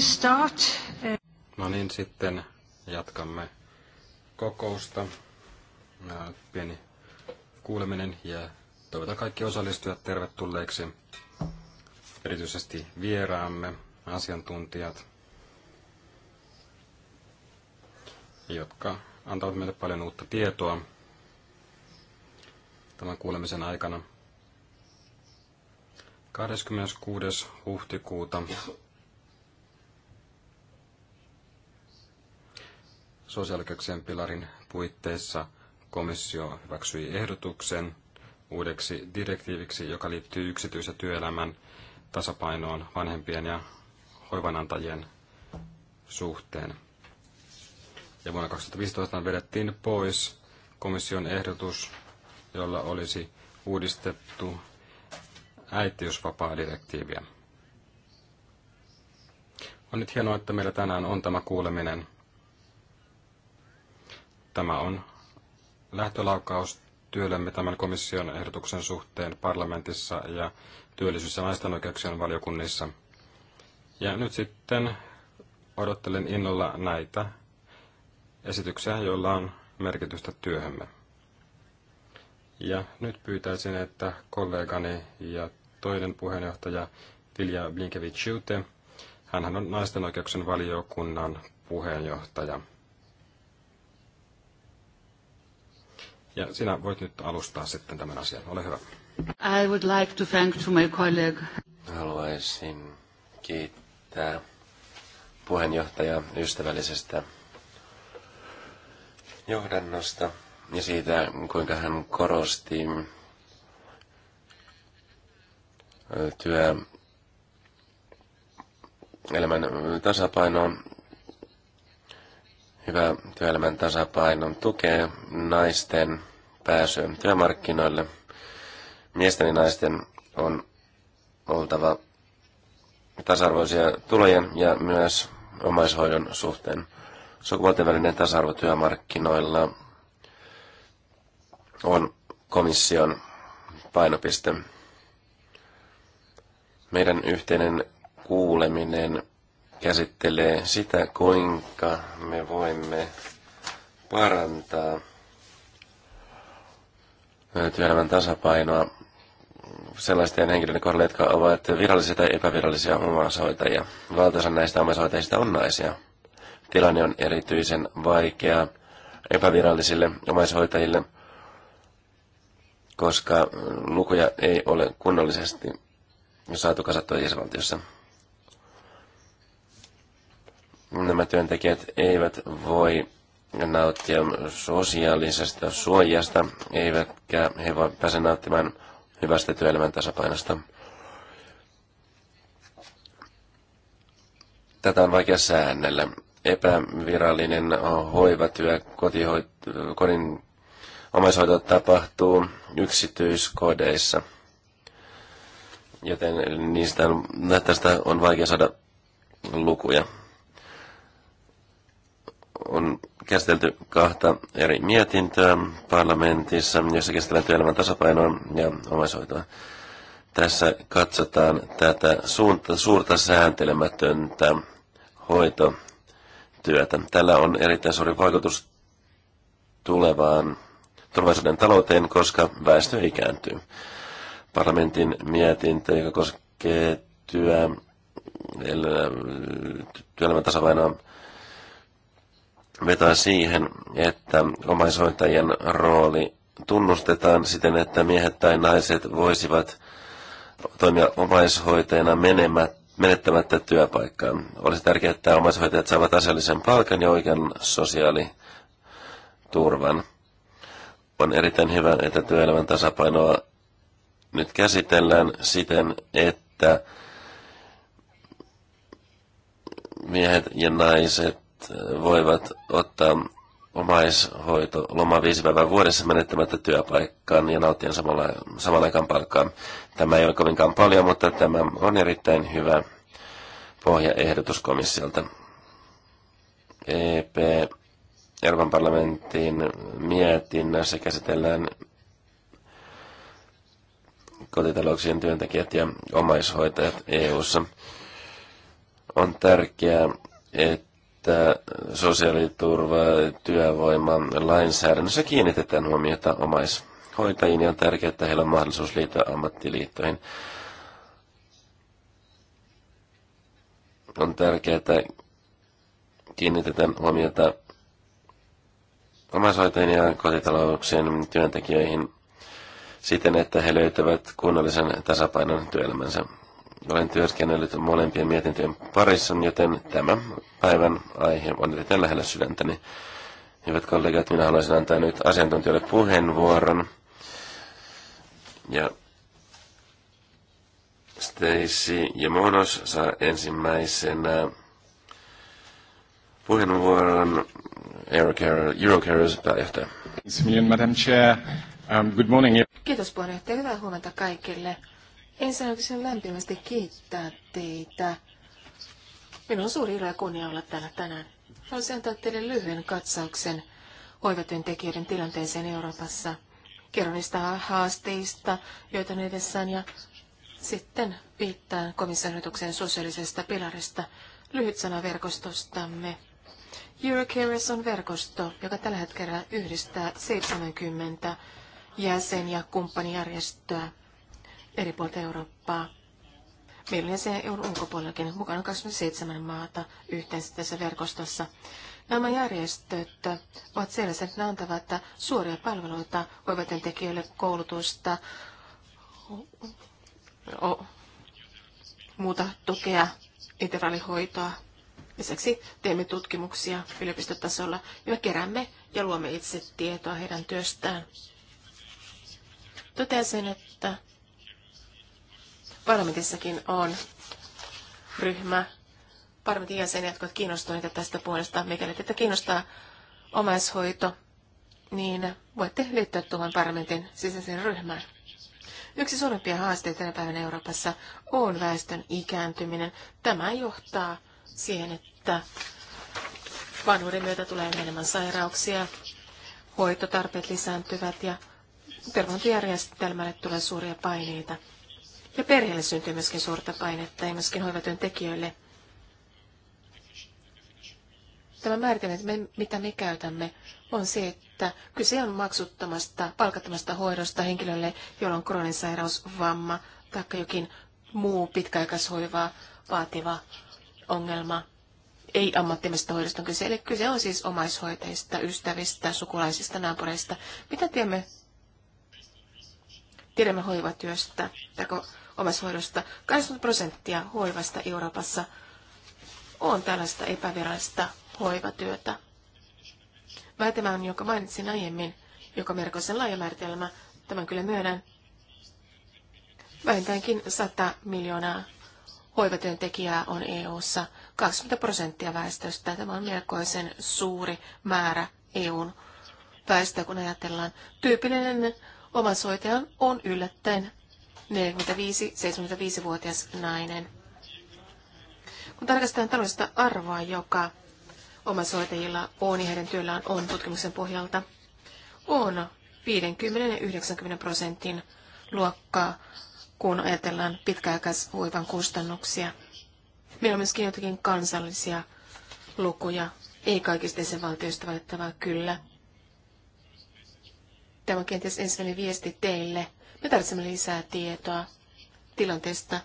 start? Eh, no niin, sitten jatkamme kokousta. Pieni kuuleminen ja toivotan kaikki osallistujat tervetulleeksi. Erityisesti vieraamme, asiantuntijat, jotka antavat meille paljon uutta tietoa tämän kuulemisen aikana. 26. huhtikuuta sosiaalioikeuksien pilarin puitteissa komissio hyväksyi ehdotuksen uudeksi direktiiviksi, joka liittyy yksityis- ja työelämän tasapainoon vanhempien ja hoivanantajien suhteen. Ja vuonna 2015 vedettiin pois komission ehdotus, jolla olisi uudistettu äitiysvapaa-direktiiviä. On nyt hienoa, että meillä tänään on tämä kuuleminen – Tämä on lähtölaukaus työllemme tämän komission ehdotuksen suhteen parlamentissa ja työllisyys- ja naisten oikeuksien valiokunnissa. Ja nyt sitten odottelen innolla näitä esityksiä, joilla on merkitystä työhömme. Ja nyt pyytäisin, että kollegani ja toinen puheenjohtaja Vilja Blinkevich-Jute, hän on naisten oikeuksien valiokunnan puheenjohtaja. Ja sinä voit nyt alustaa sitten tämän asian. Ole hyvä. I would like to thank to my colleague. Haluaisin kiittää puheenjohtaja ystävällisestä johdannosta ja siitä, kuinka hän korosti työ elämän tasapainoa Hyvä työelämän tasapaino tukee naisten pääsyä työmarkkinoille. Miesten ja naisten on oltava tasa-arvoisia tulojen ja myös omaishoidon suhteen. Sukupuolten välinen tasa-arvo työmarkkinoilla on komission painopiste. Meidän yhteinen kuuleminen käsittelee sitä, kuinka me voimme parantaa työelämän tasapainoa sellaisten henkilöiden kohdalla, jotka ovat virallisia tai epävirallisia omaishoitajia. Valtaosa näistä omaishoitajista on naisia. Tilanne on erityisen vaikea epävirallisille omaishoitajille, koska lukuja ei ole kunnollisesti saatu kasattua jäsenvaltiossa nämä työntekijät eivät voi nauttia sosiaalisesta suojasta, eivätkä he voi pääse nauttimaan hyvästä työelämän tasapainosta. Tätä on vaikea säännellä. Epävirallinen hoivatyö, kotihoit- kodin omaishoito tapahtuu yksityiskodeissa, joten niistä tästä on vaikea saada lukuja on käsitelty kahta eri mietintöä parlamentissa, jossa käsitellään työelämän tasapainoa ja omaishoitoa. Tässä katsotaan tätä suunta, suurta sääntelemätöntä hoitotyötä. Tällä on erittäin suuri vaikutus tulevaan turvallisuuden talouteen, koska väestö ikääntyy. Parlamentin mietintö, joka koskee työ, työelämän tasapainoa, vetoa siihen, että omaishoitajien rooli tunnustetaan siten, että miehet tai naiset voisivat toimia omaishoitajana menemättä menettämättä työpaikkaa. Olisi tärkeää, että omaishoitajat saavat asiallisen palkan ja oikean sosiaaliturvan. On erittäin hyvä, että työelämän tasapainoa nyt käsitellään siten, että miehet ja naiset Äh, voivat ottaa omaishoito loma viisi päivää vuodessa menettämättä työpaikkaan ja nauttien samalla, saman aikaan palkkaa. Tämä ei ole kovinkaan paljon, mutta tämä on erittäin hyvä pohjaehdotus komissiolta. EP Euroopan parlamentin mietinnössä käsitellään kotitalouksien työntekijät ja omaishoitajat EU:ssa. On tärkeää, että että sosiaaliturva, työvoima, lainsäädännössä kiinnitetään huomiota omaishoitajiin ja on tärkeää, että heillä on mahdollisuus liittyä ammattiliittoihin. On tärkeää, että kiinnitetään huomiota omaishoitajien ja kotitalouksien työntekijöihin siten, että he löytävät kunnollisen tasapainon työelämänsä olen työskennellyt molempien mietintöjen parissa, joten tämä päivän aihe on erittäin lähellä sydäntäni. Hyvät kollegat, minä haluaisin antaa nyt asiantuntijoille puheenvuoron. Ja Stacy ja Monos saa ensimmäisenä puheenvuoron Eurocarers pääjohtaja. Um, Kiitos puheenjohtaja. Hyvää huomenta kaikille. Ensinnäkin lämpimästi kiittää teitä. Minun on suuri ilo kunnia olla täällä tänään. Haluaisin antaa teille lyhyen katsauksen hoivatyöntekijöiden tilanteeseen Euroopassa. Kerron niistä haasteista, joita on edessään, ja sitten viittaan komissaarituksen sosiaalisesta pilarista lyhyt sana verkostostamme. Eurocares on verkosto, joka tällä hetkellä yhdistää 70 jäsen- ja kumppanijärjestöä eri puolta Eurooppaa. Meillä oli se EUn ulkopuolellakin mukana 27 maata yhteensä tässä verkostossa. Nämä järjestöt ovat sellaiset, että ne antavat suoria palveluita tekijöille koulutusta, muuta tukea, integraalihoitoa. Lisäksi teemme tutkimuksia yliopistotasolla ja me keräämme ja luomme itse tietoa heidän työstään. Totesin, että parlamentissakin on ryhmä parlamentin jäseniä, jotka ovat kiinnostuneita tästä puolesta. Mikäli teitä kiinnostaa omaishoito, niin voitte liittyä tuohon parlamentin sisäiseen ryhmään. Yksi suurimpia haasteita tänä päivänä Euroopassa on väestön ikääntyminen. Tämä johtaa siihen, että vanhuuden myötä tulee enemmän sairauksia, hoitotarpeet lisääntyvät ja terveysjärjestelmälle tulee suuria paineita. Ja perheelle syntyy myöskin suurta painetta ja myöskin hoivatyöntekijöille. Tämä määritelmä, mitä me käytämme, on se, että kyse on maksuttomasta, palkattomasta hoidosta henkilölle, jolla on kroonin sairaus, vamma tai jokin muu pitkäaikaishoivaa vaativa ongelma. Ei ammattimaisesta hoidosta on kyse, eli kyse on siis omaishoitajista, ystävistä, sukulaisista, naapureista. Mitä tiedämme? Tiedämme hoivatyöstä tai omaishoidosta. 80 prosenttia hoivasta Euroopassa on tällaista epävirallista hoivatyötä. Väitämä on, jonka mainitsin aiemmin, joka merkoisen laajamääritelmä, tämän kyllä myönnän, vähintäänkin 100 miljoonaa hoivatyöntekijää on EU:ssa 20 prosenttia väestöstä. Tämä on melkoisen suuri määrä EUn väestöä, kun ajatellaan. Tyypillinen omaishoitaja on yllättäen 45-75-vuotias nainen. Kun tarkastetaan taloudellista arvoa, joka omaishoitajilla on ja heidän työllään on tutkimuksen pohjalta, on 50-90 prosentin luokkaa, kun ajatellaan pitkäaikaishoivan kustannuksia. Meillä on myöskin jotakin kansallisia lukuja, ei kaikista valtioista valittavaa kyllä. Tämä on kenties ensimmäinen viesti teille – me tarvitsemme lisää tietoa tilanteesta,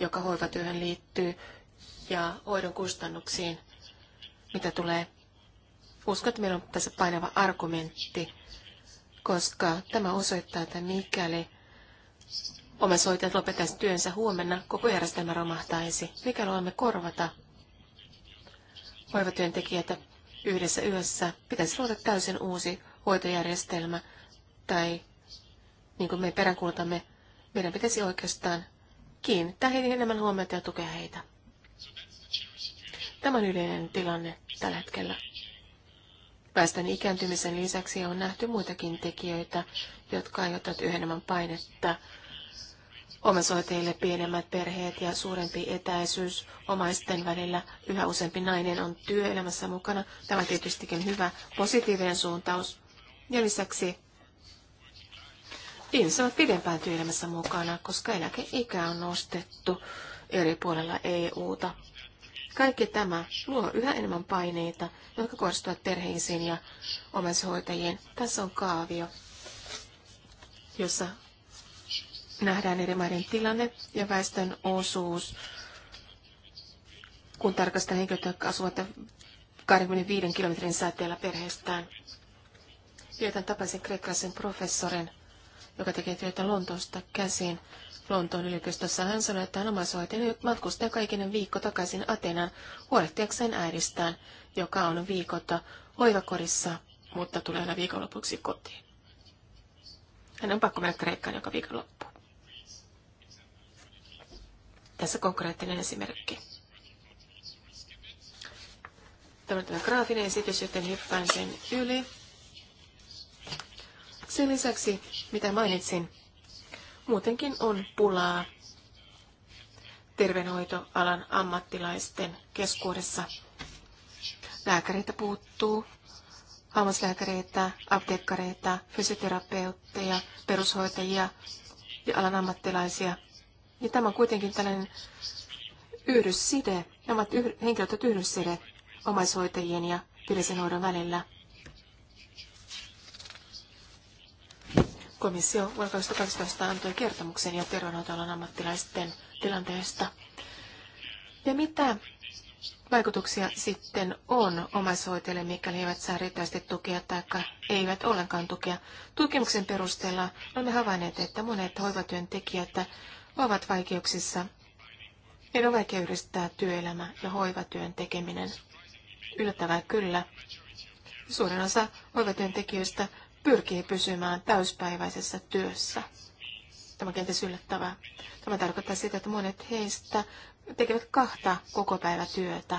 joka hoivatyöhön liittyy ja hoidon kustannuksiin, mitä tulee. Uskon, että meillä on tässä painava argumentti, koska tämä osoittaa, että mikäli omaishoitajat lopettaisi työnsä huomenna, koko järjestelmä romahtaisi. Mikäli olemme korvata hoivatyöntekijät yhdessä yössä, pitäisi luoda täysin uusi hoitojärjestelmä tai niin kuin me peräänkuulutamme, meidän pitäisi oikeastaan kiinnittää heihin enemmän huomiota ja tukea heitä. Tämä on yleinen tilanne tällä hetkellä. Väestön ikääntymisen lisäksi on nähty muitakin tekijöitä, jotka aiheuttavat yhä enemmän painetta. Omaishoitajille pienemmät perheet ja suurempi etäisyys omaisten välillä. Yhä useampi nainen on työelämässä mukana. Tämä on tietystikin hyvä positiivinen suuntaus. Ja lisäksi ihmiset ovat pidempään työelämässä mukana, koska eläkeikä on nostettu eri puolella EUta. Kaikki tämä luo yhä enemmän paineita, jotka kohdistuvat perheisiin ja omaishoitajiin. Tässä on kaavio, jossa nähdään eri maiden tilanne ja väestön osuus, kun tarkastetaan henkilöitä, jotka asuvat 25 kilometrin säteellä perheestään. Vietän tapasin kreikkalaisen professorin joka tekee työtä Lontoosta käsin. Lontoon yliopistossa hän sanoi, että hän omaishoitaja matkustaa kaikinen viikko takaisin Atenaan huolehtiakseen äidistään, joka on viikotta hoivakorissa, mutta tulee aina viikonlopuksi kotiin. Hän on pakko mennä Kreikkaan joka viikonloppu. Tässä konkreettinen esimerkki. Tämä on tämä graafinen esitys, joten hyppään sen yli. Sen lisäksi, mitä mainitsin, muutenkin on pulaa terveydenhoitoalan ammattilaisten keskuudessa. Lääkäreitä puuttuu, hammaslääkäreitä, apteekkareita, fysioterapeutteja, perushoitajia ja alan ammattilaisia. Ja tämä on kuitenkin tällainen yhdysside, nämä yh- henkilöt ovat yhdysside omaishoitajien ja virisen välillä. Komissio vuonna 2012 antoi kertomuksen ja terveydenhoitoalan ammattilaisten tilanteesta. Ja mitä vaikutuksia sitten on omaishoitajille, mikäli eivät saa riittävästi tukea tai eivät ollenkaan tukea? Tutkimuksen perusteella olemme havainneet, että monet hoivatyöntekijät ovat vaikeuksissa. Heidän on vaikea yhdistää työelämä ja hoivatyön tekeminen. Yllättävää kyllä. Suurin osa hoivatyöntekijöistä pyrkii pysymään täyspäiväisessä työssä. Tämä on kenties yllättävää. Tämä tarkoittaa sitä, että monet heistä tekevät kahta koko päivä työtä.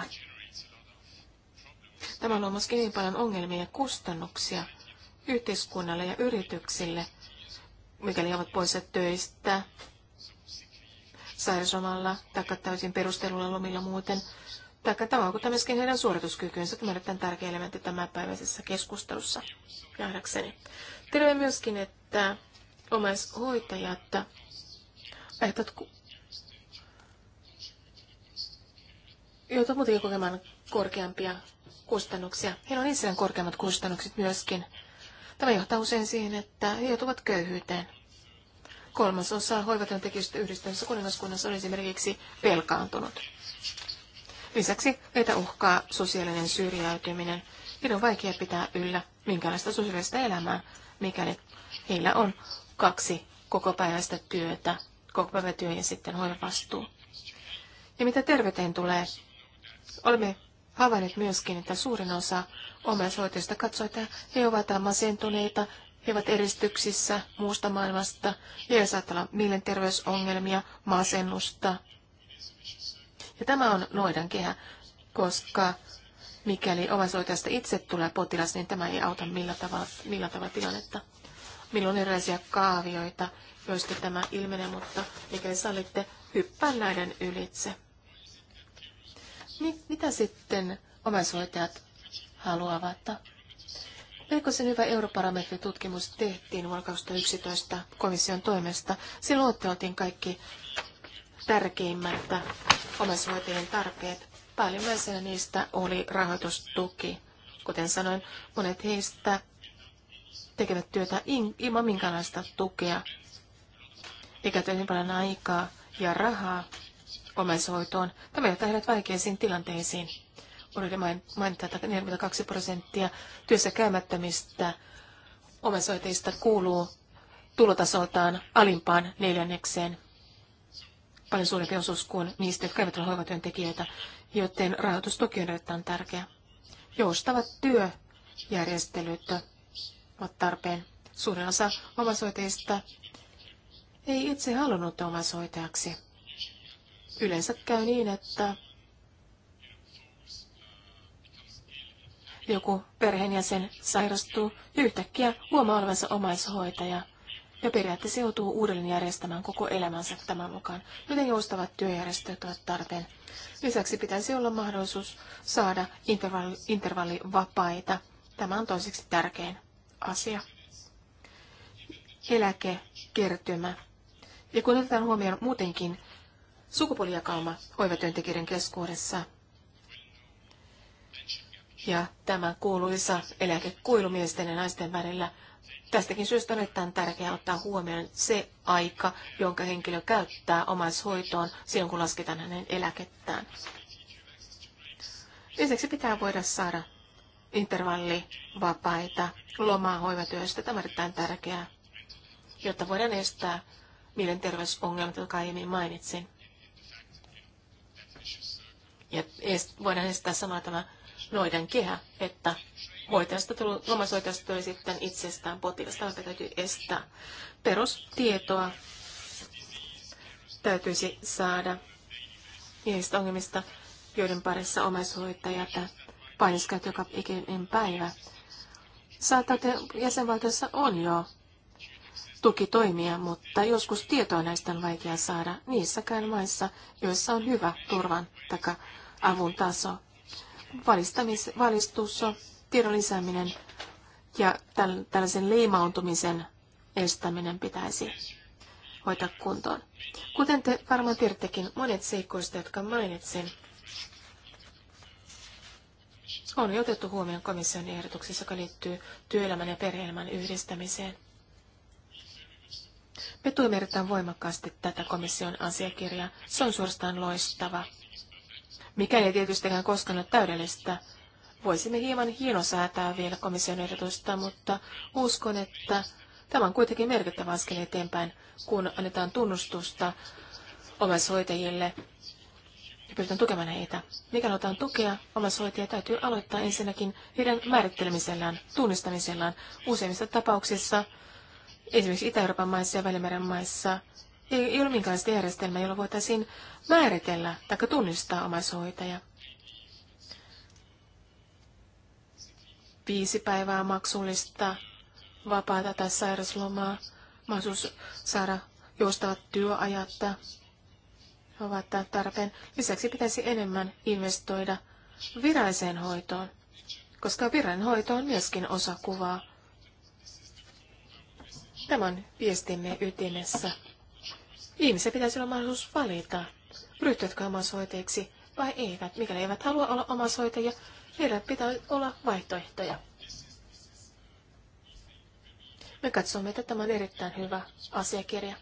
Tämä luo myöskin niin paljon ongelmia ja kustannuksia yhteiskunnalle ja yrityksille, mikäli ovat poissa töistä, sairausomalla tai täysin perustelulla lomilla muuten – taikka tämä vaikuttaa myöskin heidän suorituskykyensä, Tämä on erittäin tärkeä elementti tämänpäiväisessä keskustelussa nähdäkseni. Terve myöskin, että omaishoitajat että joutuu muutenkin kokemaan korkeampia kustannuksia. Heillä on itsellään korkeammat kustannukset myöskin. Tämä johtaa usein siihen, että he joutuvat köyhyyteen. Kolmas osa hoivatyöntekijöistä yhdistämisessä kuningaskunnassa on esimerkiksi velkaantunut. Lisäksi heitä uhkaa sosiaalinen syrjäytyminen. Heidän on vaikea pitää yllä minkälaista sosiaalista elämää, mikäli heillä on kaksi kokopäiväistä työtä, kokopäivätyö ja sitten hoivavastuu. Ja mitä terveyteen tulee, olemme havainneet myöskin, että suurin osa omaishoitajista katsoo, että he ovat masentuneita, he ovat eristyksissä muusta maailmasta, heillä saattaa olla mielenterveysongelmia, masennusta, ja tämä on noidan kehä, koska mikäli omaisuutesta itse tulee potilas, niin tämä ei auta millä tavalla, millä tavalla tilannetta. Milloin on erilaisia kaavioita, joista tämä ilmenee, mutta mikäli sallitte, hyppään näiden ylitse. Mitä sitten omaishoitajat haluavat? Melkoisen hyvä europarametritutkimus tehtiin vuonna 2011 komission toimesta. Silloin otteltiin kaikki tärkeimmät omaishoitajien tarpeet. päällimmäisenä niistä oli rahoitustuki. Kuten sanoin, monet heistä tekevät työtä ilman minkäänlaista tukea. Ne käyttävät paljon aikaa ja rahaa omaishoitoon. Tämä johtaa heidät vaikeisiin tilanteisiin. Oli mainita, että 42 prosenttia työssä käymättömistä omaishoitajista kuuluu tulotasoltaan alimpaan neljännekseen paljon suurempi osuus kuin niistä, jotka eivät ole hoivatyöntekijöitä, joten toki on erittäin tärkeä. Joustavat työjärjestelyt ovat tarpeen. Suurin osa omaishoitajista ei itse halunnut omaishoitajaksi. Yleensä käy niin, että joku perheenjäsen sairastuu yhtäkkiä huomaa olevansa omaishoitaja – ja periaatteessa joutuu uudelleen järjestämään koko elämänsä tämän mukaan, joten joustavat työjärjestöt ovat tarpeen. Lisäksi pitäisi olla mahdollisuus saada intervalli, intervallivapaita. Tämä on toiseksi tärkein asia. Eläkekertymä. Ja kun otetaan huomioon muutenkin sukupuolijakauma hoivatyöntekijöiden keskuudessa, ja tämä kuuluisa eläkekuilu miesten ja naisten välillä – Tästäkin syystä on erittäin tärkeää ottaa huomioon se aika, jonka henkilö käyttää omaishoitoon silloin, kun lasketaan hänen eläkettään. Lisäksi pitää voida saada intervallivapaita lomaa hoivatyöstä. Tämä on erittäin tärkeää, jotta voidaan estää mielenterveysongelmat, jotka aiemmin mainitsin. Ja voidaan estää samalla tämä noiden kehä, että Hoitajasta tuli, lomaishoitajasta tuli sitten itsestään potilasta, joka täytyy estää. Perustietoa täytyisi saada niistä ongelmista, joiden parissa omaishoitajat painiskelet joka ikinen päivä. Saattaa, että jäsenvaltiossa on jo tukitoimia, mutta joskus tietoa näistä on vaikea saada niissäkään maissa, joissa on hyvä turvan taka avun taso. Valistamis, valistus tiedon lisääminen ja tällaisen leimautumisen estäminen pitäisi hoitaa kuntoon. Kuten te varmaan tiedättekin, monet seikkoista, jotka mainitsin, on jo otettu huomioon komission ehdotuksessa, joka liittyy työelämän ja perheelämän yhdistämiseen. Me tuimme erittäin voimakkaasti tätä komission asiakirjaa. Se on suorastaan loistava. Mikäli ei tietystikään koskaan ole täydellistä, Voisimme hieman hienosäätää vielä komission ehdotusta, mutta uskon, että tämä on kuitenkin merkittävä askel eteenpäin, kun annetaan tunnustusta omaishoitajille ja pyritään tukemaan heitä. Mikä halutaan tukea, omaishoitajia täytyy aloittaa ensinnäkin heidän määrittelemisellään, tunnistamisellaan. Useimmissa tapauksissa, esimerkiksi Itä-Euroopan maissa ja Välimeren maissa, ei, ole minkäänlaista järjestelmää, jolla voitaisiin määritellä tai tunnistaa omaishoitajaa. viisi päivää maksullista vapaata tai sairauslomaa, mahdollisuus saada joustavat työajat ovat tarpeen. Lisäksi pitäisi enemmän investoida viralliseen hoitoon, koska viran hoito on myöskin osa kuvaa. Tämän viestimme ytimessä. Ihmisen pitäisi olla mahdollisuus valita, ryhtyvätkö omaishoitajiksi vai eivät. Mikäli eivät halua olla omaishoitajia, Heillä pitää olla vaihtoehtoja. Me katsomme, että tämä on erittäin hyvä asiakirja.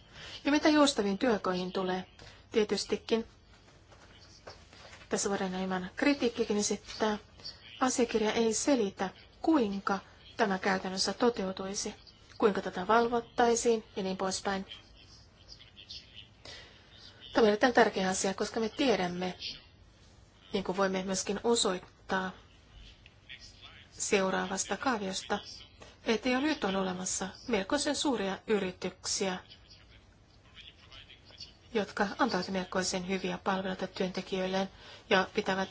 Ja mitä joustaviin työkoihin tulee, tietystikin. Tässä voidaan hieman kritiikkikin esittää. Asiakirja ei selitä, kuinka tämä käytännössä toteutuisi, kuinka tätä valvottaisiin ja niin poispäin. Tämä on erittäin tärkeä asia, koska me tiedämme, niin kuin voimme myöskin osoittaa seuraavasta kaaviosta, että jo nyt on olemassa melkoisen suuria yrityksiä, jotka antavat melkoisen hyviä palveluita työntekijöilleen ja pitävät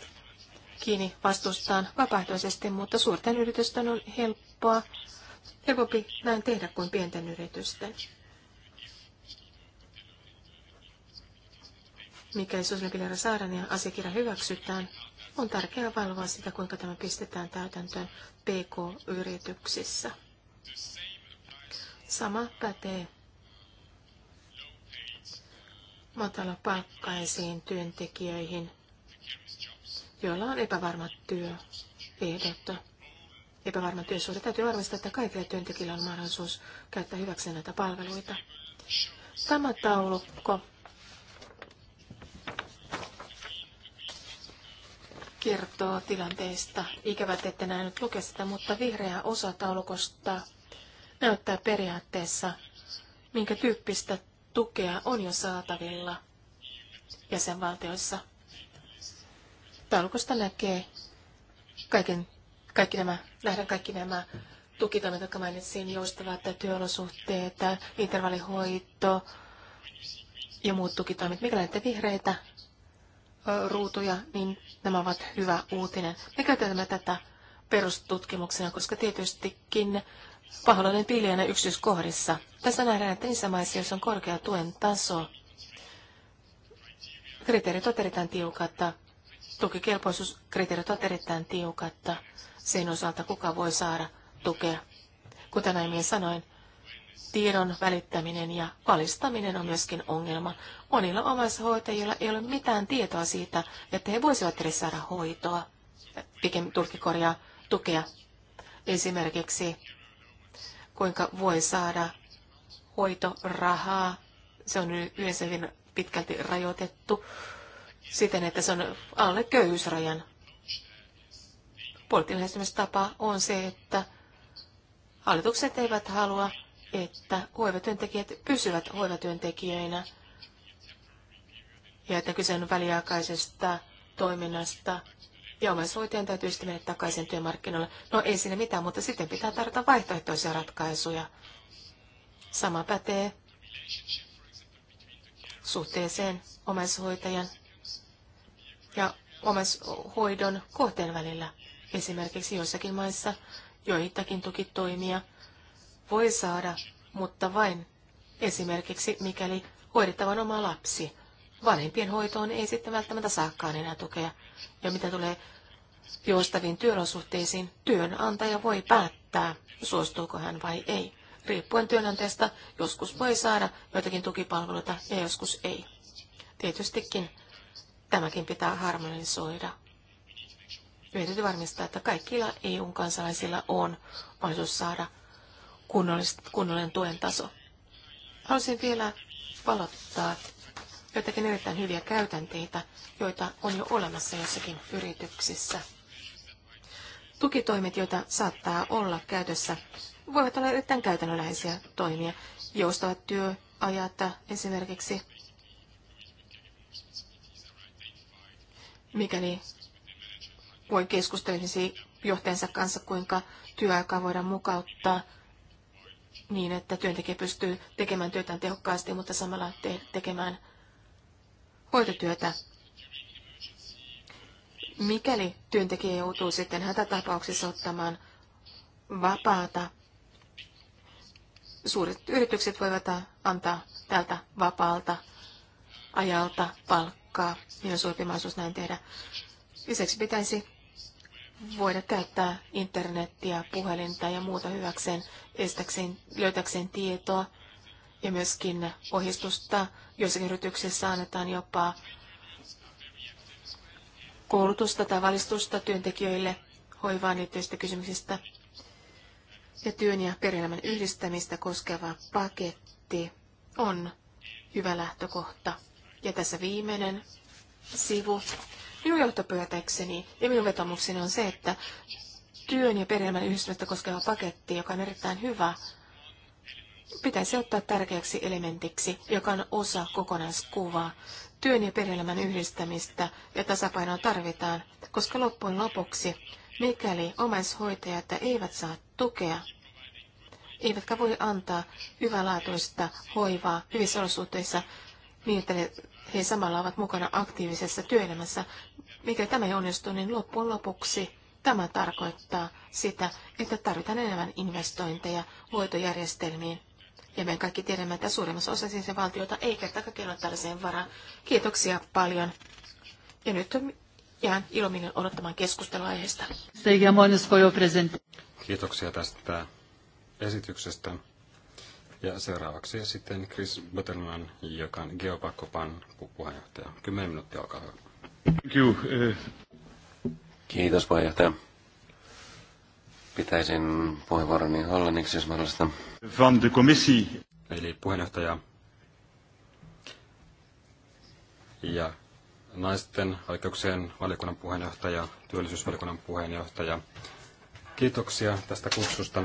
kiinni vastustaan vapaaehtoisesti, mutta suurten yritysten on helppoa, helpompi näin tehdä kuin pienten yritysten. Mikäli sosiaalipilari saadaan ja asiakirja hyväksytään, on tärkeää valvoa sitä, kuinka tämä pistetään täytäntöön PK-yrityksissä. Sama pätee matalapalkkaisiin työntekijöihin, joilla on työ työehdot. Epävarma työsuhde täytyy varmistaa, että kaikilla työntekijöillä on mahdollisuus käyttää hyväksi näitä palveluita. Tämä taulukko kertoo tilanteesta. Ikävät, että näin nyt luke sitä, mutta vihreä osa taulukosta näyttää periaatteessa, minkä tyyppistä tukea on jo saatavilla jäsenvaltioissa. Taulukosta näkee kaiken, kaikki nämä, nähdään kaikki nämä tukitoimet, jotka mainitsin, joustavat työolosuhteet, intervallihoito ja muut tukitoimet. Mikä näette vihreitä, ruutuja, niin nämä ovat hyvä uutinen. Me käytämme tätä perustutkimuksena, koska tietystikin paholainen piljana yksityiskohdissa. Tässä nähdään, että niissä maissa, joissa on korkea tuen taso, kriteerit ovat erittäin tiukat, tukikelpoisuuskriteerit ovat erittäin tiukat sen osalta, kuka voi saada tukea. Kuten aiemmin sanoin, tiedon välittäminen ja valistaminen on myöskin ongelma. Monilla omaishoitajilla ei ole mitään tietoa siitä, että he voisivat edes saada hoitoa, pikemmin tulkikorjaa tukea. Esimerkiksi kuinka voi saada hoitorahaa. Se on yleensä hyvin pitkälti rajoitettu siten, että se on alle köyhyysrajan. Poliittinen tapa on se, että hallitukset eivät halua että hoivatyöntekijät pysyvät hoivatyöntekijöinä ja että kyse on väliaikaisesta toiminnasta ja omaishoitajan täytyy sitten mennä takaisin työmarkkinoille. No ei siinä mitään, mutta sitten pitää tarjota vaihtoehtoisia ratkaisuja. Sama pätee suhteeseen omaishoitajan ja omaishoidon kohteen välillä. Esimerkiksi joissakin maissa joitakin tukitoimia – voi saada, mutta vain esimerkiksi mikäli hoidettavan oma lapsi. Vanhempien hoitoon ei sitten välttämättä saakaan enää tukea. Ja mitä tulee joustaviin työolosuhteisiin, työnantaja voi päättää, suostuuko hän vai ei. Riippuen työnantajasta, joskus voi saada joitakin tukipalveluita ja joskus ei. Tietystikin tämäkin pitää harmonisoida. Yritetään varmistaa, että kaikilla eu kansalaisilla on mahdollisuus saada kunnollinen tuen taso. Haluaisin vielä valottaa joitakin erittäin hyviä käytänteitä, joita on jo olemassa jossakin yrityksissä. Tukitoimet, joita saattaa olla käytössä, voivat olla erittäin käytännönläheisiä toimia. Joustavat työajat esimerkiksi, mikäli voi keskustella johtajansa kanssa, kuinka työaikaa voidaan mukauttaa – niin, että työntekijä pystyy tekemään työtään tehokkaasti, mutta samalla te- tekemään hoitotyötä. Mikäli työntekijä joutuu sitten hätätapauksessa ottamaan vapaata, suuret yritykset voivat antaa tältä vapaalta ajalta palkkaa. Niin on suurempi mahdollisuus näin tehdä. Lisäksi pitäisi voida käyttää internettiä, puhelinta ja muuta hyväkseen, estäkseen, löytäkseen tietoa ja myöskin ohjeistusta. Joissakin yrityksissä annetaan jopa koulutusta tai valistusta työntekijöille hoivaan liittyvistä kysymyksistä ja työn ja perheelämän yhdistämistä koskeva paketti on hyvä lähtökohta. Ja tässä viimeinen sivu Minun johtopäätökseni ja minun vetomukseni on se, että työn ja perheelämän yhdistämistä koskeva paketti, joka on erittäin hyvä, pitäisi ottaa tärkeäksi elementiksi, joka on osa kokonaiskuvaa. Työn ja perheelämän yhdistämistä ja tasapainoa tarvitaan, koska loppujen lopuksi, mikäli omaishoitajat eivät saa tukea, eivätkä voi antaa hyvänlaatuista hoivaa hyvissä olosuhteissa niin, että ne he samalla ovat mukana aktiivisessa työelämässä. Mikä tämä ei onnistu, niin loppujen lopuksi tämä tarkoittaa sitä, että tarvitaan enemmän investointeja hoitojärjestelmiin. Ja me kaikki tiedämme, että suurimmassa osassa siis valtiota ei kerta kaikkiaan ole tällaiseen varaan. Kiitoksia paljon. Ja nyt jään ilominen odottamaan keskustelua aiheesta. Kiitoksia tästä esityksestä. Ja seuraavaksi sitten Chris Butterman, joka on Geopakkopan puheenjohtaja. Kymmenen minuuttia, olkaa hyvä. Eh. Kiitos puheenjohtaja. Pitäisin puheenvuoroni hollanniksi, jos mahdollista. Van de commissie. Eli puheenjohtaja ja naisten oikeuksien valiokunnan puheenjohtaja, työllisyysvaliokunnan puheenjohtaja. Kiitoksia tästä kutsusta.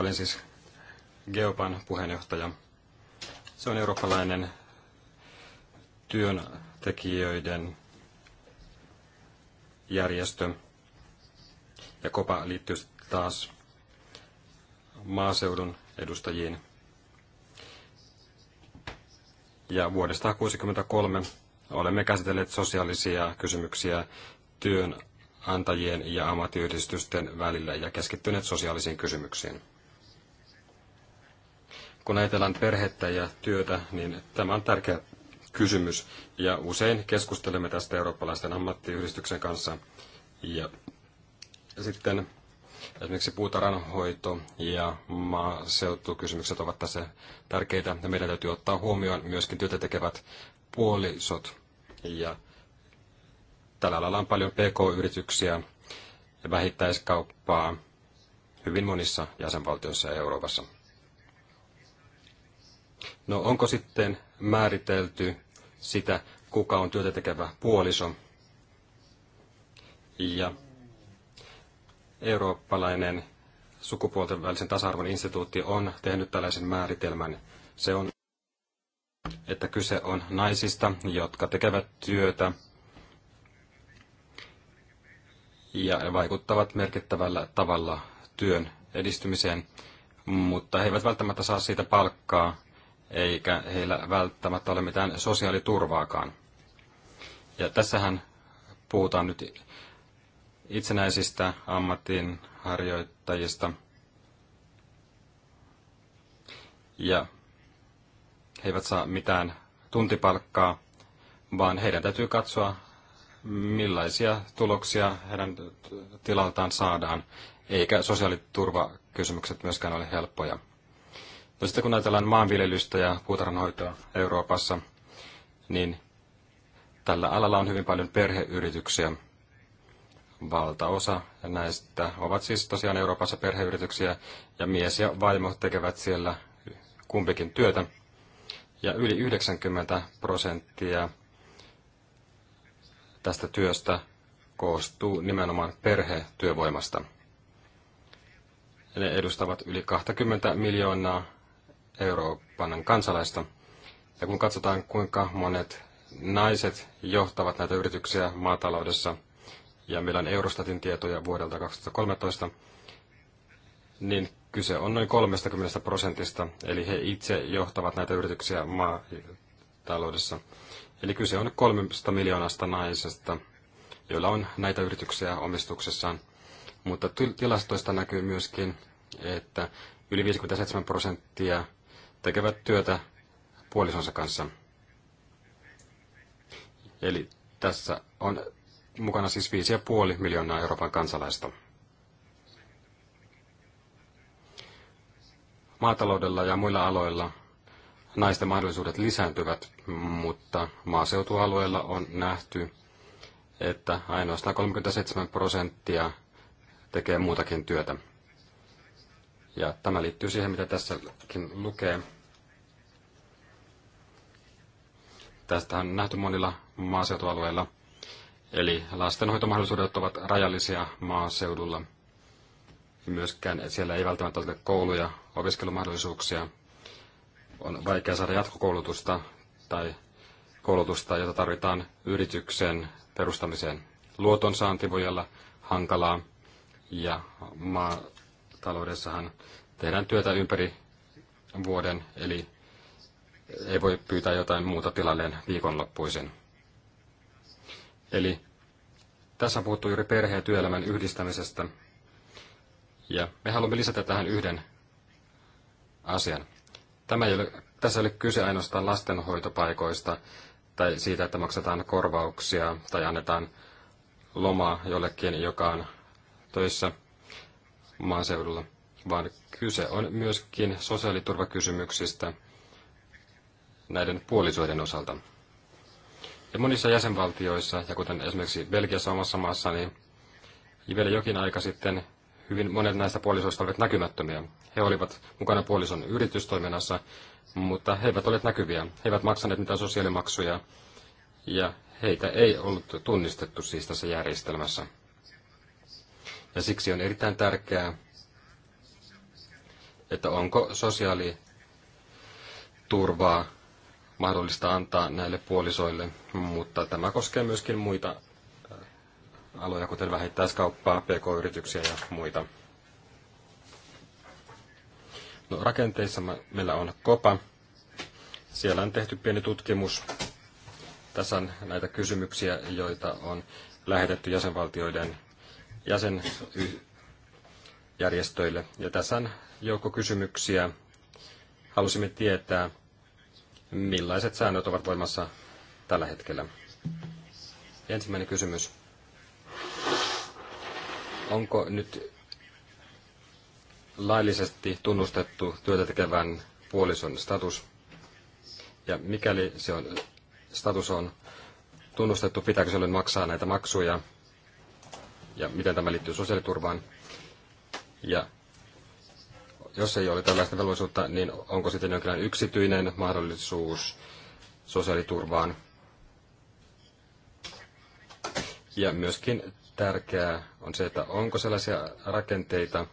Olen siis Geopan puheenjohtaja. Se on eurooppalainen työntekijöiden järjestö. Ja Kopa liittyy taas maaseudun edustajiin. Ja vuodesta 1963 olemme käsitelleet sosiaalisia kysymyksiä työnantajien ja ammattiyhdistysten välillä ja keskittyneet sosiaalisiin kysymyksiin. Kun ajatellaan perhettä ja työtä, niin tämä on tärkeä kysymys. Ja usein keskustelemme tästä eurooppalaisten ammattiyhdistyksen kanssa. Ja sitten esimerkiksi puutarhanhoito ja maaseutukysymykset ovat tässä tärkeitä. Ja meidän täytyy ottaa huomioon myöskin työtä tekevät puolisot. Ja tällä alalla on paljon pk-yrityksiä ja vähittäiskauppaa hyvin monissa jäsenvaltioissa ja Euroopassa. No onko sitten määritelty sitä, kuka on työtä tekevä puoliso? Ja eurooppalainen sukupuolten välisen tasa-arvon instituutti on tehnyt tällaisen määritelmän. Se on, että kyse on naisista, jotka tekevät työtä ja vaikuttavat merkittävällä tavalla työn edistymiseen, mutta he eivät välttämättä saa siitä palkkaa, eikä heillä välttämättä ole mitään sosiaaliturvaakaan. Ja tässähän puhutaan nyt itsenäisistä harjoittajista. Ja he eivät saa mitään tuntipalkkaa, vaan heidän täytyy katsoa, millaisia tuloksia heidän tilaltaan saadaan, eikä sosiaaliturvakysymykset myöskään ole helppoja. No sitten kun ajatellaan maanviljelystä ja puutarhanhoitoa Euroopassa, niin tällä alalla on hyvin paljon perheyrityksiä. Valtaosa näistä ovat siis tosiaan Euroopassa perheyrityksiä, ja mies ja vaimo tekevät siellä kumpikin työtä. Ja yli 90 prosenttia tästä työstä koostuu nimenomaan perhetyövoimasta. Ne edustavat yli 20 miljoonaa Euroopan kansalaista. Ja kun katsotaan, kuinka monet naiset johtavat näitä yrityksiä maataloudessa, ja meillä on Eurostatin tietoja vuodelta 2013, niin kyse on noin 30 prosentista, eli he itse johtavat näitä yrityksiä maataloudessa. Eli kyse on 300 miljoonasta naisesta, joilla on näitä yrityksiä omistuksessaan. Mutta tilastoista näkyy myöskin, että yli 57 prosenttia tekevät työtä puolisonsa kanssa. Eli tässä on mukana siis 5,5 miljoonaa Euroopan kansalaista. Maataloudella ja muilla aloilla naisten mahdollisuudet lisääntyvät, mutta maaseutualueella on nähty, että ainoastaan 37 prosenttia tekee muutakin työtä. Ja tämä liittyy siihen, mitä tässäkin lukee. Tästä on nähty monilla maaseutualueilla. Eli lastenhoitomahdollisuudet ovat rajallisia maaseudulla. Myöskään siellä ei välttämättä ole kouluja, opiskelumahdollisuuksia. On vaikea saada jatkokoulutusta tai koulutusta, jota tarvitaan yrityksen perustamiseen. Luotonsaanti voi olla hankalaa ja taloudessahan tehdään työtä ympäri vuoden, eli ei voi pyytää jotain muuta tilalleen viikonloppuisin. Eli tässä on puhuttu juuri perhe- ja työelämän yhdistämisestä. Ja me haluamme lisätä tähän yhden asian. Tämä ei ole, tässä ei ole kyse ainoastaan lastenhoitopaikoista tai siitä, että maksetaan korvauksia tai annetaan lomaa jollekin, joka on töissä – maaseudulla, vaan kyse on myöskin sosiaaliturvakysymyksistä näiden puolisoiden osalta. Ja monissa jäsenvaltioissa, ja kuten esimerkiksi Belgiassa omassa maassa, niin vielä jokin aika sitten hyvin monet näistä puolisoista olivat näkymättömiä. He olivat mukana puolison yritystoiminnassa, mutta he eivät olleet näkyviä. He eivät maksaneet mitään sosiaalimaksuja, ja heitä ei ollut tunnistettu siis tässä järjestelmässä. Ja siksi on erittäin tärkeää, että onko sosiaaliturvaa mahdollista antaa näille puolisoille, mutta tämä koskee myöskin muita äh, aloja, kuten vähittäiskauppaa, pk-yrityksiä ja muita. No, rakenteissa meillä on kopa. Siellä on tehty pieni tutkimus. Tässä on näitä kysymyksiä, joita on lähetetty jäsenvaltioiden jäsenjärjestöille. Ja tässä on joukko kysymyksiä. Halusimme tietää, millaiset säännöt ovat voimassa tällä hetkellä. Ensimmäinen kysymys. Onko nyt laillisesti tunnustettu työtä tekevän puolison status? Ja mikäli se on, status on tunnustettu, pitääkö sille maksaa näitä maksuja ja miten tämä liittyy sosiaaliturvaan. Ja jos ei ole tällaista velvollisuutta, niin onko sitten jonkinlainen yksityinen mahdollisuus sosiaaliturvaan? Ja myöskin tärkeää on se, että onko sellaisia rakenteita,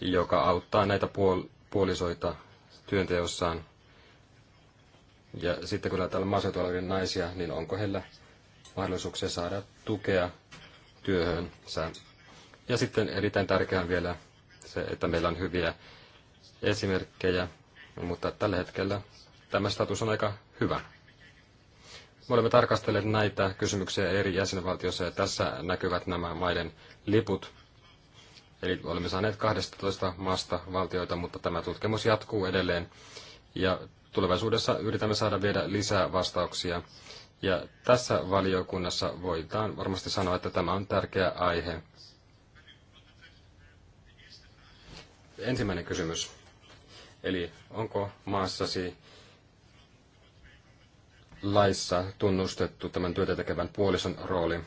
joka auttaa näitä puol- puolisoita työnteossaan. Ja sitten kun täällä maaseutualueiden naisia, niin onko heillä mahdollisuuksia saada tukea työhön. Ja sitten erittäin tärkeää vielä se, että meillä on hyviä esimerkkejä, mutta tällä hetkellä tämä status on aika hyvä. Me olemme tarkastelleet näitä kysymyksiä eri jäsenvaltioissa ja tässä näkyvät nämä maiden liput. Eli olemme saaneet 12 maasta valtioita, mutta tämä tutkimus jatkuu edelleen. Ja tulevaisuudessa yritämme saada vielä lisää vastauksia ja tässä valiokunnassa voidaan varmasti sanoa, että tämä on tärkeä aihe. Ensimmäinen kysymys. Eli onko maassasi laissa tunnustettu tämän työtä tekevän puolison rooli?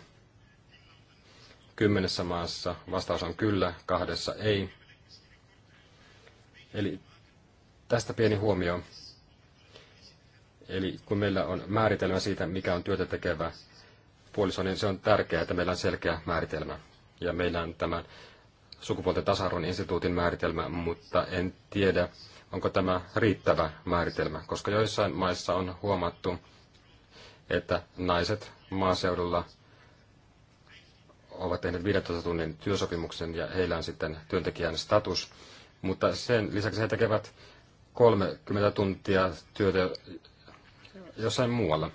Kymmenessä maassa vastaus on kyllä, kahdessa ei. Eli tästä pieni huomio. Eli kun meillä on määritelmä siitä, mikä on työtä tekevä puoliso, niin se on tärkeää, että meillä on selkeä määritelmä. Ja meillä on tämän sukupuolten tasa-arvon instituutin määritelmä, mutta en tiedä, onko tämä riittävä määritelmä, koska joissain maissa on huomattu, että naiset maaseudulla ovat tehneet 15 tunnin työsopimuksen ja heillä on sitten työntekijän status, mutta sen lisäksi he tekevät 30 tuntia työtä jossain muualla.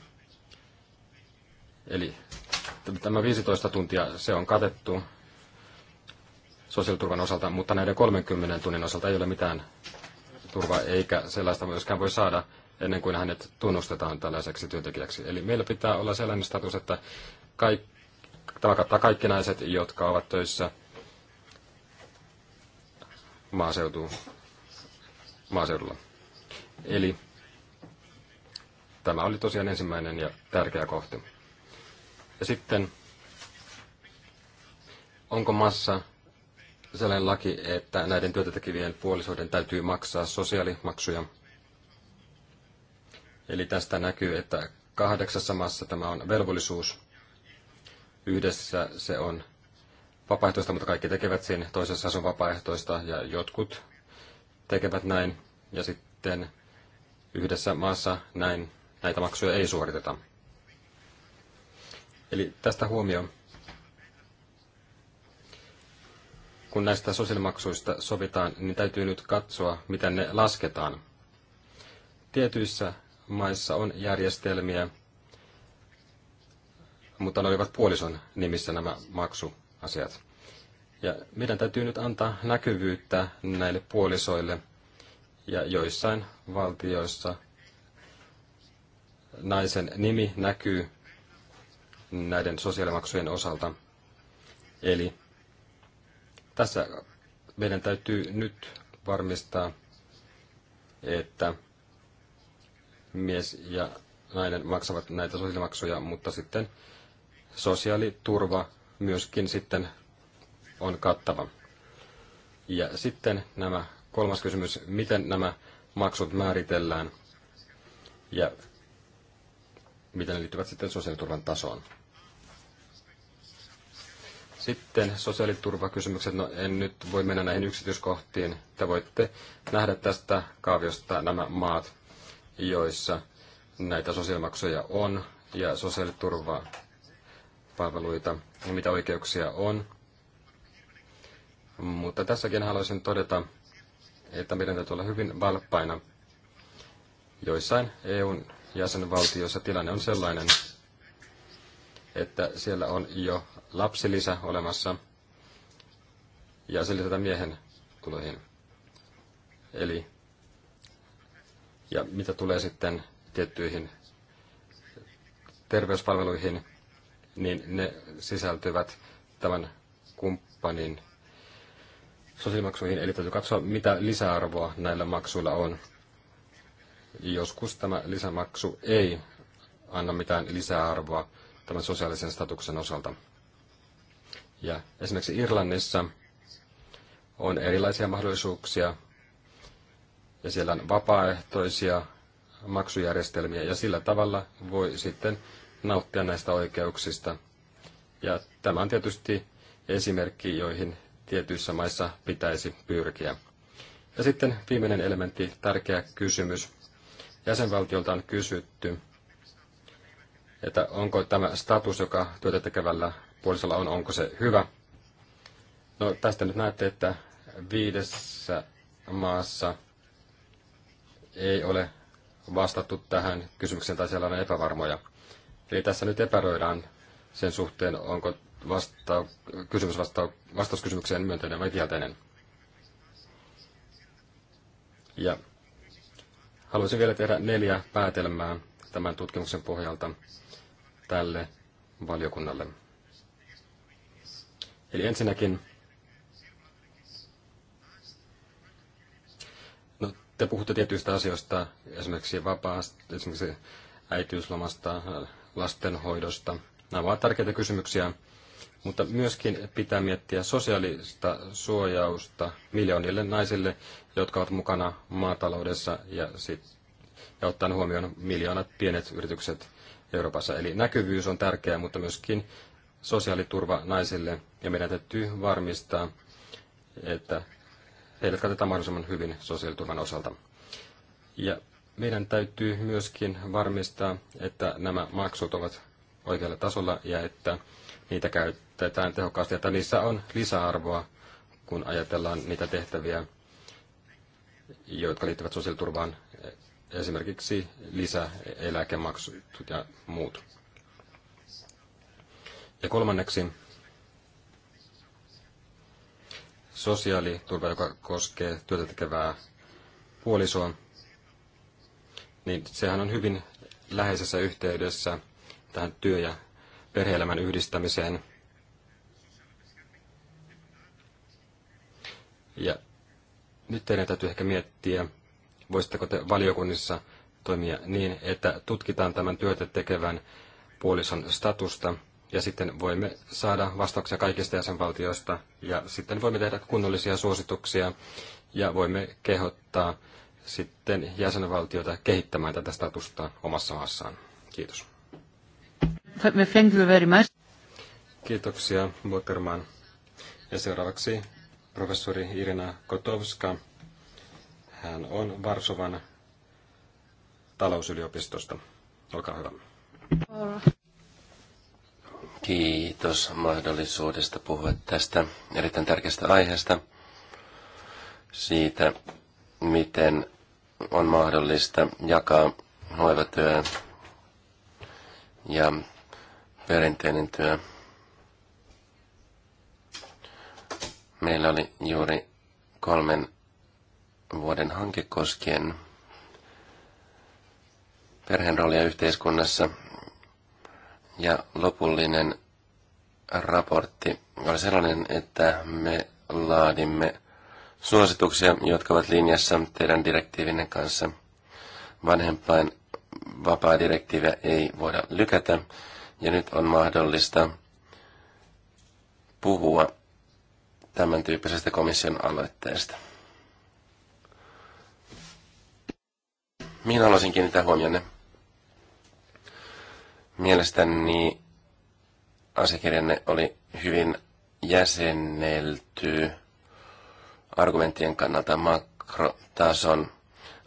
Eli tämä 15 tuntia, se on katettu sosiaaliturvan osalta, mutta näiden 30 tunnin osalta ei ole mitään turvaa, eikä sellaista myöskään voi saada ennen kuin hänet tunnustetaan tällaiseksi työntekijäksi. Eli meillä pitää olla sellainen status, että kaikki, tämä kattaa kaikki naiset, jotka ovat töissä maaseutu, maaseudulla. Eli tämä oli tosiaan ensimmäinen ja tärkeä kohta. Ja sitten, onko massa sellainen laki, että näiden työtä tekevien puolisoiden täytyy maksaa sosiaalimaksuja? Eli tästä näkyy, että kahdeksassa maassa tämä on velvollisuus. Yhdessä se on vapaaehtoista, mutta kaikki tekevät sen. Toisessa se on vapaaehtoista ja jotkut tekevät näin. Ja sitten yhdessä maassa näin näitä maksuja ei suoriteta. Eli tästä huomio. Kun näistä sosiaalimaksuista sovitaan, niin täytyy nyt katsoa, miten ne lasketaan. Tietyissä maissa on järjestelmiä, mutta ne olivat puolison nimissä nämä maksuasiat. Ja meidän täytyy nyt antaa näkyvyyttä näille puolisoille. Ja joissain valtioissa naisen nimi näkyy näiden sosiaalimaksujen osalta. Eli tässä meidän täytyy nyt varmistaa, että mies ja nainen maksavat näitä sosiaalimaksuja, mutta sitten sosiaaliturva myöskin sitten on kattava. Ja sitten nämä kolmas kysymys, miten nämä maksut määritellään. Ja miten ne liittyvät sitten sosiaaliturvan tasoon. Sitten sosiaaliturvakysymykset. No en nyt voi mennä näihin yksityiskohtiin. Te voitte nähdä tästä kaaviosta nämä maat, joissa näitä sosiaalimaksuja on ja sosiaaliturvapalveluita ja mitä oikeuksia on. Mutta tässäkin haluaisin todeta, että meidän täytyy olla hyvin valppaina. Joissain EUn jäsenvaltiossa tilanne on sellainen, että siellä on jo lapsilisä olemassa ja se lisätään miehen tuloihin. Eli ja mitä tulee sitten tiettyihin terveyspalveluihin, niin ne sisältyvät tämän kumppanin sosiaalimaksuihin. Eli täytyy katsoa, mitä lisäarvoa näillä maksuilla on. Joskus tämä lisämaksu ei anna mitään lisäarvoa tämän sosiaalisen statuksen osalta. Ja esimerkiksi Irlannissa on erilaisia mahdollisuuksia ja siellä on vapaaehtoisia maksujärjestelmiä ja sillä tavalla voi sitten nauttia näistä oikeuksista. Ja tämä on tietysti esimerkki, joihin tietyissä maissa pitäisi pyrkiä. Ja sitten viimeinen elementti, tärkeä kysymys, jäsenvaltiolta on kysytty, että onko tämä status, joka työtä tekevällä puolisolla on, onko se hyvä. No tästä nyt näette, että viidessä maassa ei ole vastattu tähän kysymykseen tai siellä on epävarmoja. Eli tässä nyt epäröidään sen suhteen, onko vasta, kysymys vastaus myönteinen vai kielteinen. Ja Haluaisin vielä tehdä neljä päätelmää tämän tutkimuksen pohjalta tälle valiokunnalle. Eli ensinnäkin, no, te puhutte tietyistä asioista, esimerkiksi vapaasta, esimerkiksi äitiyslomasta, lastenhoidosta. Nämä ovat tärkeitä kysymyksiä, mutta myöskin pitää miettiä sosiaalista suojausta miljoonille naisille, jotka ovat mukana maataloudessa ja, sit, ja ottaen huomioon miljoonat pienet yritykset Euroopassa. Eli näkyvyys on tärkeää, mutta myöskin sosiaaliturva naisille ja meidän täytyy varmistaa, että heidät katsotaan mahdollisimman hyvin sosiaaliturvan osalta. Ja meidän täytyy myöskin varmistaa, että nämä maksut ovat oikealla tasolla ja että niitä käytetään käytetään tehokkaasti, että niissä on lisäarvoa, kun ajatellaan niitä tehtäviä, jotka liittyvät sosiaaliturvaan, esimerkiksi lisäeläkemaksut ja muut. Ja kolmanneksi sosiaaliturva, joka koskee työtä tekevää puolisoa, niin sehän on hyvin läheisessä yhteydessä tähän työ- ja perheelämän yhdistämiseen – Ja nyt teidän täytyy ehkä miettiä, voisitteko te valiokunnissa toimia niin, että tutkitaan tämän työtä tekevän puolison statusta, ja sitten voimme saada vastauksia kaikista jäsenvaltioista, ja sitten voimme tehdä kunnollisia suosituksia, ja voimme kehottaa sitten jäsenvaltiota kehittämään tätä statusta omassa maassaan. Kiitos. Thank you very much. Kiitoksia, Bokerman. Ja seuraavaksi professori Irina Kotowska. Hän on Varsovan talousyliopistosta. Olkaa hyvä. Kiitos mahdollisuudesta puhua tästä erittäin tärkeästä aiheesta, siitä miten on mahdollista jakaa hoivatyö ja perinteinen työ Meillä oli juuri kolmen vuoden hanke koskien perheen roolia yhteiskunnassa. Ja lopullinen raportti oli sellainen, että me laadimme suosituksia, jotka ovat linjassa teidän direktiivinne kanssa. Vanhempain vapaa-direktiiviä ei voida lykätä, ja nyt on mahdollista puhua tämän tyyppisestä komission aloitteesta. Mihin haluaisin kiinnittää huomionne? Mielestäni asiakirjanne oli hyvin jäsennelty argumenttien kannalta makrotason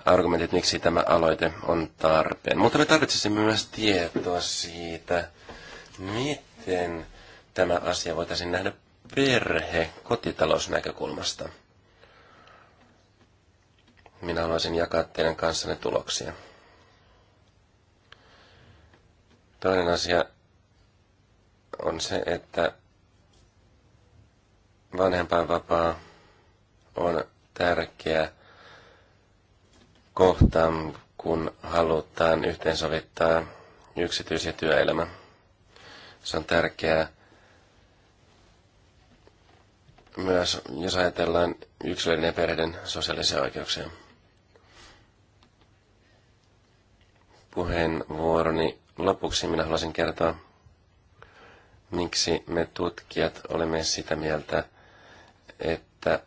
argumentit, miksi tämä aloite on tarpeen. Mutta me tarvitsisimme myös tietoa siitä, miten tämä asia voitaisiin nähdä perhe kotitalousnäkökulmasta. Minä haluaisin jakaa teidän kanssanne tuloksia. Toinen asia on se, että vanhempainvapaa on tärkeä kohta, kun halutaan yhteensovittaa yksityis- ja työelämä. Se on tärkeää myös, jos ajatellaan yksilöiden ja perheiden sosiaalisia oikeuksia. Puheenvuoroni lopuksi minä haluaisin kertoa, miksi me tutkijat olemme sitä mieltä, että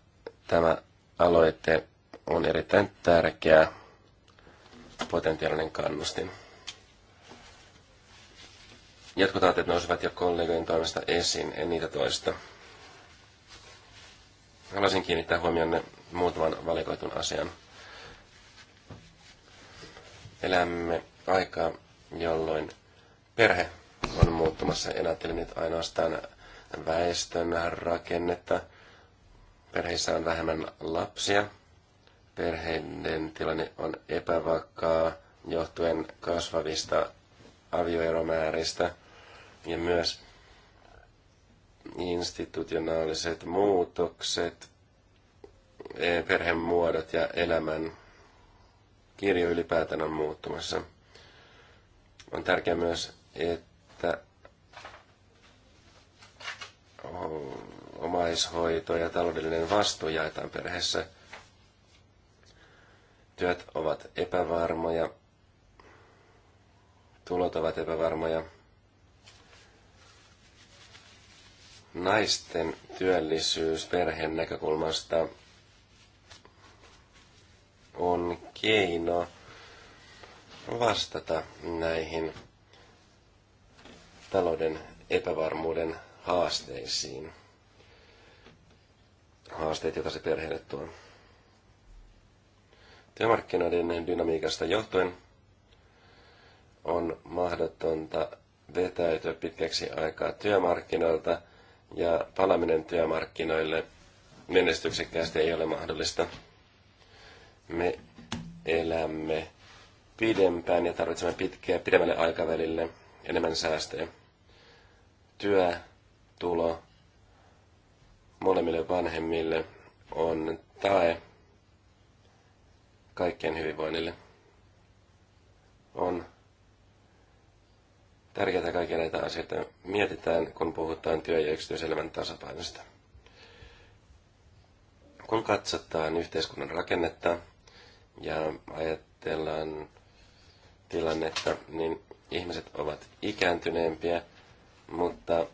tämä aloite on erittäin tärkeä potentiaalinen kannustin. Jotkut aatteet nousivat jo kollegojen toimesta esiin, en niitä toista. Haluaisin kiinnittää huomionne muutaman valikoitun asian. Elämme aikaa, jolloin perhe on muuttumassa. En ajattele nyt ainoastaan väestön rakennetta. Perheissä on vähemmän lapsia. Perheiden tilanne on epävakaa johtuen kasvavista avioeromääristä ja myös institutionaaliset muutokset, perhemuodot ja elämän kirjo ylipäätään on muuttumassa. On tärkeää myös, että omaishoito ja taloudellinen vastuu jaetaan perheessä. Työt ovat epävarmoja, tulot ovat epävarmoja, naisten työllisyys perheen näkökulmasta on keino vastata näihin talouden epävarmuuden haasteisiin. Haasteet, joita se perheelle tuo. Työmarkkinoiden dynamiikasta johtuen on mahdotonta vetäytyä pitkäksi aikaa työmarkkinoilta – ja palaminen työmarkkinoille menestyksekkäästi ei ole mahdollista. Me elämme pidempään ja tarvitsemme pitkää pidemmälle aikavälille enemmän säästöjä. Työ, tulo molemmille vanhemmille on tae kaikkien hyvinvoinnille. On tärkeää kaikkia näitä asioita mietitään, kun puhutaan työ- ja yksityiselämän tasapainosta. Kun katsotaan yhteiskunnan rakennetta ja ajatellaan tilannetta, niin ihmiset ovat ikääntyneempiä, mutta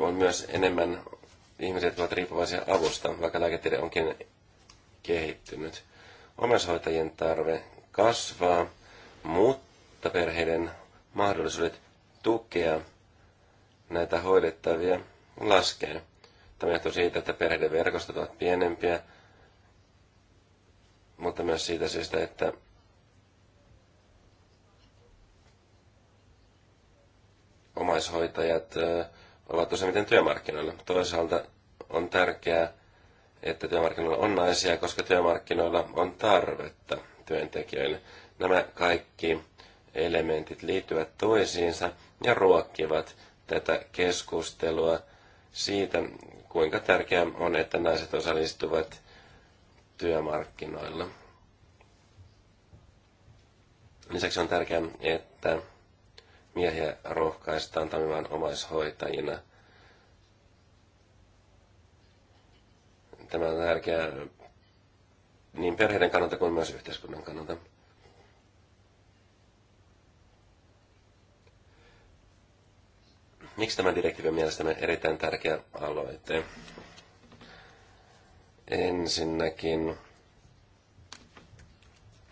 on myös enemmän ihmiset, jotka ovat riippuvaisia avusta, vaikka lääketiede onkin kehittynyt. Omaishoitajien tarve kasvaa, mutta perheiden mahdollisuudet tukea näitä hoidettavia laskee. Tämä johtuu siitä, että perheiden verkostot ovat pienempiä, mutta myös siitä syystä, että omaishoitajat ovat useimmiten työmarkkinoilla. Toisaalta on tärkeää, että työmarkkinoilla on naisia, koska työmarkkinoilla on tarvetta työntekijöille. Nämä kaikki elementit liittyvät toisiinsa ja ruokkivat tätä keskustelua siitä, kuinka tärkeää on, että naiset osallistuvat työmarkkinoilla. Lisäksi on tärkeää, että miehiä rohkaistaan toimimaan omaishoitajina. Tämä on tärkeää niin perheiden kannalta kuin myös yhteiskunnan kannalta. Miksi tämä direktiivi on mielestäni erittäin tärkeä aloite? Ensinnäkin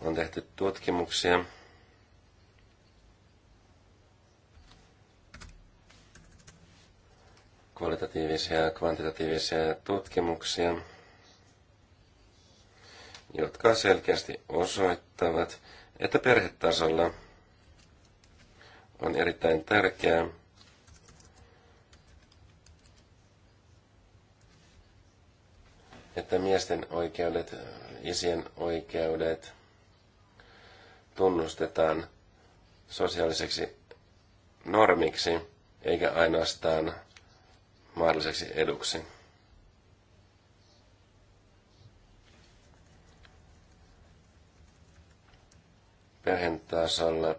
on tehty tutkimuksia. Kvalitatiivisia ja kvantitatiivisia tutkimuksia, jotka selkeästi osoittavat, että perhetasolla on erittäin tärkeää, että miesten oikeudet, isien oikeudet tunnustetaan sosiaaliseksi normiksi, eikä ainoastaan mahdolliseksi eduksi. Perheen tasolla,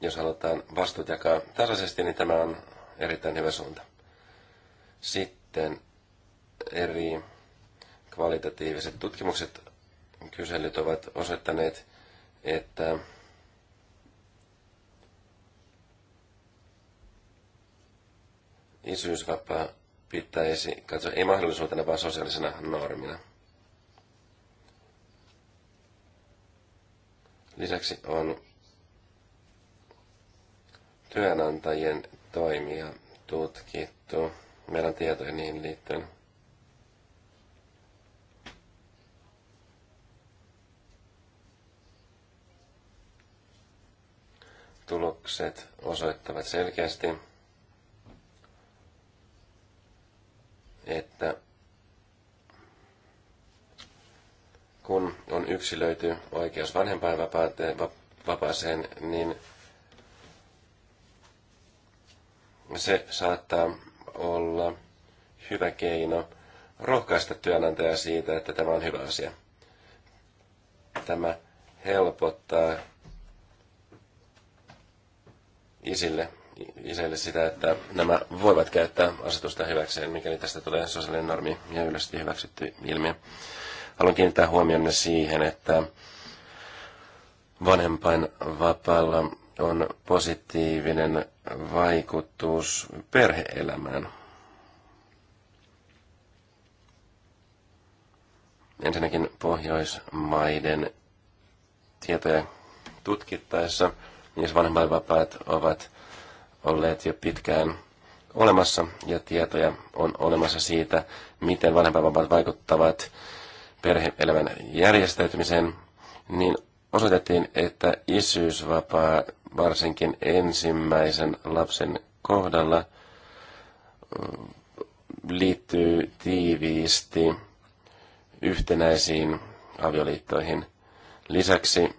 jos halutaan vastuut jakaa tasaisesti, niin tämä on erittäin hyvä suunta. Sitten eri kvalitatiiviset tutkimukset, kyselyt ovat osoittaneet, että isyysvapaa pitäisi katsoa ei mahdollisuutena, vaan sosiaalisena normina. Lisäksi on työnantajien toimia tutkittu meidän tietoja niihin liittyen. tulokset osoittavat selkeästi, että kun on yksilöity oikeus vanhempainvapaaseen, niin se saattaa olla hyvä keino rohkaista työnantajaa siitä, että tämä on hyvä asia. Tämä helpottaa isille, isille sitä, että nämä voivat käyttää asetusta hyväkseen, mikäli tästä tulee sosiaalinen normi ja yleisesti hyväksytty ilmiö. Haluan kiinnittää huomionne siihen, että vanhempain vapaalla on positiivinen vaikutus perheelämään. Ensinnäkin Pohjoismaiden tietoja tutkittaessa – jos vanhempainvapaat ovat olleet jo pitkään olemassa ja tietoja on olemassa siitä, miten vanhempainvapaat vaikuttavat perheelämän järjestäytymiseen, niin osoitettiin, että isyysvapaa varsinkin ensimmäisen lapsen kohdalla mm, liittyy tiiviisti yhtenäisiin avioliittoihin. Lisäksi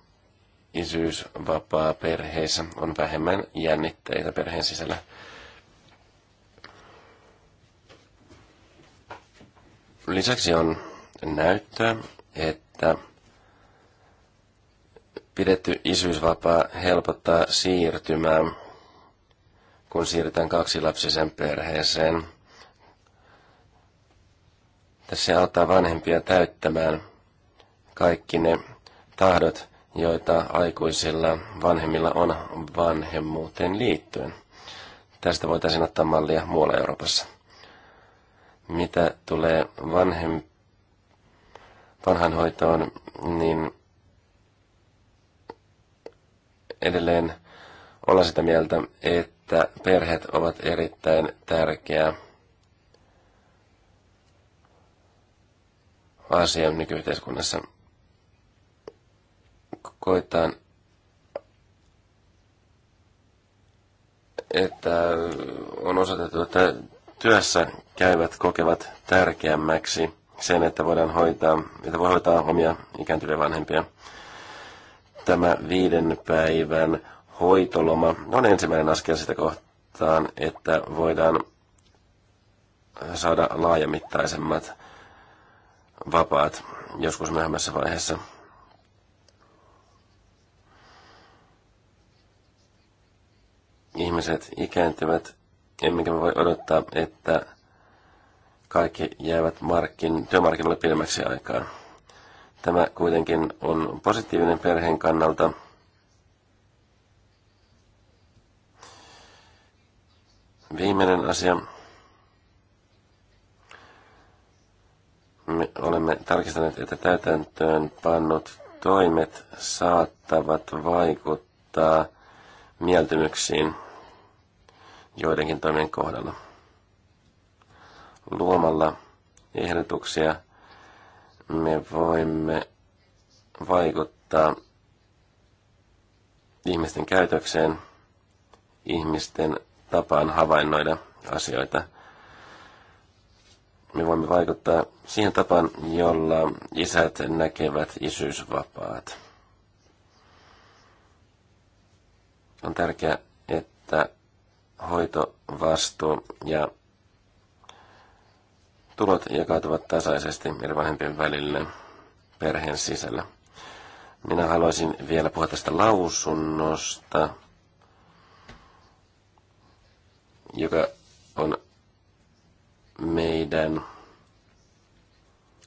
isyysvapaa perheessä on vähemmän jännitteitä perheen sisällä. Lisäksi on näyttöä, että pidetty isyysvapaa helpottaa siirtymää, kun siirrytään kaksilapsisen perheeseen. Tässä auttaa vanhempia täyttämään kaikki ne tahdot, joita aikuisilla vanhemmilla on vanhemmuuteen liittyen. Tästä voitaisiin ottaa mallia muualla Euroopassa. Mitä tulee vanhem... vanhanhoitoon, niin edelleen olla sitä mieltä, että perheet ovat erittäin tärkeä asia nykyyhteiskunnassa koetaan, että on osoitettu, että työssä käyvät kokevat tärkeämmäksi sen, että voidaan hoitaa, että voi hoitaa omia ikääntyviä vanhempia. Tämä viiden päivän hoitoloma on ensimmäinen askel sitä kohtaan, että voidaan saada laajamittaisemmat vapaat joskus myöhemmässä vaiheessa. ihmiset ikääntyvät, emmekä me voi odottaa, että kaikki jäävät markkin, työmarkkinoille pidemmäksi aikaa. Tämä kuitenkin on positiivinen perheen kannalta. Viimeinen asia. Me olemme tarkistaneet, että täytäntöön pannut toimet saattavat vaikuttaa – mieltymyksiin joidenkin toimien kohdalla. Luomalla ehdotuksia me voimme vaikuttaa ihmisten käytökseen, ihmisten tapaan havainnoida asioita. Me voimme vaikuttaa siihen tapaan, jolla isät näkevät isyysvapaat. On tärkeää, että hoitovastuu ja tulot jakautuvat tasaisesti eri vanhempien välille perheen sisällä. Minä haluaisin vielä puhua tästä lausunnosta, joka on meidän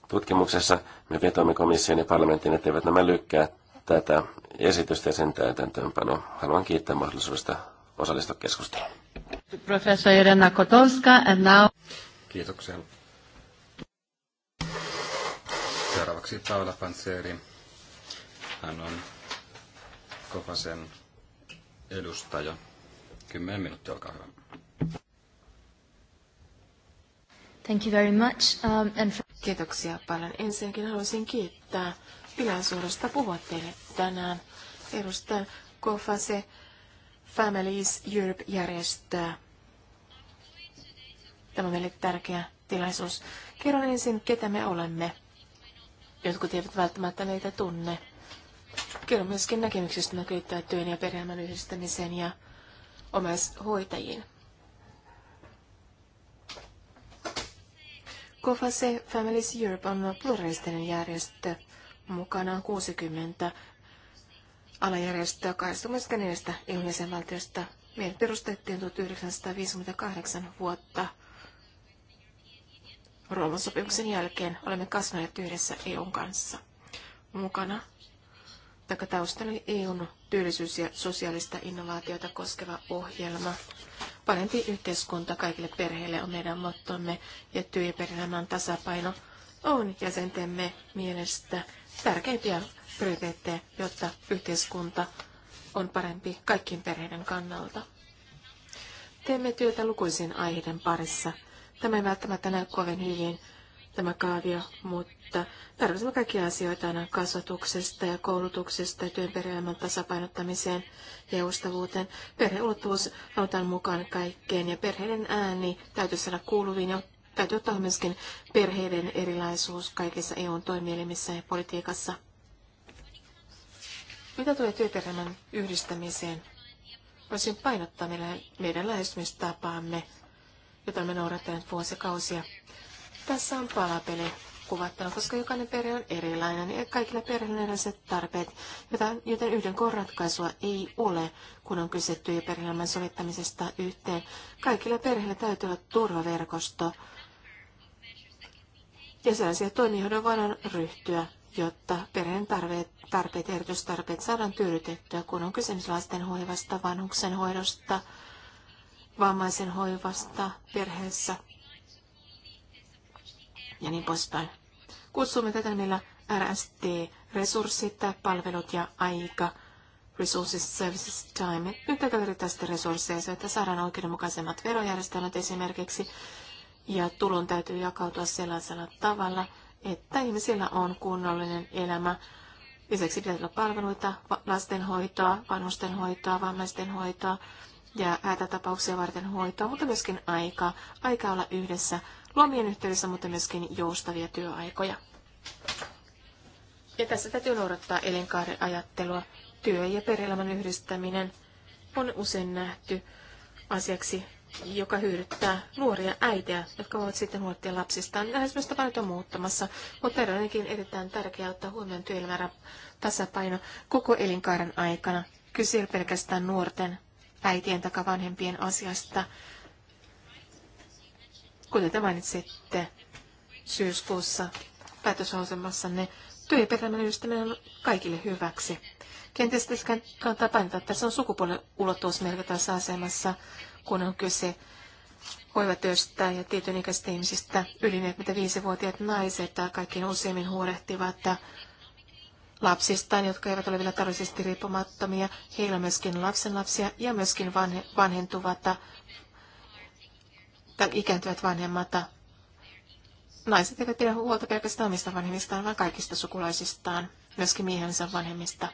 tutkimuksessa. Me vetoamme komission ja parlamentin, etteivät nämä lykkää tätä esitystä ja sen täytäntöönpanoa. Haluan kiittää mahdollisuudesta osallistua keskusteluun. Professor Irena Kotowska, and now... Kiitoksia. Seuraavaksi Paula panseri Hän on Kofasen edustaja. Kymmenen minuuttia, olkaa hyvä. Thank you very much. Um, and for... Kiitoksia paljon. Ensinnäkin haluaisin kiittää tilaisuudesta puhua teille tänään. Edustan Kofase Families Europe järjestää. Tämä on meille tärkeä tilaisuus. Kerron ensin, ketä me olemme. Jotkut eivät välttämättä meitä tunne. Kerron myöskin näkemyksistä näkyyttää työn ja perheelämän yhdistämisen ja omaishoitajiin. Kofase Families Europe on pluralistinen järjestö, mukana on 60 alajärjestöä 24 EUn jäsenvaltiosta. Meidät perustettiin 1958 vuotta Rooman sopimuksen jälkeen. Olemme kasvaneet yhdessä EUn kanssa. Mukana taikka taustalla EUn työllisyys- ja sosiaalista innovaatiota koskeva ohjelma. Parempi yhteiskunta kaikille perheille on meidän mottomme ja työ- ja tasapaino on jäsentemme mielestä tärkeimpiä prioriteetteja, jotta yhteiskunta on parempi kaikkien perheiden kannalta. Teemme työtä lukuisin aiheiden parissa. Tämä ei välttämättä näy kovin hyvin, tämä kaavio, mutta tarvitsemme kaikkia asioita aina kasvatuksesta ja koulutuksesta ja työn tasapainottamiseen ja joustavuuteen. Perheulottuvuus halutaan mukaan kaikkeen ja perheiden ääni täytyy saada kuuluviin ja Täytyy ottaa myöskin perheiden erilaisuus kaikissa EUn toimielimissä ja politiikassa. Mitä tulee työterveyden yhdistämiseen? Voisin painottaa meidän lähestymistapaamme, jota me noudatamme vuosikausia. Tässä on palapeli kuvattuna, koska jokainen perhe on erilainen ja kaikilla perheillä on erilaiset tarpeet, joten, joten yhden ratkaisua ei ole, kun on kyse työperheelämän sovittamisesta yhteen. Kaikilla perheillä täytyy olla turvaverkosto ja sellaisia toimia, joihin voidaan ryhtyä, jotta perheen tarpeet, tarpeet erityistarpeet saadaan tyydytettyä, kun on kysymys lasten hoivasta, vanhuksen hoidosta, vammaisen hoivasta perheessä ja niin poispäin. Kutsumme tätä nimellä RST, resurssit, palvelut ja aika, resources, services, time. Nyt tätä tästä resursseja, että saadaan oikeudenmukaisemmat verojärjestelmät esimerkiksi, ja tulon täytyy jakautua sellaisella tavalla, että ihmisillä on kunnollinen elämä. Lisäksi pitää olla palveluita, lastenhoitoa, vanhustenhoitoa, vammaistenhoitoa ja hätätapauksia varten hoitoa, mutta myöskin aikaa. aika olla yhdessä lomien yhteydessä, mutta myöskin joustavia työaikoja. Ja tässä täytyy noudattaa ajattelua. Työ- ja perelämän yhdistäminen on usein nähty asiaksi, joka hyödyttää nuoria äitejä, jotka voivat sitten huolehtia lapsistaan. Niin lähestymistapa nyt on muuttamassa, mutta edelleenkin erittäin tärkeää ottaa huomioon työelämän tasapaino koko elinkaaren aikana. Kyse ei pelkästään nuorten äitien tai vanhempien asiasta. Kuten te mainitsitte syyskuussa päätösohjelmassanne, ne työperäinen perheen on kaikille hyväksi. Kenties tässä kannattaa painottaa, että tässä on sukupuolen ulottuvuus merkittävässä asemassa kun on kyse hoivatyöstä ja tietyn ikäisistä ihmisistä. Yli 45-vuotiaat naiset kaikkein useimmin huolehtivat lapsistaan, jotka eivät ole vielä taloudellisesti riippumattomia. Heillä on myöskin lapsenlapsia ja myöskin vanhe, vanhentuvat tai ikääntyvät vanhemmat. Naiset eivät pidä huolta pelkästään omista vanhemmistaan, vaan kaikista sukulaisistaan, myöskin miehensä vanhemmista.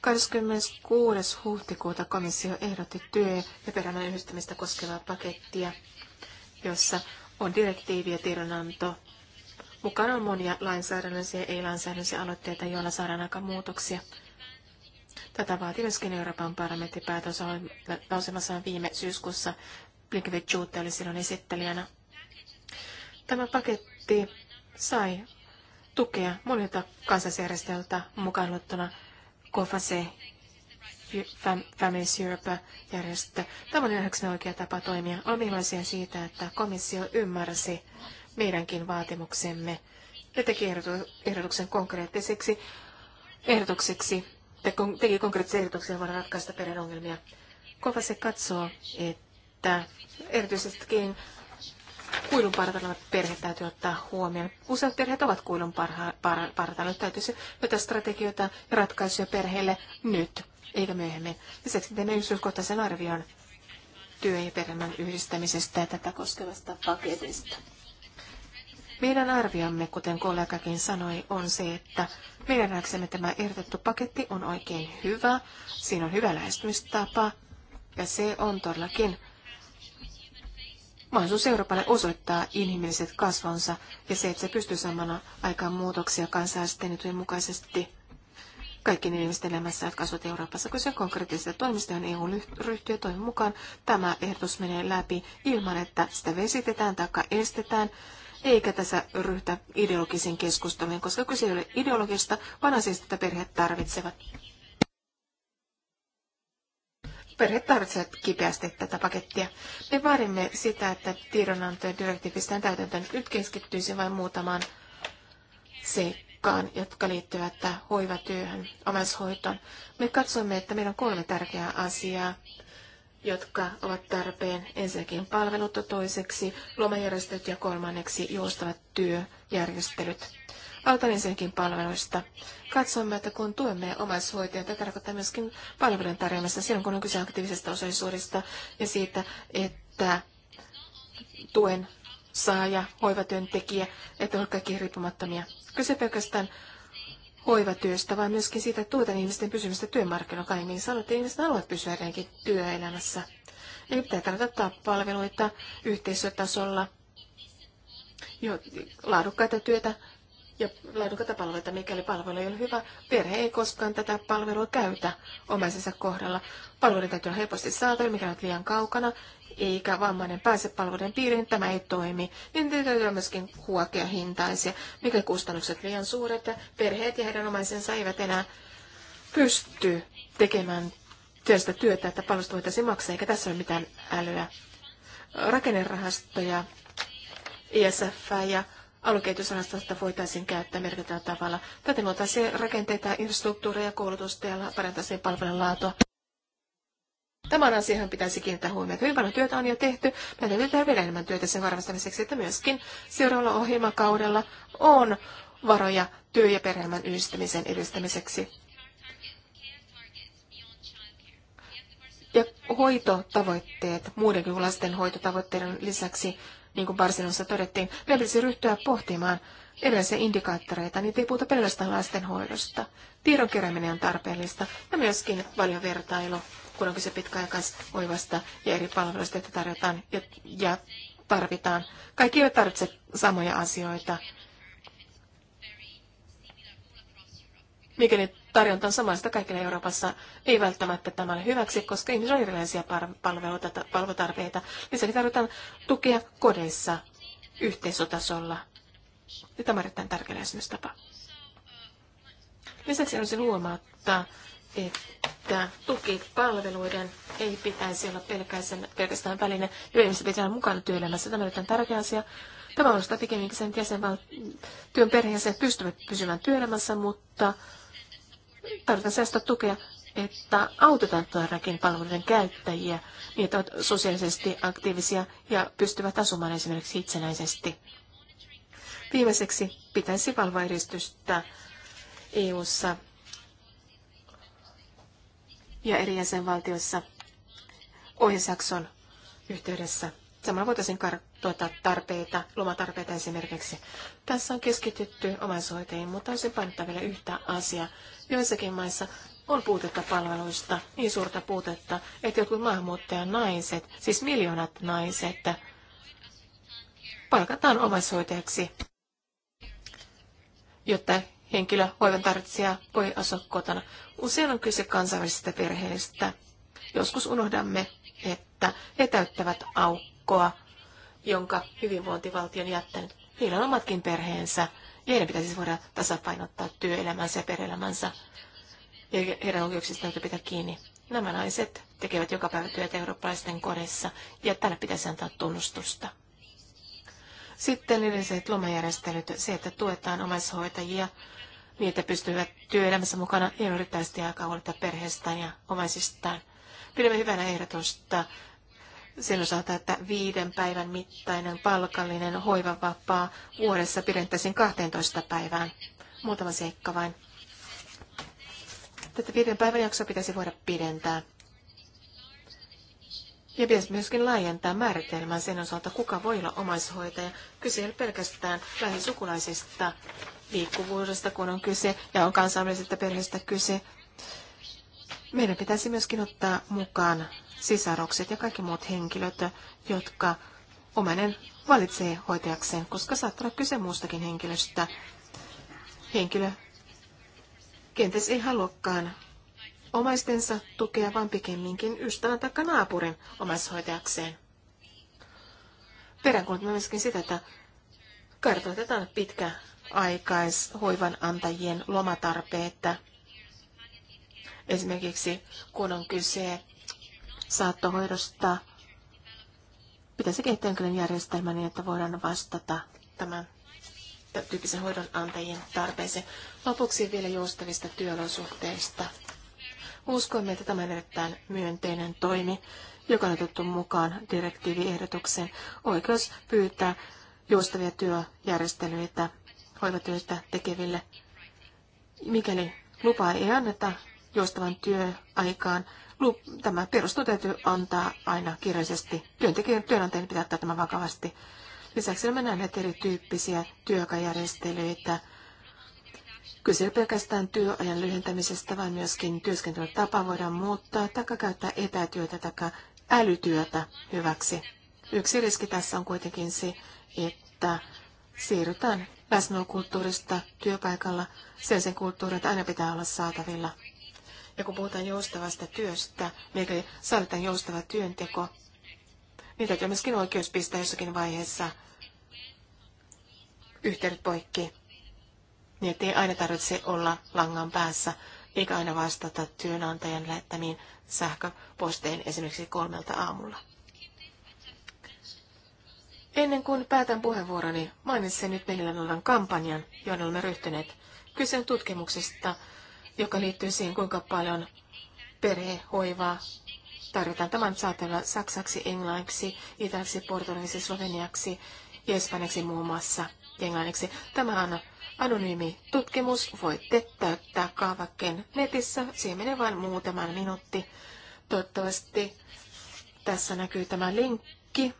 26. huhtikuuta komissio ehdotti työ- ja perheen yhdistämistä koskevaa pakettia, jossa on direktiivi ja tiedonanto. Mukana on monia lainsäädännöllisiä ja ei-lainsäädännöllisiä aloitteita, joilla saadaan aika muutoksia. Tätä vaati myöskin Euroopan parlamentin päätös nousemassaan viime syyskuussa. Blinkevich Juutte oli silloin esittelijänä. Tämä paketti sai tukea monilta kansalaisjärjestöiltä mukaan luettuna Kofase Families Europe-järjestö. Tämä on yhdeksän oikea tapa toimia. Olemme iloisia siitä, että komissio ymmärsi meidänkin vaatimuksemme ja teki ehdotuksen konkreettiseksi ehdotukseksi, te teki konkreettisia ehdotuksia voida ratkaista perheen ongelmia. Kofase katsoo, että erityisestikin kuilun partaalla perhe täytyy ottaa huomioon. Useat perheet ovat kuilun parha- par- partaalla. Täytyisi löytää strategioita ja ratkaisuja perheelle nyt, eikä myöhemmin. Lisäksi teemme yksityiskohtaisen arvion työ- ja perheen yhdistämisestä ja tätä koskevasta paketista. Meidän arviomme, kuten kollegakin sanoi, on se, että meidän nähdäksemme tämä ehdotettu paketti on oikein hyvä. Siinä on hyvä lähestymistapa ja se on todellakin mahdollisuus Euroopalle osoittaa inhimilliset kasvonsa ja se, että se pystyy samana aikaan muutoksia kansainvälisten etujen mukaisesti kaikkien ihmisten elämässä, jotka asuvat Euroopassa. Kyse konkreettista toimista, on EU ryhtyy toivon mukaan. Tämä ehdotus menee läpi ilman, että sitä vesitetään tai estetään, eikä tässä ryhtä ideologisiin keskusteluihin, koska kyse ei ole ideologista, vaan asiasta, että perheet tarvitsevat perheet tarvitsevat kipeästi tätä pakettia. Me vaadimme sitä, että tiedonantojen direktiivisten täytäntöön nyt keskittyisi vain muutamaan seikkaan, jotka liittyvät hoivatyöhön, omaishoitoon. Me katsoimme, että meillä on kolme tärkeää asiaa, jotka ovat tarpeen. Ensinnäkin palvelut, toiseksi lomajärjestöt ja kolmanneksi joustavat työjärjestelyt. Autan palveluista. Katsomme, että kun tuemme omaishoitajia, tämä tarkoittaa myöskin palvelujen tarjoamista silloin, kun on kyse aktiivisesta osallisuudesta ja siitä, että tuen saaja, hoivatyöntekijä, että ovat kaikki riippumattomia. Kyse pelkästään hoivatyöstä, vaan myöskin siitä, että tuetaan ihmisten pysymistä työmarkkinoilla niin Sanoit, että ihmiset haluavat pysyä edelleenkin työelämässä. Eli pitää tarjota palveluita yhteisötasolla, jo, laadukkaita työtä ja laadukata palveluita, mikäli palvelu ei ole hyvä. Perhe ei koskaan tätä palvelua käytä omaisensa kohdalla. Palveluiden täytyy olla helposti saatavilla, mikä on liian kaukana, eikä vammainen pääse palveluiden piiriin, tämä ei toimi. Niin täytyy olla myöskin huokea hintaisia, mikä kustannukset liian suuret, ja perheet ja heidän omaisensa eivät enää pysty tekemään työstä työtä, että palvelusta voitaisiin maksaa, eikä tässä ole mitään älyä. Rakennerahastoja, ISF ja että voitaisiin käyttää merkittävällä tavalla. Täten voitaisiin rakenteita, infrastruktuuria, koulutusta ja parantaisiin palvelun laatua. Tämän asian pitäisi kiinnittää huomiota. Hyvin paljon työtä on jo tehty. Meidän täytyy tehdä vielä enemmän työtä sen varmistamiseksi, että myöskin seuraavalla ohjelmakaudella on varoja työ- ja perheelämän yhdistämisen edistämiseksi. Ja hoitotavoitteet, muiden kuin lasten hoitotavoitteiden lisäksi niin kuin Barsinossa todettiin, meidän pitäisi ryhtyä pohtimaan erilaisia indikaattoreita, niitä ei puhuta pelkästään lastenhoidosta. Tiedon kerääminen on tarpeellista ja myöskin paljon vertailu, kun on kyse pitkäaikaisoivasta ja eri palveluista, joita tarjotaan ja, ja tarvitaan. Kaikki eivät tarvitse samoja asioita. Mikäli tarjonta on samaista kaikille Euroopassa. Ei välttämättä tämä ole hyväksi, koska ihmisillä on erilaisia palveluita, palvelutarpeita. Lisäksi tarvitaan tukea kodeissa yhteisötasolla. Ja tämä on erittäin tärkeä tapa. Lisäksi haluaisin huomauttaa, että tukipalveluiden ei pitäisi olla pelkästään, pelkästään väline, jo ihmiset pitää olla mukana työelämässä. Tämä on tärkeä asia. Tämä on sitä pikemminkin sen jäsenval- työn perheeseen pystyvät pysymään työelämässä, mutta tarvitaan sellaista tukea, että autetaan todellakin palveluiden käyttäjiä, niin että ovat sosiaalisesti aktiivisia ja pystyvät asumaan esimerkiksi itsenäisesti. Viimeiseksi pitäisi valvoa eristystä EU-ssa ja eri jäsenvaltioissa ohjesakson yhteydessä. Samalla voitaisiin kartoita tarpeita, lomatarpeita esimerkiksi. Tässä on keskitytty omaishoitajiin, mutta on se painottaa vielä yhtä asiaa. Joissakin maissa on puutetta palveluista, niin suurta puutetta, että jotkut maahanmuuttajan naiset, siis miljoonat naiset, palkataan omaishoitajaksi, jotta henkilö hoivan tarvitsija voi asua kotona. Usein on kyse kansainvälisistä perheestä. Joskus unohdamme, että he täyttävät aukkoa joukkoa, jonka hyvinvointivaltio on jättänyt. Niillä on omatkin perheensä, ja heidän pitäisi siis voida tasapainottaa työelämänsä ja perheelämänsä, ja heidän oikeuksista täytyy pitää kiinni. Nämä naiset tekevät joka päivä työtä eurooppalaisten kodissa, ja tälle pitäisi antaa tunnustusta. Sitten edelliset lomajärjestelyt, se, että tuetaan omaishoitajia, niin että pystyvät työelämässä mukana ja yrittäisesti aikaa huolehtia perheestään ja omaisistaan. Pidämme hyvänä ehdotusta Silloin sanotaan, että viiden päivän mittainen palkallinen hoivavapaa vuodessa pidentäisiin 12 päivään. Muutama seikka vain. Tätä viiden päivän jaksoa pitäisi voida pidentää. Ja pitäisi myöskin laajentaa määritelmän sen osalta, kuka voi olla omaishoitaja. Kyse ei pelkästään lähisukulaisista liikkuvuudesta, kun on kyse ja on kansainvälisestä perheestä kyse. Meidän pitäisi myöskin ottaa mukaan sisarukset ja kaikki muut henkilöt, jotka omainen valitsee hoitajakseen, koska saattaa olla kyse muustakin henkilöstä. Henkilö kenties ei haluakaan omaistensa tukea, vaan pikemminkin ystävän tai naapurin omaishoitajakseen. Peräänkuulutamme myöskin sitä, että kartoitetaan pitkäaikaishoivan antajien lomatarpeet. Esimerkiksi kun on kyse saattohoidosta. Pitäisi kehittää jonkinlainen järjestelmä niin, että voidaan vastata tämän tyyppisen hoidon antajien tarpeeseen. Lopuksi vielä joustavista työolosuhteista. Uskoimme, että tämä on erittäin myönteinen toimi, joka on otettu mukaan direktiiviehdotuksen oikeus pyytää joustavia työjärjestelyitä hoivatyöstä tekeville. Mikäli lupaa ei anneta joustavan työaikaan, Tämä perustu täytyy antaa aina kirjallisesti. Työntekijän työnantajan pitää ottaa tämä vakavasti. Lisäksi me näemme erityyppisiä työaikajärjestelyitä. Kyse ei pelkästään työajan lyhentämisestä, vaan myöskin työskentelytapa voidaan muuttaa tai käyttää etätyötä tai älytyötä hyväksi. Yksi riski tässä on kuitenkin se, että siirrytään läsnäolokulttuurista työpaikalla sen sen kulttuurin, että aina pitää olla saatavilla. Ja kun puhutaan joustavasta työstä, mikäli sallitaan joustava työnteko, niin täytyy myöskin oikeus pistää jossakin vaiheessa yhteydet poikki. Niin ettei aina tarvitse olla langan päässä, eikä aina vastata työnantajan lähettämiin sähköposteihin esimerkiksi kolmelta aamulla. Ennen kuin päätän puheenvuoroni, mainitsen nyt meillä olevan kampanjan, johon olemme ryhtyneet. Kyse on tutkimuksesta, joka liittyy siihen, kuinka paljon perhehoivaa tarjotaan. Tämän saatella saksaksi, englanniksi, italiaksi, portugaliksi, sloveniaksi, espanjaksi muun muassa englanniksi. Tämä on anonyymi tutkimus. Voitte täyttää kaavakkeen netissä. Siihen menee vain muutama minuutti. Toivottavasti tässä näkyy tämä linkki.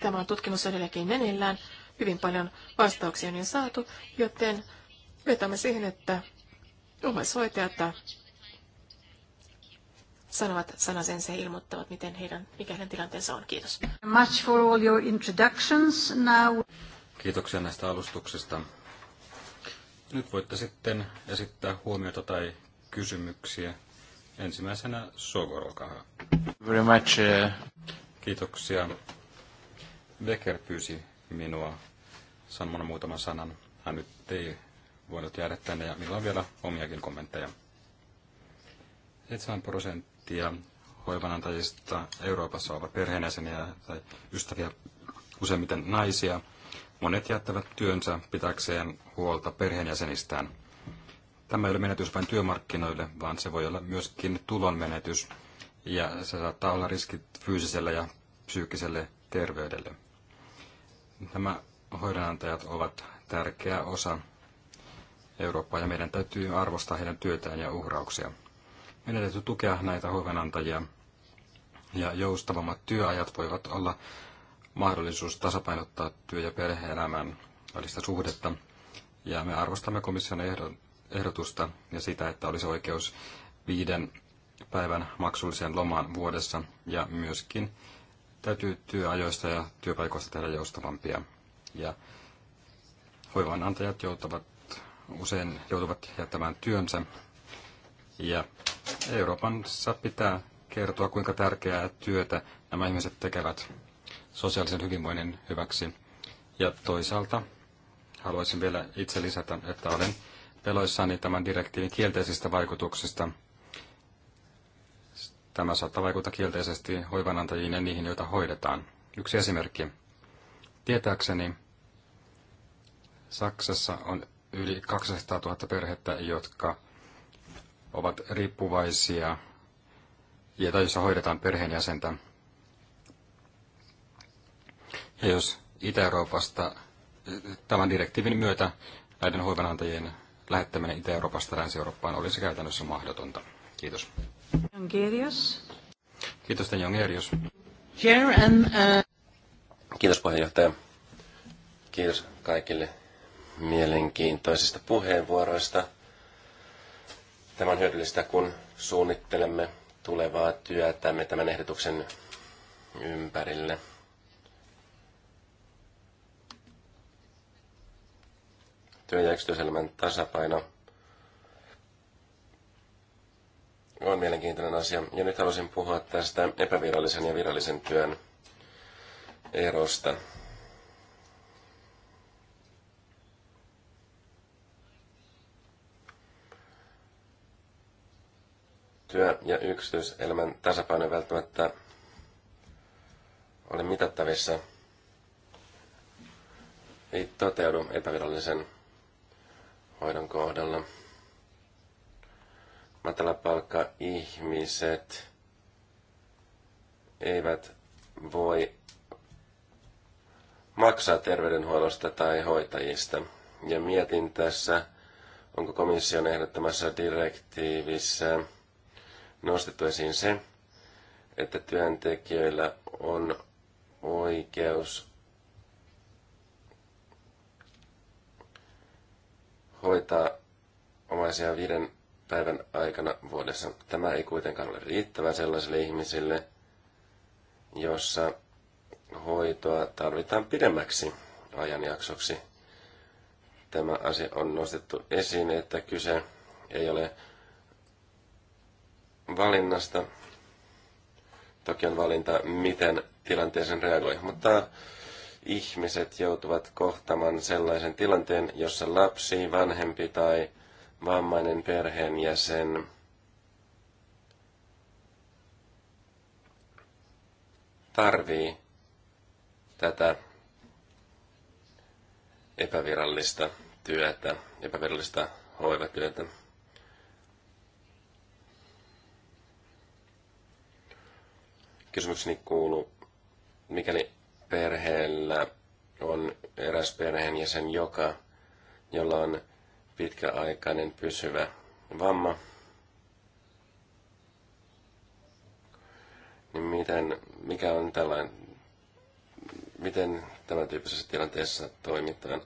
Tämä on tutkimus edelleenkin meneillään. Hyvin paljon vastauksia on jo saatu, joten vetämme siihen, että Omaishoitajat sanovat sanasen se ilmoittavat, miten heidän, mikä heidän tilanteensa on. Kiitos. Much for all your introductions now. Kiitoksia näistä alustuksista. Nyt voitte sitten esittää huomiota tai kysymyksiä. Ensimmäisenä Sogor, olkaa hyvä. Very much. Uh, Kiitoksia. Becker pyysi minua sanomaan muutaman sanan. Hän nyt ei voinut jäädä tänne ja minulla on vielä omiakin kommentteja. 7 prosenttia hoivanantajista Euroopassa ovat perheenäseniä tai ystäviä, useimmiten naisia. Monet jättävät työnsä pitäkseen huolta perheenjäsenistään. Tämä ei ole menetys vain työmarkkinoille, vaan se voi olla myöskin tulonmenetys ja se saattaa olla riski fyysiselle ja psyykkiselle terveydelle. Nämä hoidonantajat ovat tärkeä osa Eurooppaa ja meidän täytyy arvostaa heidän työtään ja uhrauksia. Meidän täytyy tukea näitä hoivanantajia ja joustavammat työajat voivat olla mahdollisuus tasapainottaa työ- ja perhe-elämän välistä suhdetta. Ja me arvostamme komission ehdotusta ja sitä, että olisi oikeus viiden päivän maksulliseen lomaan vuodessa ja myöskin täytyy työajoista ja työpaikoista tehdä joustavampia. Ja hoivanantajat joutuvat usein joutuvat jättämään työnsä. Ja Euroopassa pitää kertoa, kuinka tärkeää työtä nämä ihmiset tekevät sosiaalisen hyvinvoinnin hyväksi. Ja toisaalta haluaisin vielä itse lisätä, että olen peloissani tämän direktiivin kielteisistä vaikutuksista. Tämä saattaa vaikuttaa kielteisesti hoivanantajiin ja niihin, joita hoidetaan. Yksi esimerkki. Tietääkseni Saksassa on yli 200 000 perhettä, jotka ovat riippuvaisia ja tai jossa hoidetaan perheenjäsentä. Ja jos Itä-Euroopasta tämän direktiivin myötä näiden hoivanantajien lähettäminen Itä-Euroopasta Länsi-Eurooppaan olisi käytännössä mahdotonta. Kiitos. Kiitos, Ten Jongerius. Uh, Kiitos puheenjohtaja. Kiitos kaikille mielenkiintoisista puheenvuoroista. Tämä on hyödyllistä, kun suunnittelemme tulevaa työtämme tämän ehdotuksen ympärille. Työ- ja yksityiselämän tasapaino on mielenkiintoinen asia. Ja nyt haluaisin puhua tästä epävirallisen ja virallisen työn erosta. työ- ja yksityiselämän tasapaino välttämättä ole mitattavissa. Ei toteudu epävirallisen hoidon kohdalla. Matalapalkka ihmiset eivät voi maksaa terveydenhuollosta tai hoitajista. Ja mietin tässä, onko komission ehdottamassa direktiivissä nostettu esiin se, että työntekijöillä on oikeus hoitaa omaisia viiden päivän aikana vuodessa. Tämä ei kuitenkaan ole riittävä sellaisille ihmisille, jossa hoitoa tarvitaan pidemmäksi ajanjaksoksi. Tämä asia on nostettu esiin, että kyse ei ole valinnasta, toki on valinta, miten tilanteeseen reagoi. Mutta ihmiset joutuvat kohtamaan sellaisen tilanteen, jossa lapsi, vanhempi tai vammainen perheenjäsen tarvii tätä epävirallista työtä, epävirallista hoivatyötä. Kysymykseni kuuluu, mikäli perheellä on eräs perheenjäsen, joka, jolla on pitkäaikainen pysyvä vamma, niin miten, mikä on tällainen, miten tämän tyyppisessä tilanteessa toimitaan?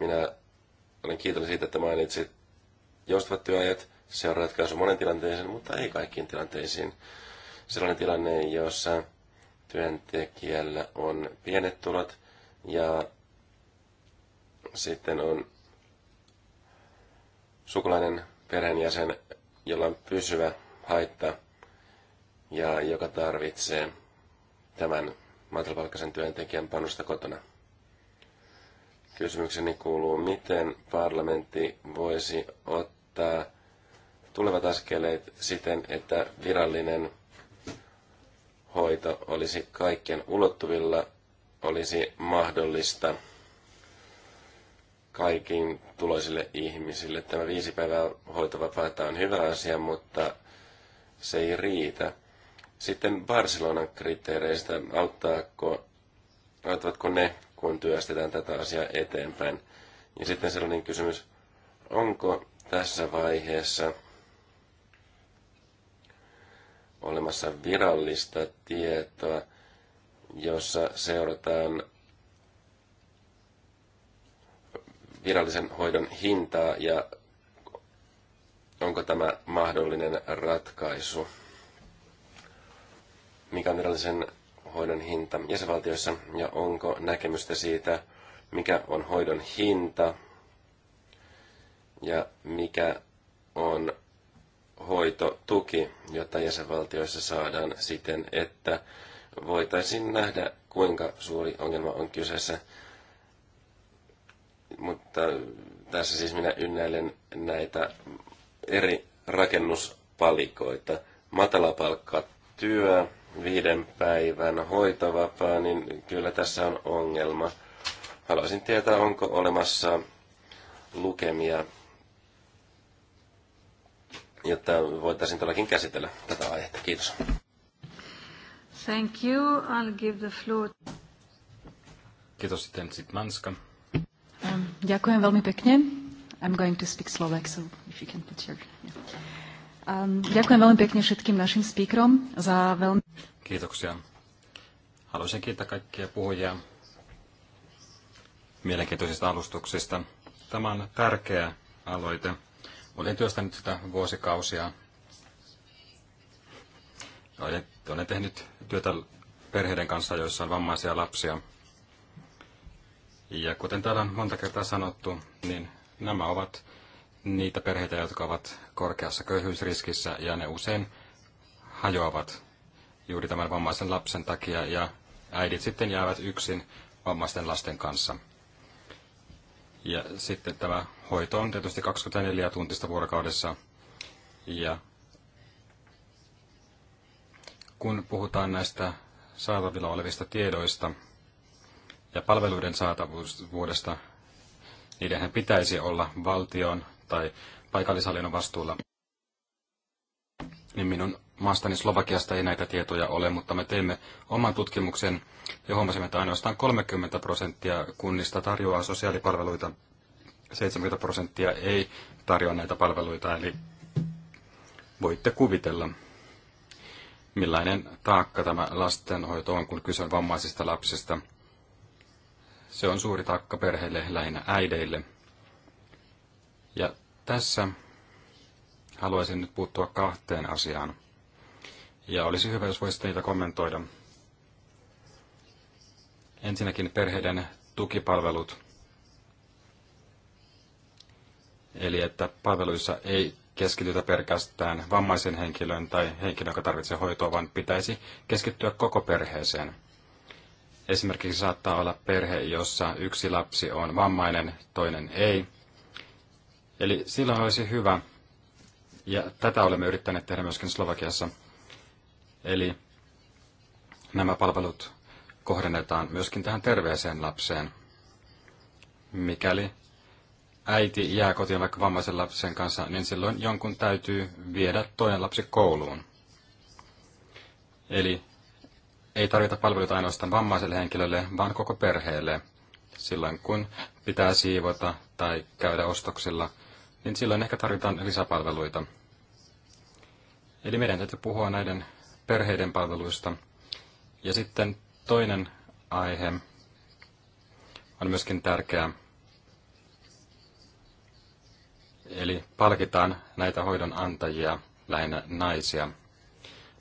Minä olen kiitollinen siitä, että mainitsit joustavat työajat, se on ratkaisu monen tilanteeseen, mutta ei kaikkiin tilanteisiin sellainen tilanne, jossa työntekijällä on pienet tulot ja sitten on sukulainen perheenjäsen, jolla on pysyvä haitta ja joka tarvitsee tämän matalapalkkaisen työntekijän panosta kotona. Kysymykseni kuuluu, miten parlamentti voisi ottaa tulevat askeleet siten, että virallinen hoito olisi kaikkien ulottuvilla, olisi mahdollista kaikin tuloisille ihmisille. Tämä viisi päivää hoitovapaata on hyvä asia, mutta se ei riitä. Sitten Barcelonan kriteereistä, auttaako, auttavatko ne, kun työstetään tätä asiaa eteenpäin. Ja sitten sellainen kysymys, onko tässä vaiheessa – olemassa virallista tietoa, jossa seurataan virallisen hoidon hintaa ja onko tämä mahdollinen ratkaisu. Mikä on virallisen hoidon hinta jäsenvaltioissa ja onko näkemystä siitä, mikä on hoidon hinta ja mikä on hoitotuki, jota jäsenvaltioissa saadaan siten, että voitaisiin nähdä, kuinka suuri ongelma on kyseessä. Mutta tässä siis minä ynnäilen näitä eri rakennuspalikoita. Matalapalkka työ, viiden päivän hoitovapaa, niin kyllä tässä on ongelma. Haluaisin tietää, onko olemassa lukemia jotta voitaisiin todellakin käsitellä tätä aihetta. Kiitos. Thank you. I'll give the floor. Kiitos sitten Manska. Um, velmi pekne. I'm going to speak Slovak, so if you can put your... Yeah. Um, ďakujem veľmi pekne všetkým našim speakerom za veľmi... Kiitoksia. Haluaisin kiittää kaikkia puhujia mielenkiintoisista alustuksista. Tämä on tärkeä aloite olen työstänyt sitä vuosikausia. Olen, olen tehnyt työtä perheiden kanssa, joissa on vammaisia lapsia. Ja kuten täällä on monta kertaa sanottu, niin nämä ovat niitä perheitä, jotka ovat korkeassa köyhyysriskissä ja ne usein hajoavat juuri tämän vammaisen lapsen takia ja äidit sitten jäävät yksin vammaisten lasten kanssa. Ja sitten tämä hoito on tietysti 24 tuntista vuorokaudessa. Ja kun puhutaan näistä saatavilla olevista tiedoista ja palveluiden saatavuudesta, niidenhän pitäisi olla valtion tai paikallishallinnon vastuulla, niin minun maastani niin Slovakiasta ei näitä tietoja ole, mutta me teimme oman tutkimuksen ja huomasimme, että ainoastaan 30 prosenttia kunnista tarjoaa sosiaalipalveluita, 70 prosenttia ei tarjoa näitä palveluita, eli voitte kuvitella, millainen taakka tämä lastenhoito on, kun kyse on vammaisista lapsista. Se on suuri taakka perheille, lähinnä äideille. Ja tässä haluaisin nyt puuttua kahteen asiaan ja olisi hyvä, jos voisitte niitä kommentoida. Ensinnäkin perheiden tukipalvelut, eli että palveluissa ei keskitytä pelkästään vammaisen henkilön tai henkilön, joka tarvitsee hoitoa, vaan pitäisi keskittyä koko perheeseen. Esimerkiksi saattaa olla perhe, jossa yksi lapsi on vammainen, toinen ei. Eli silloin olisi hyvä, ja tätä olemme yrittäneet tehdä myöskin Slovakiassa, Eli nämä palvelut kohdennetaan myöskin tähän terveeseen lapseen. Mikäli äiti jää kotiin vaikka vammaisen lapsen kanssa, niin silloin jonkun täytyy viedä toinen lapsi kouluun. Eli ei tarvita palveluita ainoastaan vammaiselle henkilölle, vaan koko perheelle. Silloin kun pitää siivota tai käydä ostoksilla, niin silloin ehkä tarvitaan lisäpalveluita. Eli meidän täytyy puhua näiden perheiden palveluista. Ja sitten toinen aihe on myöskin tärkeä. Eli palkitaan näitä hoidon antajia, lähinnä naisia.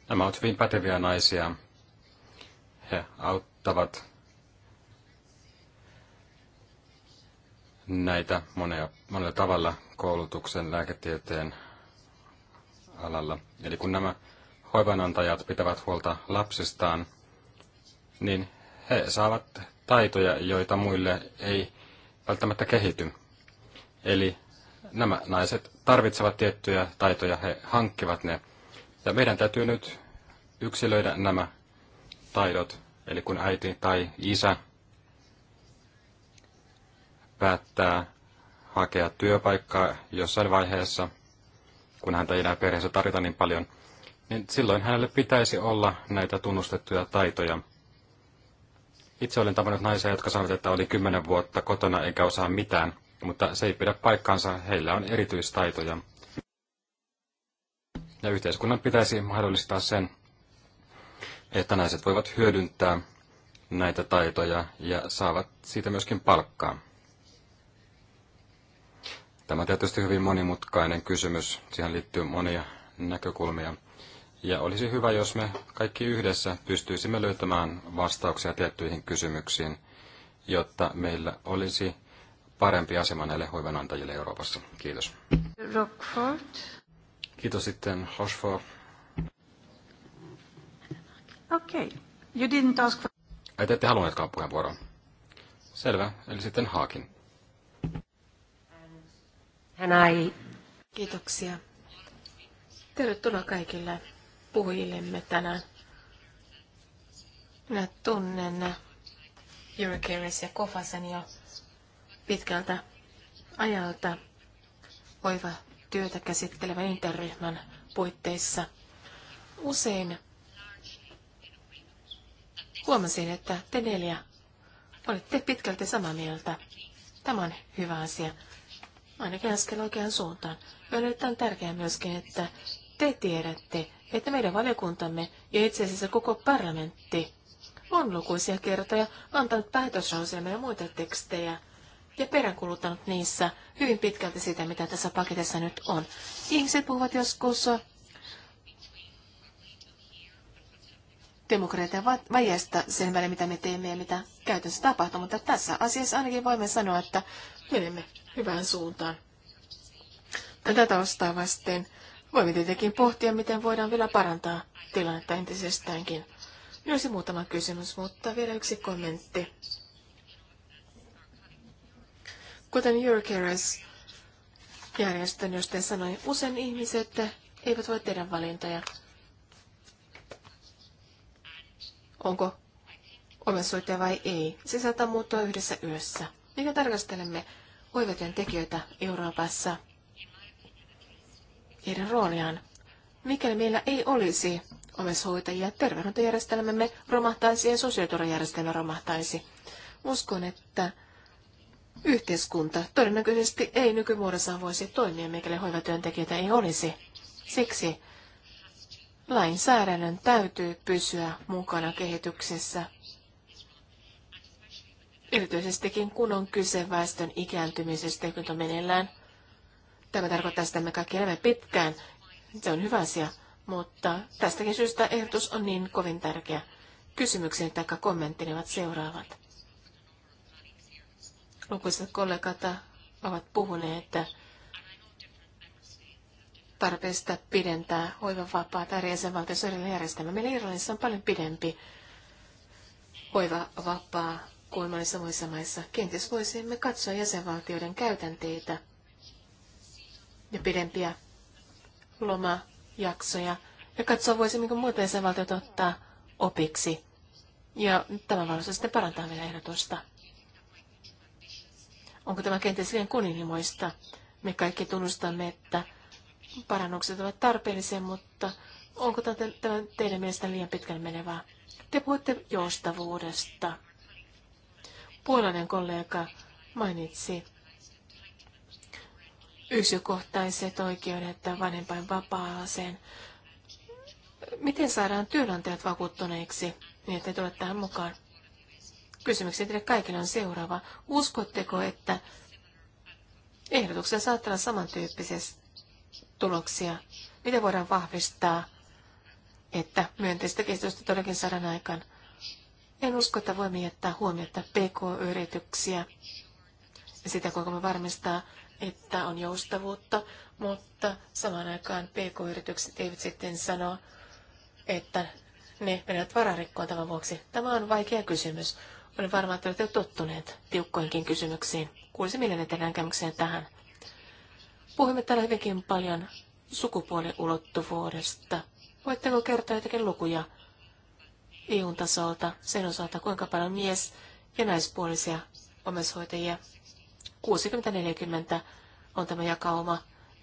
Nämä ovat hyvin päteviä naisia. He auttavat näitä monia, monella tavalla koulutuksen, lääketieteen alalla. Eli kun nämä hoivanantajat pitävät huolta lapsistaan, niin he saavat taitoja, joita muille ei välttämättä kehity. Eli nämä naiset tarvitsevat tiettyjä taitoja, he hankkivat ne. Ja meidän täytyy nyt yksilöidä nämä taidot. Eli kun äiti tai isä päättää hakea työpaikkaa jossain vaiheessa, kun häntä ei enää perheessä tarvita niin paljon, niin silloin hänelle pitäisi olla näitä tunnustettuja taitoja. Itse olen tavannut naisia, jotka sanovat, että oli kymmenen vuotta kotona eikä osaa mitään, mutta se ei pidä paikkaansa, heillä on erityistaitoja. Ja yhteiskunnan pitäisi mahdollistaa sen, että naiset voivat hyödyntää näitä taitoja ja saavat siitä myöskin palkkaa. Tämä on tietysti hyvin monimutkainen kysymys. Siihen liittyy monia näkökulmia. Ja olisi hyvä, jos me kaikki yhdessä pystyisimme löytämään vastauksia tiettyihin kysymyksiin, jotta meillä olisi parempi asema näille hoivanantajille Euroopassa. Kiitos. Rockford. Kiitos sitten Hosford. Okei. Okay. You didn't ask for... Ai te ette halunneetkaan puheenvuoroa. Selvä. Eli sitten Haakin. Hän ai. Kiitoksia. Tervetuloa kaikille puhujillemme tänään. Minä tunnen Eurocares ja Kofasen jo pitkältä ajalta voiva työtä käsittelevän interryhmän puitteissa. Usein huomasin, että te neljä olitte pitkälti samaa mieltä. Tämä on hyvä asia. Ainakin askel oikeaan suuntaan. Ja on tärkeää myöskin, että te tiedätte, että meidän valiokuntamme ja itse asiassa koko parlamentti on lukuisia kertoja antanut päätöslauselmia ja muita tekstejä ja peräänkuluttanut niissä hyvin pitkälti sitä, mitä tässä paketissa nyt on. Ihmiset puhuvat joskus demokratian vajeesta sen välillä, mitä me teemme ja mitä käytännössä tapahtuu, mutta tässä asiassa ainakin voimme sanoa, että menemme hyvään suuntaan. Tätä taustaa vasten Voimme tietenkin pohtia, miten voidaan vielä parantaa tilannetta entisestäänkin. Minulla olisi muutama kysymys, mutta vielä yksi kommentti. Kuten Eurocares järjestön, josta sanoi, usein ihmiset eivät voi tehdä valintoja. Onko omaishoitaja vai ei? Se saattaa muuttua yhdessä yössä. Mikä tarkastelemme hoivatyön tekijöitä Euroopassa – heidän rooliaan. Mikäli meillä ei olisi omeshoitajia, terveydenhoitojärjestelmämme romahtaisi ja sosiaaliturvajärjestelmä romahtaisi. Uskon, että yhteiskunta todennäköisesti ei nykymuodossaan voisi toimia, mikäli hoivatyöntekijöitä ei olisi. Siksi lainsäädännön täytyy pysyä mukana kehityksessä. Erityisestikin kun on kyse väestön ikääntymisestä, kun on meneillään – Tämä tarkoittaa sitä, että me kaikki elämme pitkään. Se on hyvä asia, mutta tästäkin syystä ehdotus on niin kovin tärkeä. Kysymykseni tai kommenttini ovat seuraavat. Lukuisat kollegat ovat puhuneet tarpeesta pidentää hoivavapaa tai jäsenvaltioissa järjestelmä. Meillä Irlannissa on paljon pidempi hoivavapaa kuin monissa muissa maissa. Kenties voisimme katsoa jäsenvaltioiden käytänteitä – ja pidempiä lomajaksoja ja katsoa, voisimmeko muut jäsenvaltiot ottaa opiksi. Ja tämän valossa sitten parantaa meidän ehdotusta. Onko tämä kenties liian kunnianhimoista? Me kaikki tunnustamme, että parannukset ovat tarpeellisia, mutta onko tämä teidän mielestä liian pitkälle menevää? Te puhutte joustavuudesta. Puolainen kollega mainitsi yksikohtaiset oikeudet vanhempain vapaaseen. Miten saadaan työnantajat vakuuttuneiksi, niin että tulet tähän mukaan? Kysymyksiä teille kaikille on seuraava. Uskotteko, että ehdotuksen saattaa olla samantyyppisiä tuloksia? Miten voidaan vahvistaa, että myönteistä kehitystä todellakin saadaan aikaan? En usko, että voimme jättää huomiota PK-yrityksiä ja sitä, kuinka me varmistaa että on joustavuutta, mutta samaan aikaan PK-yritykset eivät sitten sano, että ne menevät vararikkoon tämän vuoksi. Tämä on vaikea kysymys. Olen varma, että olette tottuneet tiukkoinkin kysymyksiin. Kuulisin mielelläni teidän näkemykseen tähän. Puhumme täällä hyvinkin paljon sukupuoliulottuvuudesta. Voitteko kertoa jotakin lukuja eu tasolta sen osalta, kuinka paljon mies- ja naispuolisia omaishoitajia 60-40 on tämä jakauma.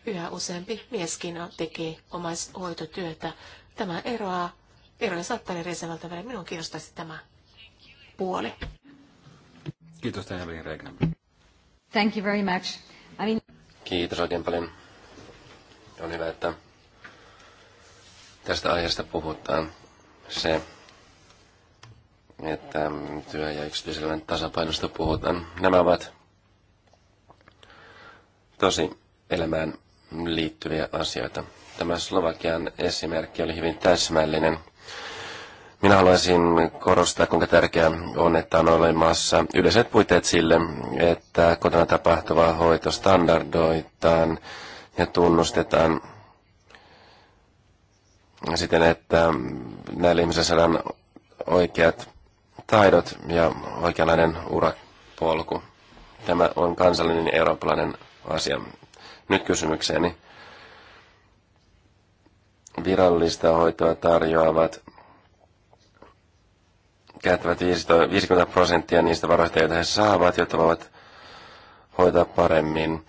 Yhä useampi mieskin tekee omaishoitotyötä. Tämä eroaa, eroja saattaa edesemmältä välillä. Minun kiinnostaisi tämä puoli. Kiitos Helin Regnan. Thank you very much. I mean... Kiitos oikein paljon. On hyvä, että tästä aiheesta puhutaan. Se, että työ- ja yksityiselämän tasapainosta puhutaan. Nämä ovat tosi elämään liittyviä asioita. Tämä Slovakian esimerkki oli hyvin täsmällinen. Minä haluaisin korostaa, kuinka tärkeää on, että on olemassa yleiset puitteet sille, että kotona tapahtuva hoito standardoitaan ja tunnustetaan siten, että näillä ihmisillä saadaan oikeat taidot ja oikeanlainen urapolku. Tämä on kansallinen eurooppalainen asia. Nyt kysymykseeni. Virallista hoitoa tarjoavat käyttävät 50 prosenttia niistä varoista, joita he saavat, jotta voivat hoitaa paremmin.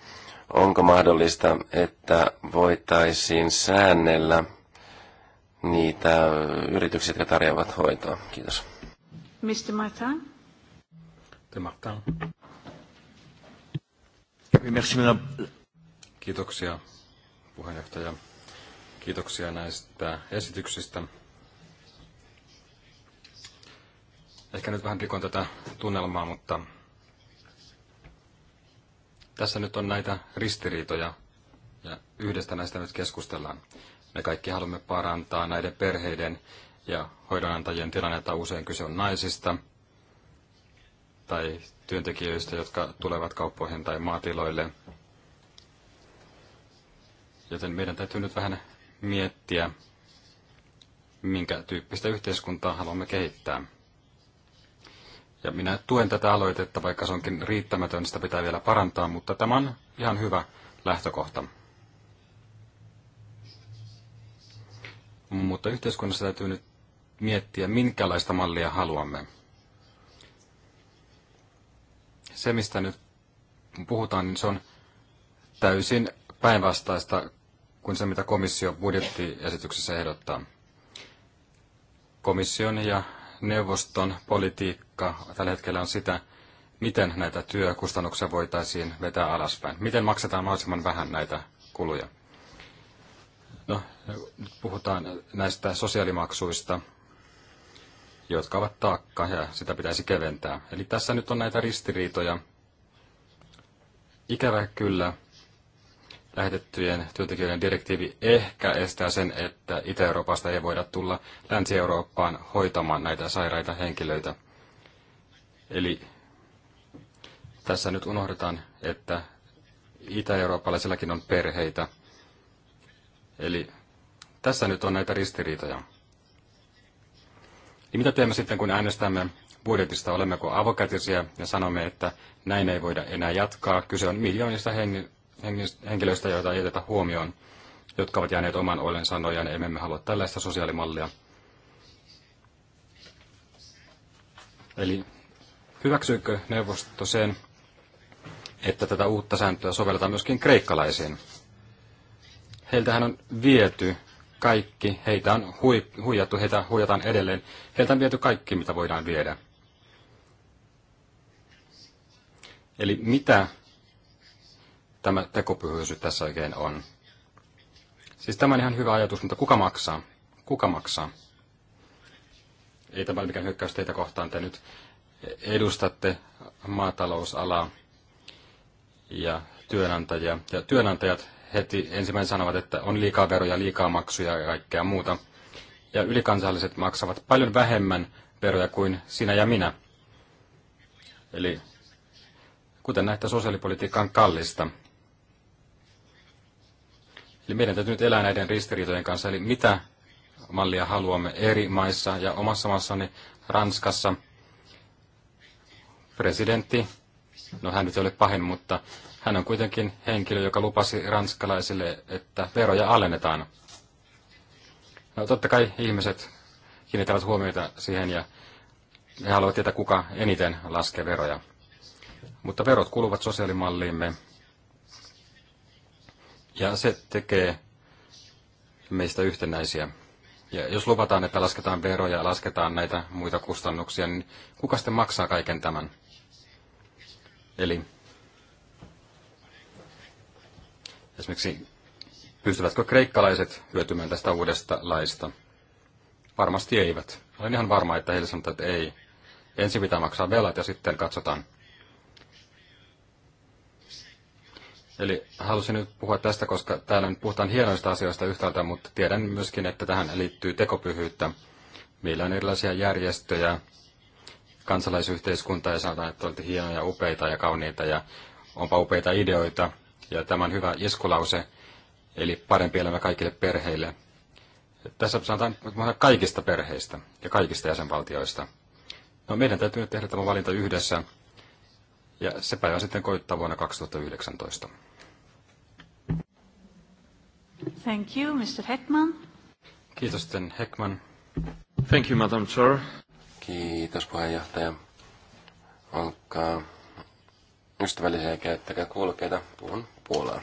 Onko mahdollista, että voitaisiin säännellä niitä yrityksiä, jotka tarjoavat hoitoa? Kiitos. Mr. Martin. Mr. Martin. Merci, Kiitoksia puheenjohtaja. Kiitoksia näistä esityksistä. Ehkä nyt vähän rikon tätä tunnelmaa, mutta tässä nyt on näitä ristiriitoja ja yhdestä näistä nyt keskustellaan. Me kaikki haluamme parantaa näiden perheiden ja hoidonantajien tilannetta. Usein kyse on naisista, tai työntekijöistä, jotka tulevat kauppoihin tai maatiloille. Joten meidän täytyy nyt vähän miettiä, minkä tyyppistä yhteiskuntaa haluamme kehittää. Ja minä tuen tätä aloitetta, vaikka se onkin riittämätön, sitä pitää vielä parantaa, mutta tämä on ihan hyvä lähtökohta. Mutta yhteiskunnassa täytyy nyt miettiä, minkälaista mallia haluamme se, mistä nyt puhutaan, niin se on täysin päinvastaista kuin se, mitä komissio budjettiesityksessä ehdottaa. Komission ja neuvoston politiikka tällä hetkellä on sitä, miten näitä työkustannuksia voitaisiin vetää alaspäin. Miten maksetaan mahdollisimman vähän näitä kuluja. No, nyt puhutaan näistä sosiaalimaksuista – jotka ovat taakka ja sitä pitäisi keventää. Eli tässä nyt on näitä ristiriitoja. Ikävä kyllä lähetettyjen työntekijöiden direktiivi ehkä estää sen, että Itä-Euroopasta ei voida tulla Länsi-Eurooppaan hoitamaan näitä sairaita henkilöitä. Eli tässä nyt unohdetaan, että itä-eurooppalaisillakin on perheitä. Eli tässä nyt on näitä ristiriitoja. Ja mitä teemme sitten, kun äänestämme budjetista? Olemmeko avokätisiä ja sanomme, että näin ei voida enää jatkaa? Kyse on miljoonista henkilöistä, joita ei jätetä huomioon, jotka ovat jääneet oman olen sanojaan. Emme me halua tällaista sosiaalimallia. Eli hyväksyykö neuvosto sen, että tätä uutta sääntöä sovelletaan myöskin kreikkalaisiin? Heiltähän on viety kaikki, heitä on hui, huijattu, heitä huijataan edelleen, heiltä on viety kaikki, mitä voidaan viedä. Eli mitä tämä tekopyhyys tässä oikein on? Siis tämä on ihan hyvä ajatus, mutta kuka maksaa? Kuka maksaa? Ei tämä ole mikään hyökkäys teitä kohtaan, te nyt edustatte maatalousalaa ja työnantajia. Ja työnantajat heti ensimmäisen sanovat, että on liikaa veroja, liikaa maksuja ja kaikkea muuta. Ja ylikansalliset maksavat paljon vähemmän veroja kuin sinä ja minä. Eli kuten näitä sosiaalipolitiikka on kallista. Eli meidän täytyy nyt elää näiden ristiriitojen kanssa, eli mitä mallia haluamme eri maissa ja omassa maassani Ranskassa. Presidentti No hän nyt ei ole pahin, mutta hän on kuitenkin henkilö, joka lupasi ranskalaisille, että veroja alennetaan. No totta kai ihmiset kiinnittävät huomiota siihen ja he haluavat tietää, kuka eniten laskee veroja. Mutta verot kuluvat sosiaalimalliimme ja se tekee meistä yhtenäisiä. Ja jos luvataan, että lasketaan veroja ja lasketaan näitä muita kustannuksia, niin kuka sitten maksaa kaiken tämän? Eli esimerkiksi pystyvätkö kreikkalaiset hyötymään tästä uudesta laista? Varmasti eivät. Olen ihan varma, että heille sanotaan, että ei. Ensin pitää maksaa velat ja sitten katsotaan. Eli halusin nyt puhua tästä, koska täällä nyt puhutaan hienoista asioista yhtäältä, mutta tiedän myöskin, että tähän liittyy tekopyhyyttä. Meillä on erilaisia järjestöjä, kansalaisyhteiskuntaa ja sanotaan, että olette hienoja, upeita ja kauniita ja onpa upeita ideoita. Ja tämän hyvä iskulause, eli parempi elämä kaikille perheille. Tässä sanotaan kaikista perheistä ja kaikista jäsenvaltioista. No meidän täytyy nyt tehdä tämä valinta yhdessä, ja se päivä sitten koittaa vuonna 2019. Thank you, Mr. Heckman. Kiitos, Heckman. Thank you, Madam Chair. Kiitos puheenjohtaja. Olkaa ystävällisiä ja käyttäkää kuulokkeita. Puhun Puolaa.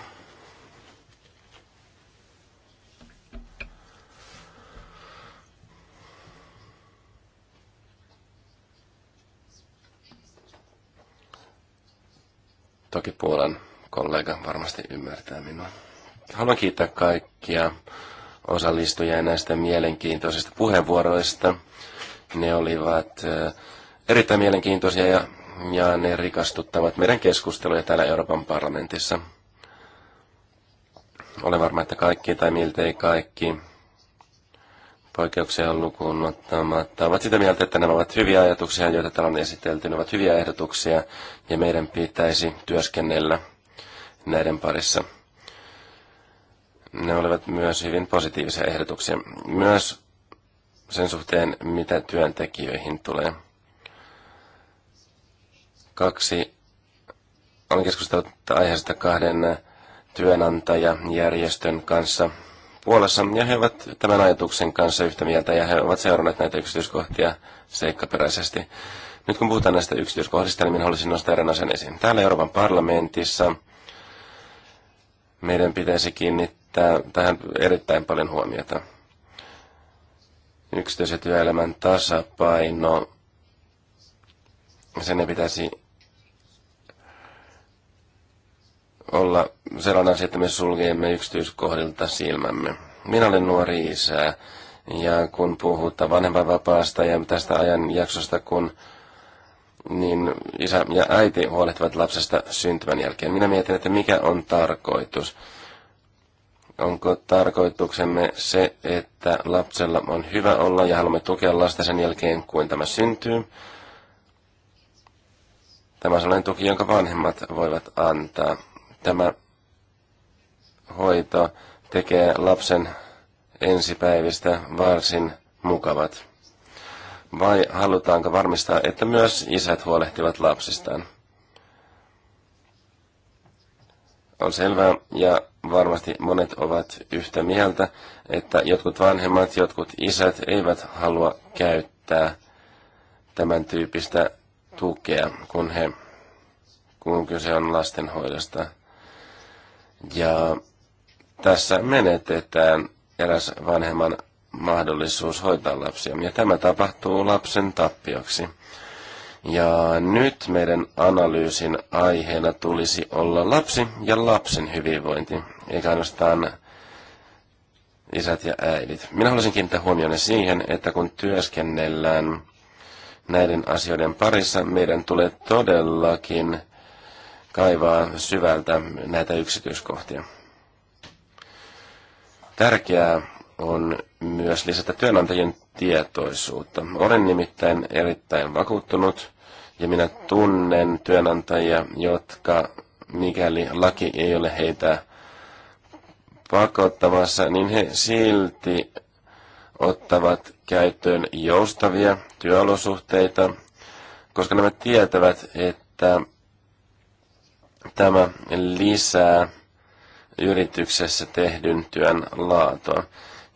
Toki Puolan kollega varmasti ymmärtää minua. Haluan kiittää kaikkia osallistujia näistä mielenkiintoisista puheenvuoroista. Ne olivat erittäin mielenkiintoisia ja, ja ne rikastuttavat meidän keskusteluja täällä Euroopan parlamentissa. Olen varma, että kaikki tai miltei kaikki poikkeuksia lukuun ottamatta ovat sitä mieltä, että nämä ovat hyviä ajatuksia, joita täällä on esitelty. Ne ovat hyviä ehdotuksia ja meidän pitäisi työskennellä näiden parissa. Ne olivat myös hyvin positiivisia ehdotuksia. Myös sen suhteen, mitä työntekijöihin tulee. Kaksi, olen keskustellut aiheesta kahden työnantajajärjestön kanssa Puolassa, ja he ovat tämän ajatuksen kanssa yhtä mieltä, ja he ovat seuranneet näitä yksityiskohtia seikkaperäisesti. Nyt kun puhutaan näistä yksityiskohdista, niin minä haluaisin nostaa erään asian esiin. Täällä Euroopan parlamentissa meidän pitäisi kiinnittää tähän erittäin paljon huomiota yksityisen työelämän tasapaino, sen ei pitäisi olla sellainen asia, että me suljemme yksityiskohdilta silmämme. Minä olen nuori isä, ja kun puhutaan vanhempainvapaasta ja tästä ajanjaksosta, kun niin isä ja äiti huolehtivat lapsesta syntymän jälkeen. Minä mietin, että mikä on tarkoitus. Onko tarkoituksemme se, että lapsella on hyvä olla ja haluamme tukea lasta sen jälkeen, kuin tämä syntyy? Tämä on sellainen tuki, jonka vanhemmat voivat antaa. Tämä hoito tekee lapsen ensipäivistä varsin mukavat. Vai halutaanko varmistaa, että myös isät huolehtivat lapsistaan? on selvää, ja varmasti monet ovat yhtä mieltä, että jotkut vanhemmat, jotkut isät eivät halua käyttää tämän tyyppistä tukea, kun, he, kun kyse on lastenhoidosta. Ja tässä menetetään eräs vanhemman mahdollisuus hoitaa lapsia, ja tämä tapahtuu lapsen tappioksi – ja nyt meidän analyysin aiheena tulisi olla lapsi ja lapsen hyvinvointi, eikä ainoastaan isät ja äidit. Minä haluaisin kiinnittää huomioon siihen, että kun työskennellään näiden asioiden parissa, meidän tulee todellakin kaivaa syvältä näitä yksityiskohtia. Tärkeää on myös lisätä työnantajien tietoisuutta. Olen nimittäin erittäin vakuuttunut ja minä tunnen työnantajia, jotka mikäli laki ei ole heitä pakottamassa, niin he silti ottavat käyttöön joustavia työolosuhteita, koska nämä tietävät, että tämä lisää yrityksessä tehdyn työn laatua.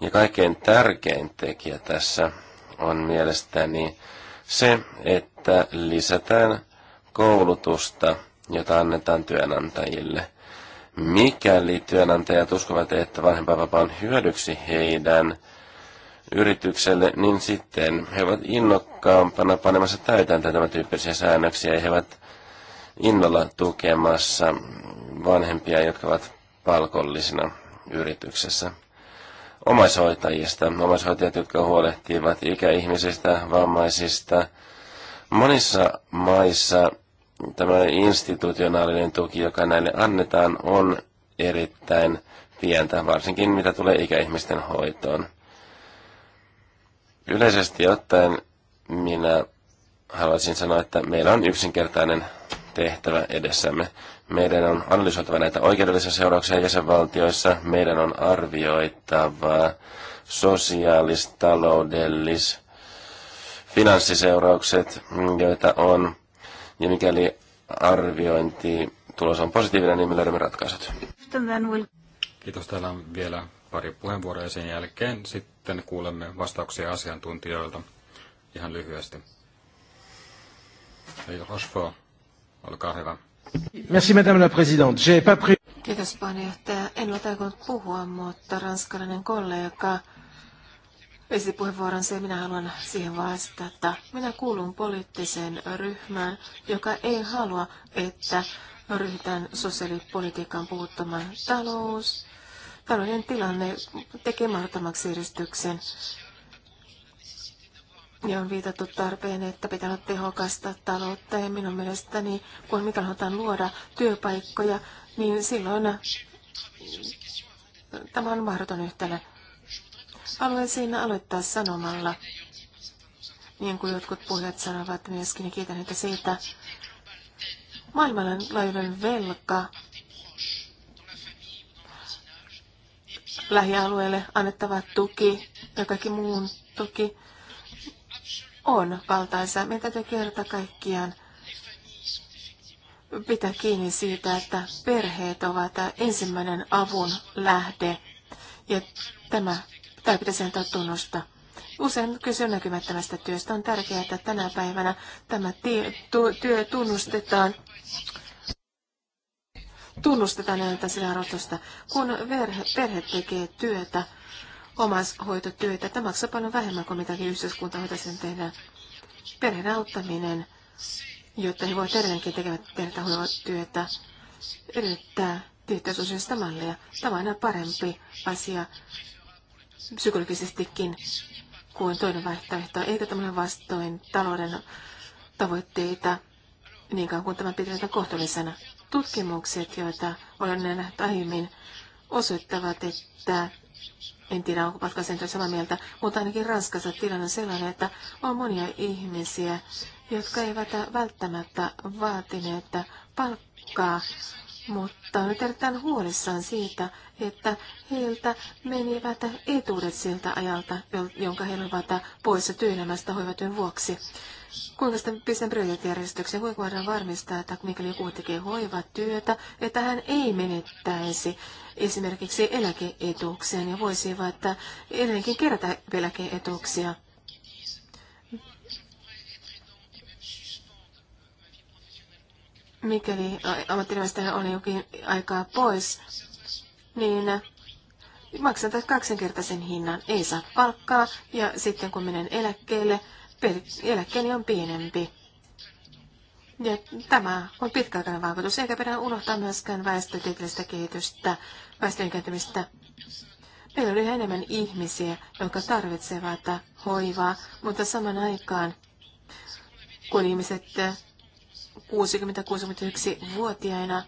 Ja kaikkein tärkein tekijä tässä on mielestäni se, että lisätään koulutusta, jota annetaan työnantajille. Mikäli työnantajat uskovat, että vanhempainvapaa on hyödyksi heidän yritykselle, niin sitten he ovat innokkaampana panemassa täytäntöön tämän tyyppisiä säännöksiä ja he ovat innolla tukemassa vanhempia, jotka ovat palkollisina yrityksessä omaishoitajista, omaishoitajat, jotka huolehtivat ikäihmisistä, vammaisista. Monissa maissa tämä institutionaalinen tuki, joka näille annetaan, on erittäin pientä, varsinkin mitä tulee ikäihmisten hoitoon. Yleisesti ottaen minä haluaisin sanoa, että meillä on yksinkertainen tehtävä edessämme. Meidän on analysoitava näitä oikeudellisia seurauksia jäsenvaltioissa. Meidän on arvioitava sosiaalis, taloudellis, finanssiseuraukset, joita on. Ja mikäli arviointi tulos on positiivinen, niin me löydämme ratkaisut. Kiitos. Täällä on vielä pari puheenvuoroa ja sen jälkeen sitten kuulemme vastauksia asiantuntijoilta ihan lyhyesti. Eli osvo olkaa hyvä. Merci, madame la présidente. Pas pris... Kiitos puheenjohtaja. En ole tarkoittanut puhua, mutta ranskalainen kollega esitti puheenvuoronsa ja minä haluan siihen vastata. Minä kuulun poliittiseen ryhmään, joka ei halua, että ryhdytään sosiaalipolitiikkaan puuttumaan talous. Talouden tilanne tekee mahdottomaksi edistyksen ja on viitattu tarpeen, että pitää olla tehokasta taloutta. Ja minun mielestäni, kun mitä halutaan luoda työpaikkoja, niin silloin tämä on mahdoton yhtälö. Haluaisin aloittaa sanomalla, niin kuin jotkut puhujat sanovat myöskin, niin ja kiitän heitä siitä, maailmanlaajuinen velka lähialueelle annettava tuki ja kaikki muun tuki on valtaisa. Meidän täytyy kerta kaikkiaan pitää kiinni siitä, että perheet ovat ensimmäinen avun lähde. Ja tämä, tämä pitäisi antaa tunnusta. Usein kyse näkymättömästä työstä. On tärkeää, että tänä päivänä tämä tie, tu, työ tunnustetaan tunnustetaan näitä sillä Kun verhe, perhe tekee työtä, omaishoitotyötä. Tämä maksaa paljon vähemmän kuin mitä yhteiskunta sen tehdä. Perheen auttaminen, jotta he voivat edelleenkin tekevät perhettä työtä, edellyttää tiettyä sosiaalista mallia. Tämä on aina parempi asia psykologisestikin kuin toinen vaihtoehto, eikä tämmöinen vastoin talouden tavoitteita niin kauan kuin tämä pidetään kohtuullisena. Tutkimukset, joita olen nähnyt aiemmin, osoittavat, että en tiedä, ovatko sen samaa mieltä, mutta ainakin Ranskassa tilanne on sellainen, että on monia ihmisiä, jotka eivät välttämättä vaatineet palkkaa mutta on erittäin huolissaan siitä, että heiltä menivät etuudet siltä ajalta, jonka he olivat poissa työelämästä hoivatyön vuoksi. Kuinka sitten pistän prioriteettijärjestyksen, kuinka voidaan varmistaa, että mikäli joku tekee hoivatyötä, että hän ei menettäisi esimerkiksi eläkeetuuksia, niin voisivat edelleenkin kerätä eläkeetuuksia. mikäli ammattilaisista on jokin aikaa pois, niin maksan taas kaksinkertaisen hinnan. Ei saa palkkaa ja sitten kun menen eläkkeelle, eläkkeeni on pienempi. Ja tämä on pitkäaikainen vaikutus, eikä pidä unohtaa myöskään väestötieteellistä kehitystä, väestön ikääntymistä. Meillä on yhä enemmän ihmisiä, jotka tarvitsevat hoivaa, mutta saman aikaan, kun ihmiset 60-61-vuotiaina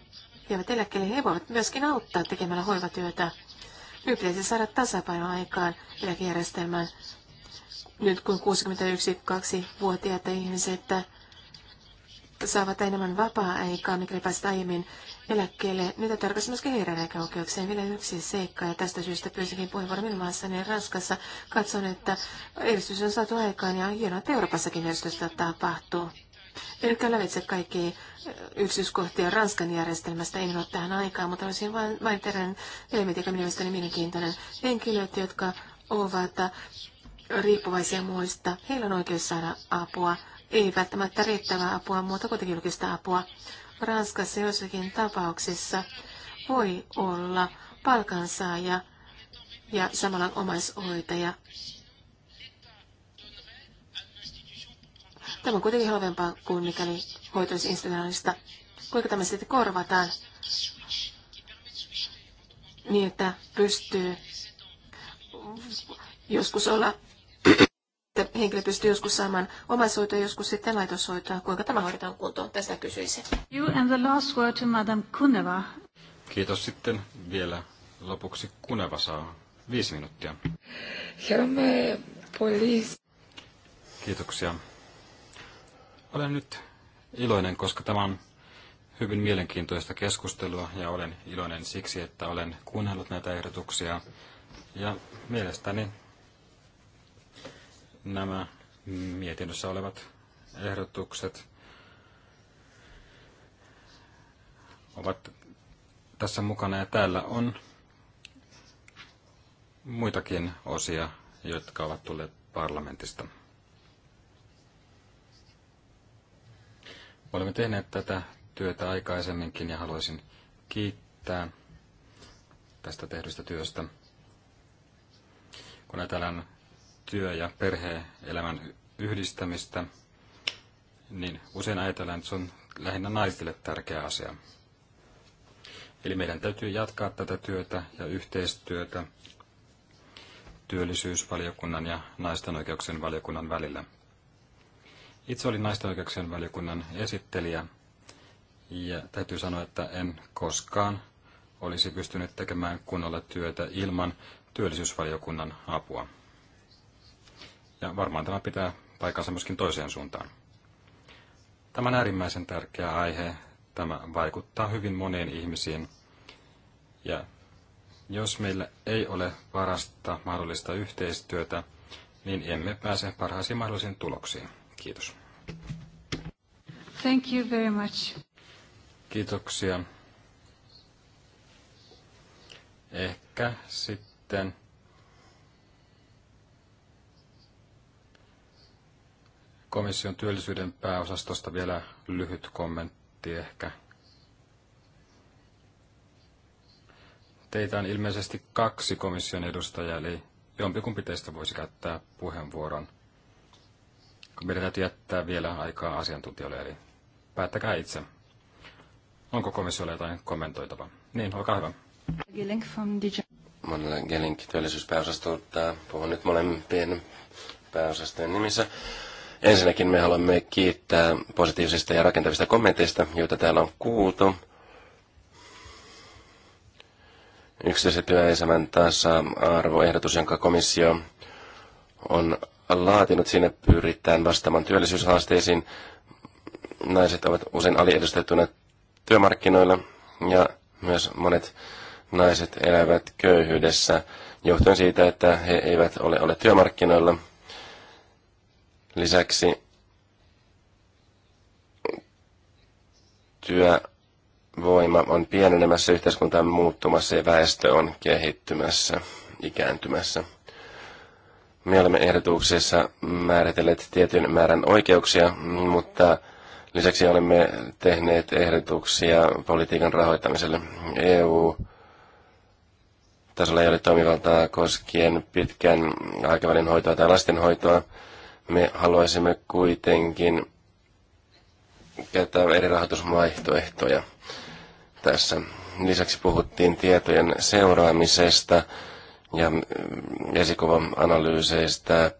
jäävät eläkkeelle, he voivat myöskin auttaa tekemällä hoivatyötä. Nyt pitäisi saada tasapaino aikaan eläkejärjestelmään. Nyt kun 61-2-vuotiaat ihmiset saavat enemmän vapaa-aikaa, mikäli pääsevät aiemmin eläkkeelle. Nyt niin tarkastin myöskin heidän eläkeoikeuksien vielä yksi seikka, ja tästä syystä pyysinkin puheenvuoron minun maassani Ranskassa. Katson, että edistys on saatu aikaan, ja hienoa, että Euroopassakin edistystä tapahtuu. En lävitse kaikki eh, yksityiskohtia Ranskan järjestelmästä, en ole tähän aikaan, mutta olisin vain, vain terän elementti, joka mielestäni mielenkiintoinen. Henkilöt, jotka ovat eh, riippuvaisia muista, heillä on oikeus saada apua. Ei välttämättä riittävää apua, mutta kuitenkin julkista apua. Ranskassa joissakin tapauksissa voi olla palkansaaja ja samalla omaishoitaja Tämä on kuitenkin halvempaa kuin mikäli hoito olisi institutionaalista. Kuinka tämä sitten korvataan niin, että pystyy joskus olla, että henkilö pystyy joskus saamaan omaishoitoa, joskus sitten laitoshoitoa. Kuinka tämä hoidetaan kuntoon? Tästä kysyisin. You and the last word to Madame Kuneva. Kiitos sitten vielä lopuksi Kuneva saa viisi minuuttia. poliisi. Kiitoksia. Olen nyt iloinen, koska tämä on hyvin mielenkiintoista keskustelua ja olen iloinen siksi, että olen kuunnellut näitä ehdotuksia. Ja mielestäni nämä mietinnössä olevat ehdotukset ovat tässä mukana ja täällä on muitakin osia, jotka ovat tulleet parlamentista. Olemme tehneet tätä työtä aikaisemminkin ja haluaisin kiittää tästä tehdystä työstä. Kun ajatellaan työ- ja perhe-elämän yhdistämistä, niin usein ajatellaan, että se on lähinnä naisille tärkeä asia. Eli meidän täytyy jatkaa tätä työtä ja yhteistyötä työllisyysvaliokunnan ja naisten oikeuksien valiokunnan välillä – itse olin naisten oikeuksien valiokunnan esittelijä ja täytyy sanoa, että en koskaan olisi pystynyt tekemään kunnolla työtä ilman työllisyysvaliokunnan apua. Ja varmaan tämä pitää paikkaansa myöskin toiseen suuntaan. Tämä on äärimmäisen tärkeä aihe. Tämä vaikuttaa hyvin moniin ihmisiin. Ja jos meillä ei ole parasta mahdollista yhteistyötä, niin emme pääse parhaisiin mahdollisiin tuloksiin. Kiitos. Thank you very much. Kiitoksia. Ehkä sitten komission työllisyyden pääosastosta vielä lyhyt kommentti ehkä. Teitä on ilmeisesti kaksi komission edustajaa, eli jompikumpi teistä voisi käyttää puheenvuoron kun meidän täytyy jättää vielä aikaa asiantuntijoille, eli päättäkää itse. Onko komissiolla jotain kommentoitavaa? Niin, olkaa hyvä. Gelink from DJ. Monella Gelink työllisyyspääosastolta. Puhun nyt molempien pääosastojen nimissä. Ensinnäkin me haluamme kiittää positiivisista ja rakentavista kommenteista, joita täällä on kuultu. Yksityisen työelämän tasa-arvoehdotus, jonka komissio on laatinut. sinne pyritään vastaamaan työllisyyshaasteisiin. Naiset ovat usein aliedustettuna työmarkkinoilla ja myös monet naiset elävät köyhyydessä johtuen siitä, että he eivät ole, ole työmarkkinoilla. Lisäksi työvoima on pienenemässä, yhteiskunta on muuttumassa ja väestö on kehittymässä, ikääntymässä. Me olemme ehdotuksessa määritelleet tietyn määrän oikeuksia, mutta lisäksi olemme tehneet ehdotuksia politiikan rahoittamiselle. EU tasolla ei ole toimivaltaa koskien pitkän aikavälin hoitoa tai lastenhoitoa. Me haluaisimme kuitenkin käyttää eri rahoitusvaihtoehtoja tässä. Lisäksi puhuttiin tietojen seuraamisesta ja mm, esikuvan analyyseistä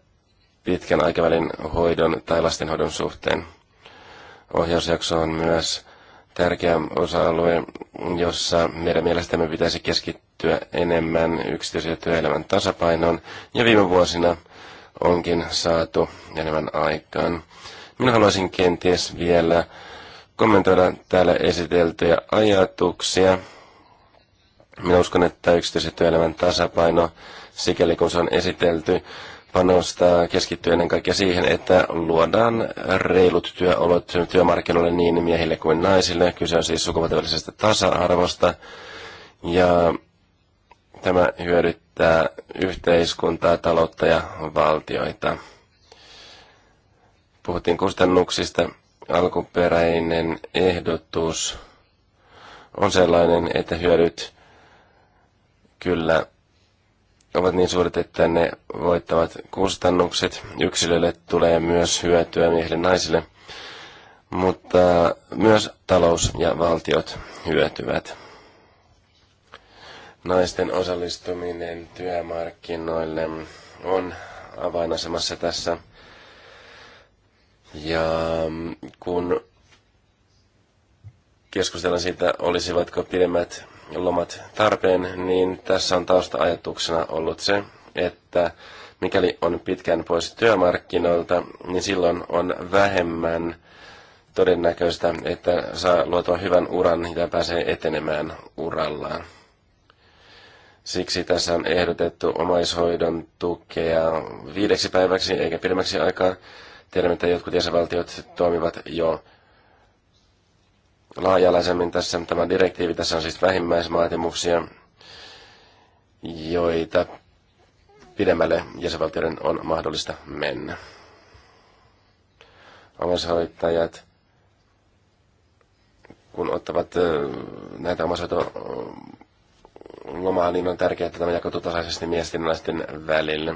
pitkän aikavälin hoidon tai lastenhoidon suhteen. Ohjausjakso on myös tärkeä osa-alue, jossa meidän mielestämme pitäisi keskittyä enemmän yksityisen ja työelämän tasapainoon, ja viime vuosina onkin saatu enemmän aikaan. Minä haluaisin kenties vielä kommentoida täällä esiteltyjä ajatuksia minä uskon, että yksityisen työelämän tasapaino, sikäli kun se on esitelty, panostaa keskittyy ennen kaikkea siihen, että luodaan reilut työolot työmarkkinoille niin miehille kuin naisille. Kyse on siis sukupuolisesta tasa-arvosta. Ja tämä hyödyttää yhteiskuntaa, taloutta ja valtioita. Puhuttiin kustannuksista. Alkuperäinen ehdotus on sellainen, että hyödyt kyllä ovat niin suuret, että ne voittavat kustannukset. Yksilölle tulee myös hyötyä miehille naisille, mutta myös talous ja valtiot hyötyvät. Naisten osallistuminen työmarkkinoille on avainasemassa tässä. Ja kun keskustellaan siitä, olisivatko pidemmät lomat tarpeen, niin tässä on tausta-ajatuksena ollut se, että mikäli on pitkään pois työmarkkinoilta, niin silloin on vähemmän todennäköistä, että saa luotua hyvän uran ja pääsee etenemään urallaan. Siksi tässä on ehdotettu omaishoidon tukea viideksi päiväksi eikä pidemmäksi aikaa. Tiedämme, että jotkut jäsenvaltiot toimivat jo laajalaisemmin tässä tämä direktiivi. Tässä on siis vähimmäisvaatimuksia, joita pidemmälle jäsenvaltioiden on mahdollista mennä. Omaishoitajat, kun ottavat näitä omaishoitoa lomaa, niin on tärkeää, että tämä jakautuu tasaisesti miesten ja naisten välillä.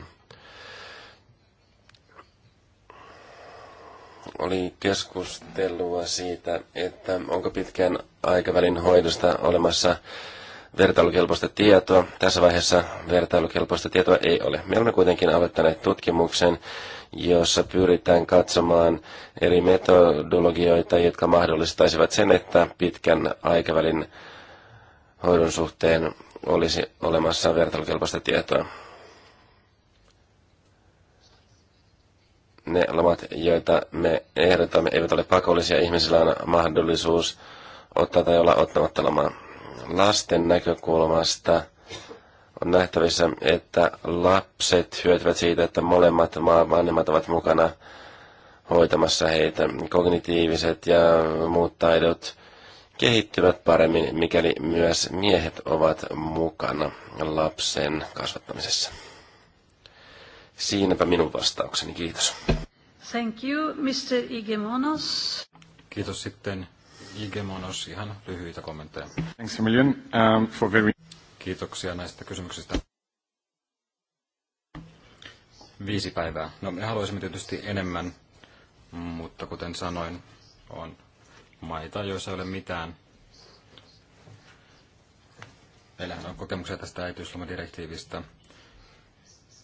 oli keskustelua siitä, että onko pitkän aikavälin hoidosta olemassa vertailukelpoista tietoa. Tässä vaiheessa vertailukelpoista tietoa ei ole. Me olemme kuitenkin aloittaneet tutkimuksen, jossa pyritään katsomaan eri metodologioita, jotka mahdollistaisivat sen, että pitkän aikavälin hoidon suhteen olisi olemassa vertailukelpoista tietoa. ne lomat, joita me ehdotamme, eivät ole pakollisia. Ihmisillä on mahdollisuus ottaa tai olla ottamatta lomaa. Lasten näkökulmasta on nähtävissä, että lapset hyötyvät siitä, että molemmat vanhemmat ovat mukana hoitamassa heitä. Kognitiiviset ja muut taidot kehittyvät paremmin, mikäli myös miehet ovat mukana lapsen kasvattamisessa. Siinäpä minun vastaukseni. Kiitos. Thank you, Mr. Igemonos. Kiitos sitten Igemonos. Ihan lyhyitä kommentteja. Thanks a million, um, for very... Kiitoksia näistä kysymyksistä. Viisi päivää. No me haluaisimme tietysti enemmän, mutta kuten sanoin, on maita, joissa ei ole mitään. Meillähän on kokemuksia tästä äitiyslomadirektiivistä. direktiivistä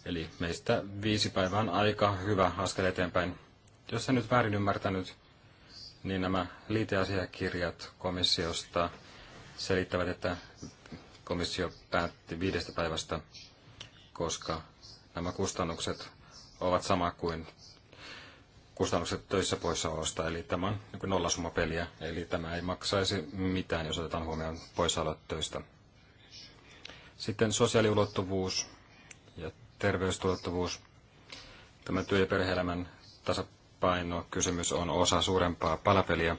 Eli meistä viisi päivää on aika hyvä askel eteenpäin. Jos en nyt väärin ymmärtänyt, niin nämä liiteasiakirjat komissiosta selittävät, että komissio päätti viidestä päivästä, koska nämä kustannukset ovat sama kuin kustannukset töissä poissaolosta, eli tämä on niin nollasummapeliä, eli tämä ei maksaisi mitään, jos otetaan huomioon poissaolot töistä. Sitten sosiaaliulottuvuus ja terveystuottavuus. Tämä työ- ja perhe-elämän tasapaino kysymys on osa suurempaa palapeliä.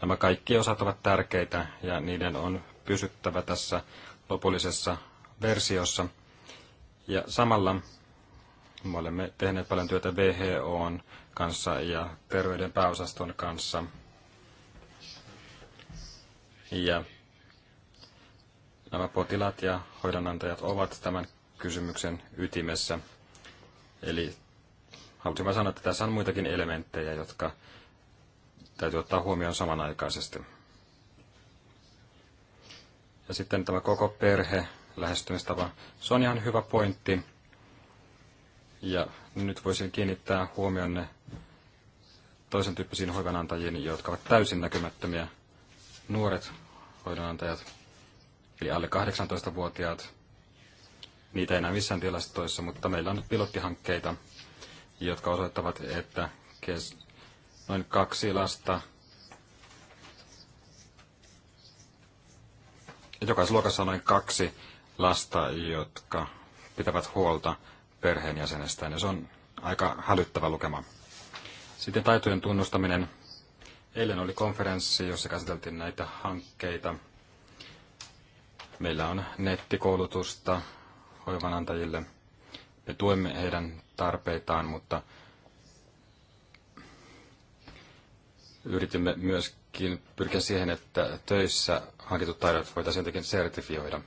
Nämä kaikki osat ovat tärkeitä ja niiden on pysyttävä tässä lopullisessa versiossa. Ja samalla me olemme tehneet paljon työtä WHOn kanssa ja terveyden pääosaston kanssa. Ja nämä potilaat ja hoidonantajat ovat tämän kysymyksen ytimessä. Eli halusin vain sanoa, että tässä on muitakin elementtejä, jotka täytyy ottaa huomioon samanaikaisesti. Ja sitten tämä koko perhe lähestymistapa. Se on ihan hyvä pointti. Ja nyt voisin kiinnittää huomionne toisen tyyppisiin hoivanantajiin, jotka ovat täysin näkymättömiä nuoret hoidonantajat, eli alle 18-vuotiaat, niitä ei enää missään tilastoissa, mutta meillä on nyt pilottihankkeita, jotka osoittavat, että kes- noin kaksi lasta jokaisessa luokassa on noin kaksi lasta, jotka pitävät huolta perheenjäsenestään, ja se on aika hälyttävä lukema. Sitten taitojen tunnustaminen. Eilen oli konferenssi, jossa käsiteltiin näitä hankkeita. Meillä on nettikoulutusta, hoivanantajille. Me tuemme heidän tarpeitaan, mutta yritimme myöskin pyrkiä siihen, että töissä hankitut taidot voitaisiin jotenkin sertifioida.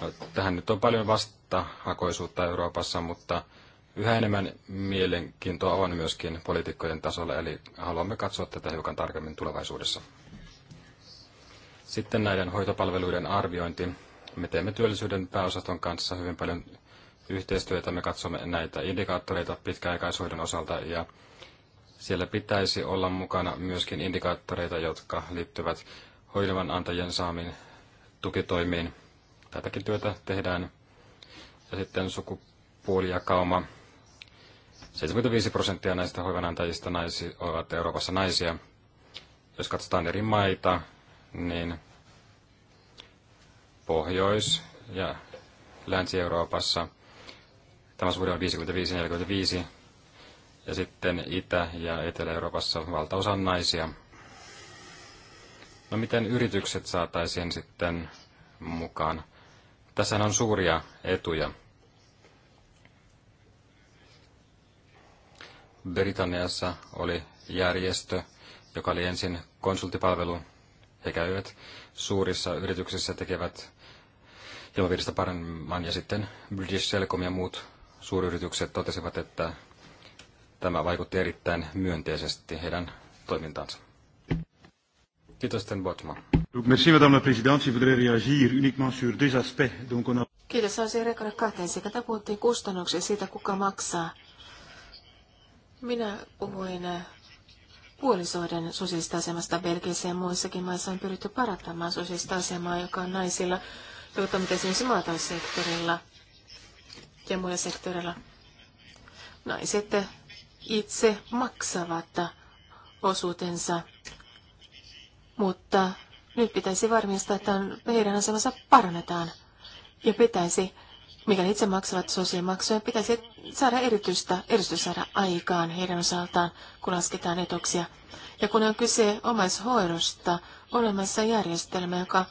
No, tähän nyt on paljon vastahakoisuutta Euroopassa, mutta yhä enemmän mielenkiintoa on myöskin poliitikkojen tasolla, eli haluamme katsoa tätä hiukan tarkemmin tulevaisuudessa. Sitten näiden hoitopalveluiden arviointi. Me teemme työllisyyden pääosaston kanssa hyvin paljon yhteistyötä. Me katsomme näitä indikaattoreita pitkäaikaisuuden osalta ja siellä pitäisi olla mukana myöskin indikaattoreita, jotka liittyvät hoidevan antajien saamiin tukitoimiin. Tätäkin työtä tehdään. Ja sitten sukupuolijakauma. 75 prosenttia näistä hoivanantajista naisi, ovat Euroopassa naisia. Jos katsotaan eri maita, niin Pohjois- ja Länsi-Euroopassa tämä suhde on 55-45 ja sitten Itä- ja Etelä-Euroopassa valtaosa on naisia. No miten yritykset saataisiin sitten mukaan? Tässä on suuria etuja. Britanniassa oli järjestö, joka oli ensin konsulttipalvelu. He käyvät suurissa yrityksissä, tekevät ilmavirrasta paremman. Ja sitten British Telecom ja muut suuryritykset totesivat, että tämä vaikutti erittäin myönteisesti heidän toimintaansa. Kiitos, Sten Botma. Merci, madame la présidente. Je voudrais réagir uniquement sur deux aspects. Donc on a... Kiitos, haluaisin reagoida kahteen sekä puhuttiin kustannuksia siitä, kuka maksaa. Minä puhuin äh, puolisoiden sosiaalista asemasta Belgiassa ja muissakin maissa on pyritty parantamaan sosiaalista asemaa, joka on naisilla toteutamme esimerkiksi maataloussektorilla ja muilla sektoreilla. Naiset itse maksavat osuutensa, mutta nyt pitäisi varmistaa, että heidän asemansa parannetaan ja pitäisi mikäli itse maksavat sosiaalimaksuja, pitäisi saada erityistä, erityistä saada aikaan heidän osaltaan, kun lasketaan etuksia. Ja kun on kyse omaishoidosta, olemassa järjestelmä, joka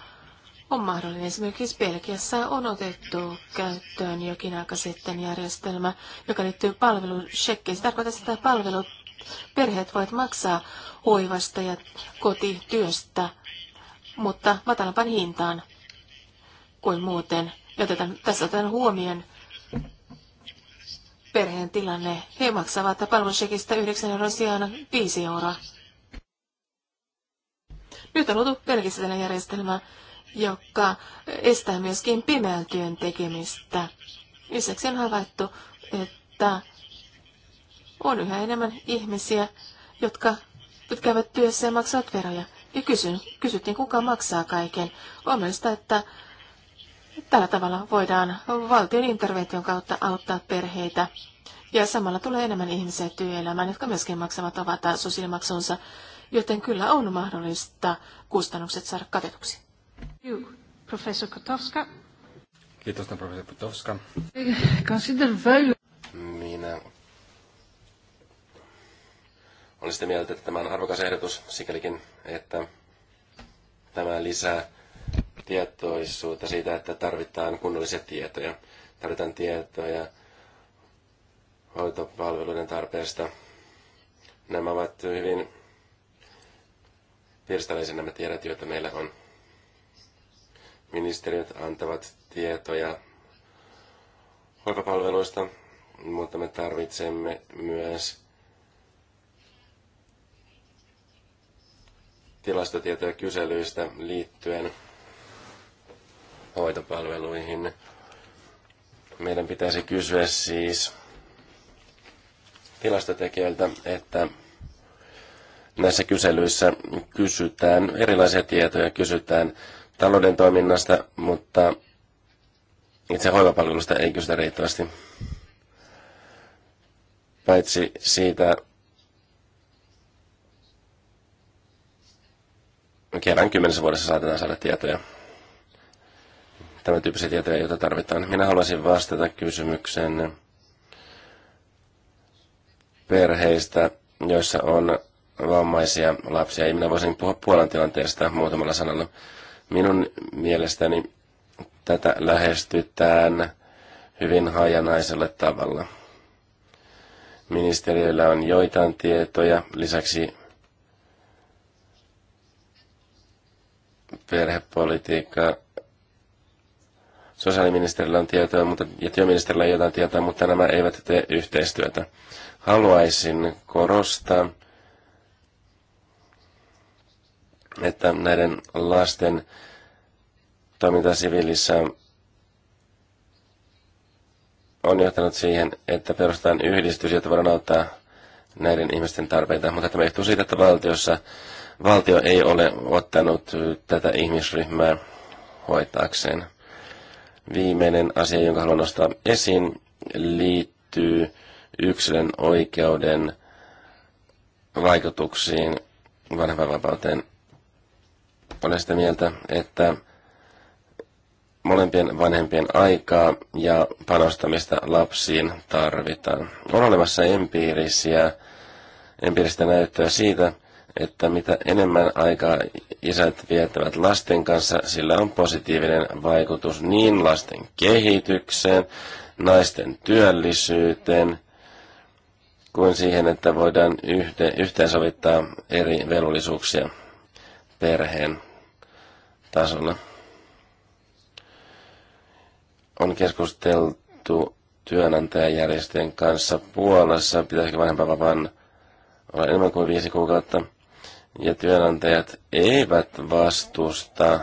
on mahdollinen. Esimerkiksi Belgiassa on otettu käyttöön jokin aika sitten järjestelmä, joka liittyy palvelushekkiin. Se tarkoittaa sitä, että palvelut, perheet voivat maksaa hoivasta ja kotityöstä, mutta matalampaan hintaan kuin muuten. Joten tässä otetaan huomioon perheen tilanne. He maksavat palvelushekistä 9 euroa sijaan 5 euroa. Nyt on luotu pelkistä tällä järjestelmää joka estää myöskin pimeän työn tekemistä. Lisäksi on havaittu, että on yhä enemmän ihmisiä, jotka käyvät työssä ja maksavat veroja. Ja kysyn, kysyttiin, kuka maksaa kaiken. On mielestä, että tällä tavalla voidaan valtion intervention kautta auttaa perheitä. Ja samalla tulee enemmän ihmisiä työelämään, jotka myöskin maksavat avata sosiaalimaksunsa, joten kyllä on mahdollista kustannukset saada katetuksi. Professor Kotowska. Kiitos, professori Kotowska. Consider value. Minä olen sitä mieltä, että tämä on arvokas ehdotus sikälikin, että tämä lisää tietoisuutta siitä, että tarvitaan kunnollisia tietoja. Tarvitaan tietoja hoitopalveluiden tarpeesta. Nämä ovat hyvin pirstaleisia nämä tiedot, joita meillä on ministeriöt antavat tietoja hoivapalveluista, mutta me tarvitsemme myös tilastotietoja kyselyistä liittyen hoitopalveluihin. Meidän pitäisi kysyä siis tilastotekijöiltä, että näissä kyselyissä kysytään erilaisia tietoja, kysytään talouden toiminnasta, mutta itse hoivapalvelusta ei kysytä riittävästi. Paitsi siitä kerran kymmenessä vuodessa saatetaan saada tietoja. Tämän tyyppisiä tietoja, joita tarvitaan. Minä haluaisin vastata kysymykseen perheistä, joissa on vammaisia lapsia. Ei minä voisin puhua Puolan tilanteesta muutamalla sanalla. Minun mielestäni tätä lähestytään hyvin hajanaisella tavalla. Ministeriöillä on joitain tietoja, lisäksi perhepolitiikka. Sosiaaliministerillä on tietoa mutta, ja työministerillä on jotain tietoa, mutta nämä eivät tee yhteistyötä. Haluaisin korostaa, että näiden lasten toiminta siviilissä on johtanut siihen, että perustetaan yhdistys, jotta voidaan auttaa näiden ihmisten tarpeita. Mutta tämä johtuu siitä, että valtiossa, valtio ei ole ottanut tätä ihmisryhmää hoitaakseen. Viimeinen asia, jonka haluan nostaa esiin, liittyy yksilön oikeuden vaikutuksiin vanhempainvapauteen olen sitä mieltä, että molempien vanhempien aikaa ja panostamista lapsiin tarvitaan. On olemassa empiirisiä, empiiristä näyttöä siitä, että mitä enemmän aikaa isät viettävät lasten kanssa, sillä on positiivinen vaikutus niin lasten kehitykseen, naisten työllisyyteen, kuin siihen, että voidaan yhteensovittaa eri velvollisuuksia perheen tasolla. On keskusteltu työnantajajärjestöjen kanssa Puolassa, pitäisikö vanhempainvapaan olla enemmän kuin viisi kuukautta. Ja työnantajat eivät vastusta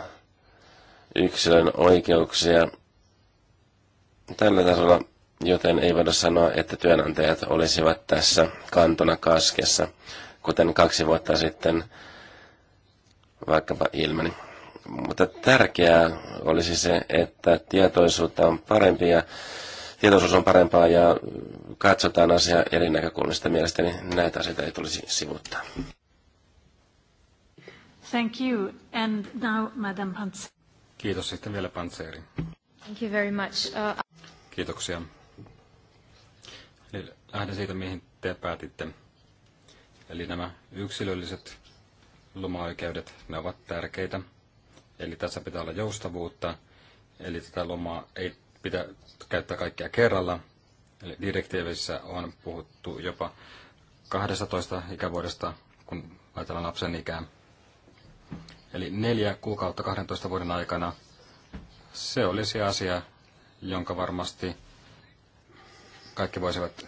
yksilön oikeuksia tällä tasolla, joten ei voida sanoa, että työnantajat olisivat tässä kantona kaskessa, kuten kaksi vuotta sitten vaikkapa ilmeni. Mutta tärkeää olisi se, että tietoisuutta on parempi ja tietoisuus on parempaa ja katsotaan asiaa eri näkökulmista. Mielestäni näitä asioita ei tulisi sivuttaa. Thank you. And now, Madam Kiitos sitten vielä Pantseeri. Thank you very much. Uh... Kiitoksia. Eli lähden siitä, mihin te päätitte. Eli nämä yksilölliset lomaoikeudet, ne ovat tärkeitä. Eli tässä pitää olla joustavuutta, eli tätä lomaa ei pidä käyttää kaikkia kerralla. Eli direktiivissä on puhuttu jopa 12 ikävuodesta, kun ajatellaan lapsen ikää. Eli neljä kuukautta 12 vuoden aikana se olisi asia, jonka varmasti kaikki voisivat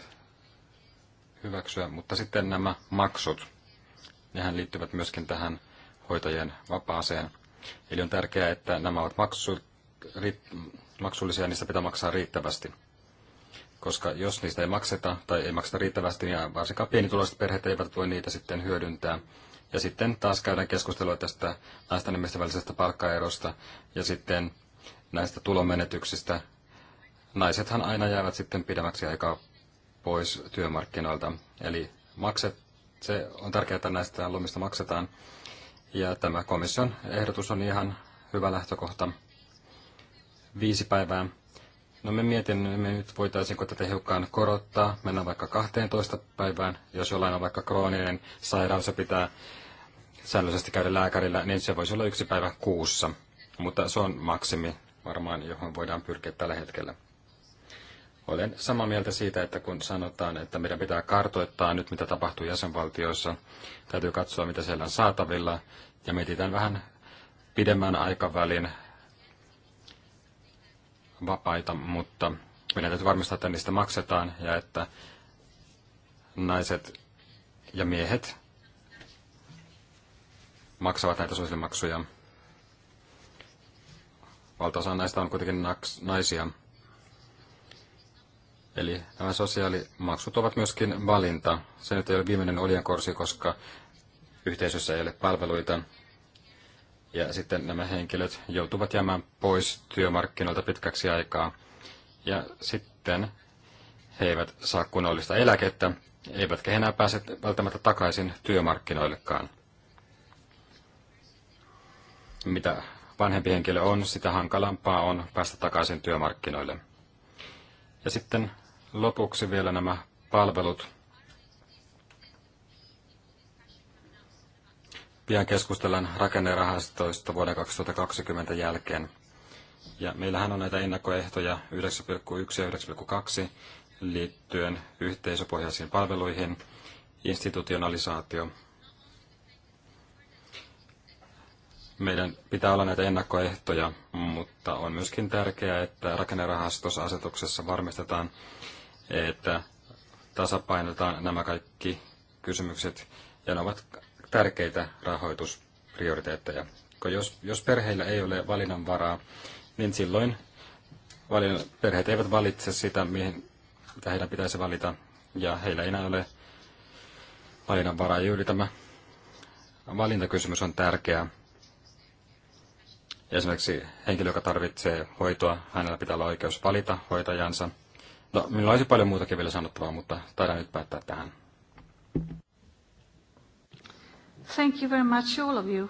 hyväksyä. Mutta sitten nämä maksut, nehän liittyvät myöskin tähän hoitajien vapaaseen. Eli on tärkeää, että nämä ovat maksu, ri, maksullisia ja niistä pitää maksaa riittävästi. Koska jos niistä ei makseta tai ei makseta riittävästi, niin varsinkaan pienituloiset perheet eivät voi niitä sitten hyödyntää. Ja sitten taas käydään keskustelua tästä naisten ja välisestä palkkaerosta ja sitten näistä tulomenetyksistä. Naisethan aina jäävät sitten pidemmäksi aikaa pois työmarkkinoilta. Eli makset, se on tärkeää, että näistä lomista maksetaan. Ja tämä komission ehdotus on ihan hyvä lähtökohta. Viisi päivää. No me mietimme nyt, voitaisiinko tätä hiukan korottaa, mennä vaikka 12 päivään. Jos jollain on vaikka krooninen sairaus ja pitää säännöllisesti käydä lääkärillä, niin se voisi olla yksi päivä kuussa. Mutta se on maksimi varmaan, johon voidaan pyrkiä tällä hetkellä. Olen samaa mieltä siitä, että kun sanotaan, että meidän pitää kartoittaa nyt, mitä tapahtuu jäsenvaltioissa, täytyy katsoa, mitä siellä on saatavilla, ja mietitään vähän pidemmän aikavälin vapaita, mutta meidän täytyy varmistaa, että niistä maksetaan ja että naiset ja miehet maksavat näitä sosiaalimaksuja. Valtaosa näistä on kuitenkin naisia. Eli nämä sosiaalimaksut ovat myöskin valinta. Se nyt ei ole viimeinen oljenkorsi, koska yhteisössä ei ole palveluita. Ja sitten nämä henkilöt joutuvat jäämään pois työmarkkinoilta pitkäksi aikaa. Ja sitten he eivät saa kunnollista eläkettä, eivätkä he enää pääse välttämättä takaisin työmarkkinoillekaan. Mitä vanhempi henkilö on, sitä hankalampaa on päästä takaisin työmarkkinoille. Ja sitten lopuksi vielä nämä palvelut. Pian keskustellaan rakennerahastoista vuoden 2020 jälkeen. Ja meillähän on näitä ennakkoehtoja 9,1 ja 9,2 liittyen yhteisöpohjaisiin palveluihin, institutionalisaatio. Meidän pitää olla näitä ennakkoehtoja, mutta on myöskin tärkeää, että rakennerahastosasetuksessa varmistetaan, että tasapainotetaan nämä kaikki kysymykset, ja ne ovat tärkeitä rahoitusprioriteetteja. Jos, jos perheillä ei ole valinnanvaraa, niin silloin valin, perheet eivät valitse sitä, mihin, mitä heidän pitäisi valita, ja heillä ei enää ole valinnanvaraa. Juuri tämä valintakysymys on tärkeä. Esimerkiksi henkilö, joka tarvitsee hoitoa, hänellä pitää olla oikeus valita hoitajansa – No, minulla olisi paljon muutakin vielä sanottavaa, mutta taidan nyt päättää tähän. Thank you very much, all of you.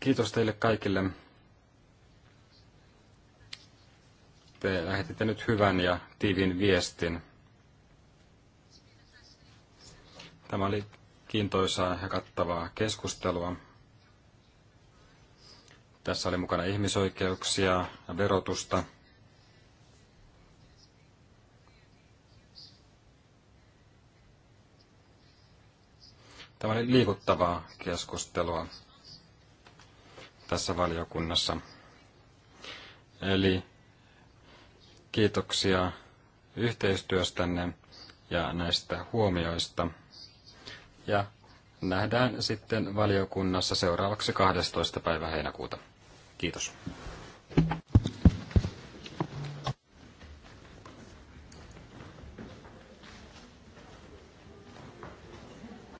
Kiitos teille kaikille. Te lähetitte nyt hyvän ja tiivin viestin. Tämä oli kiintoisaa ja kattavaa keskustelua. Tässä oli mukana ihmisoikeuksia ja verotusta. Tämä oli liikuttavaa keskustelua tässä valiokunnassa. Eli kiitoksia yhteistyöstänne ja näistä huomioista. Ja nähdään sitten valiokunnassa seuraavaksi 12. päivä heinäkuuta. Kiitos.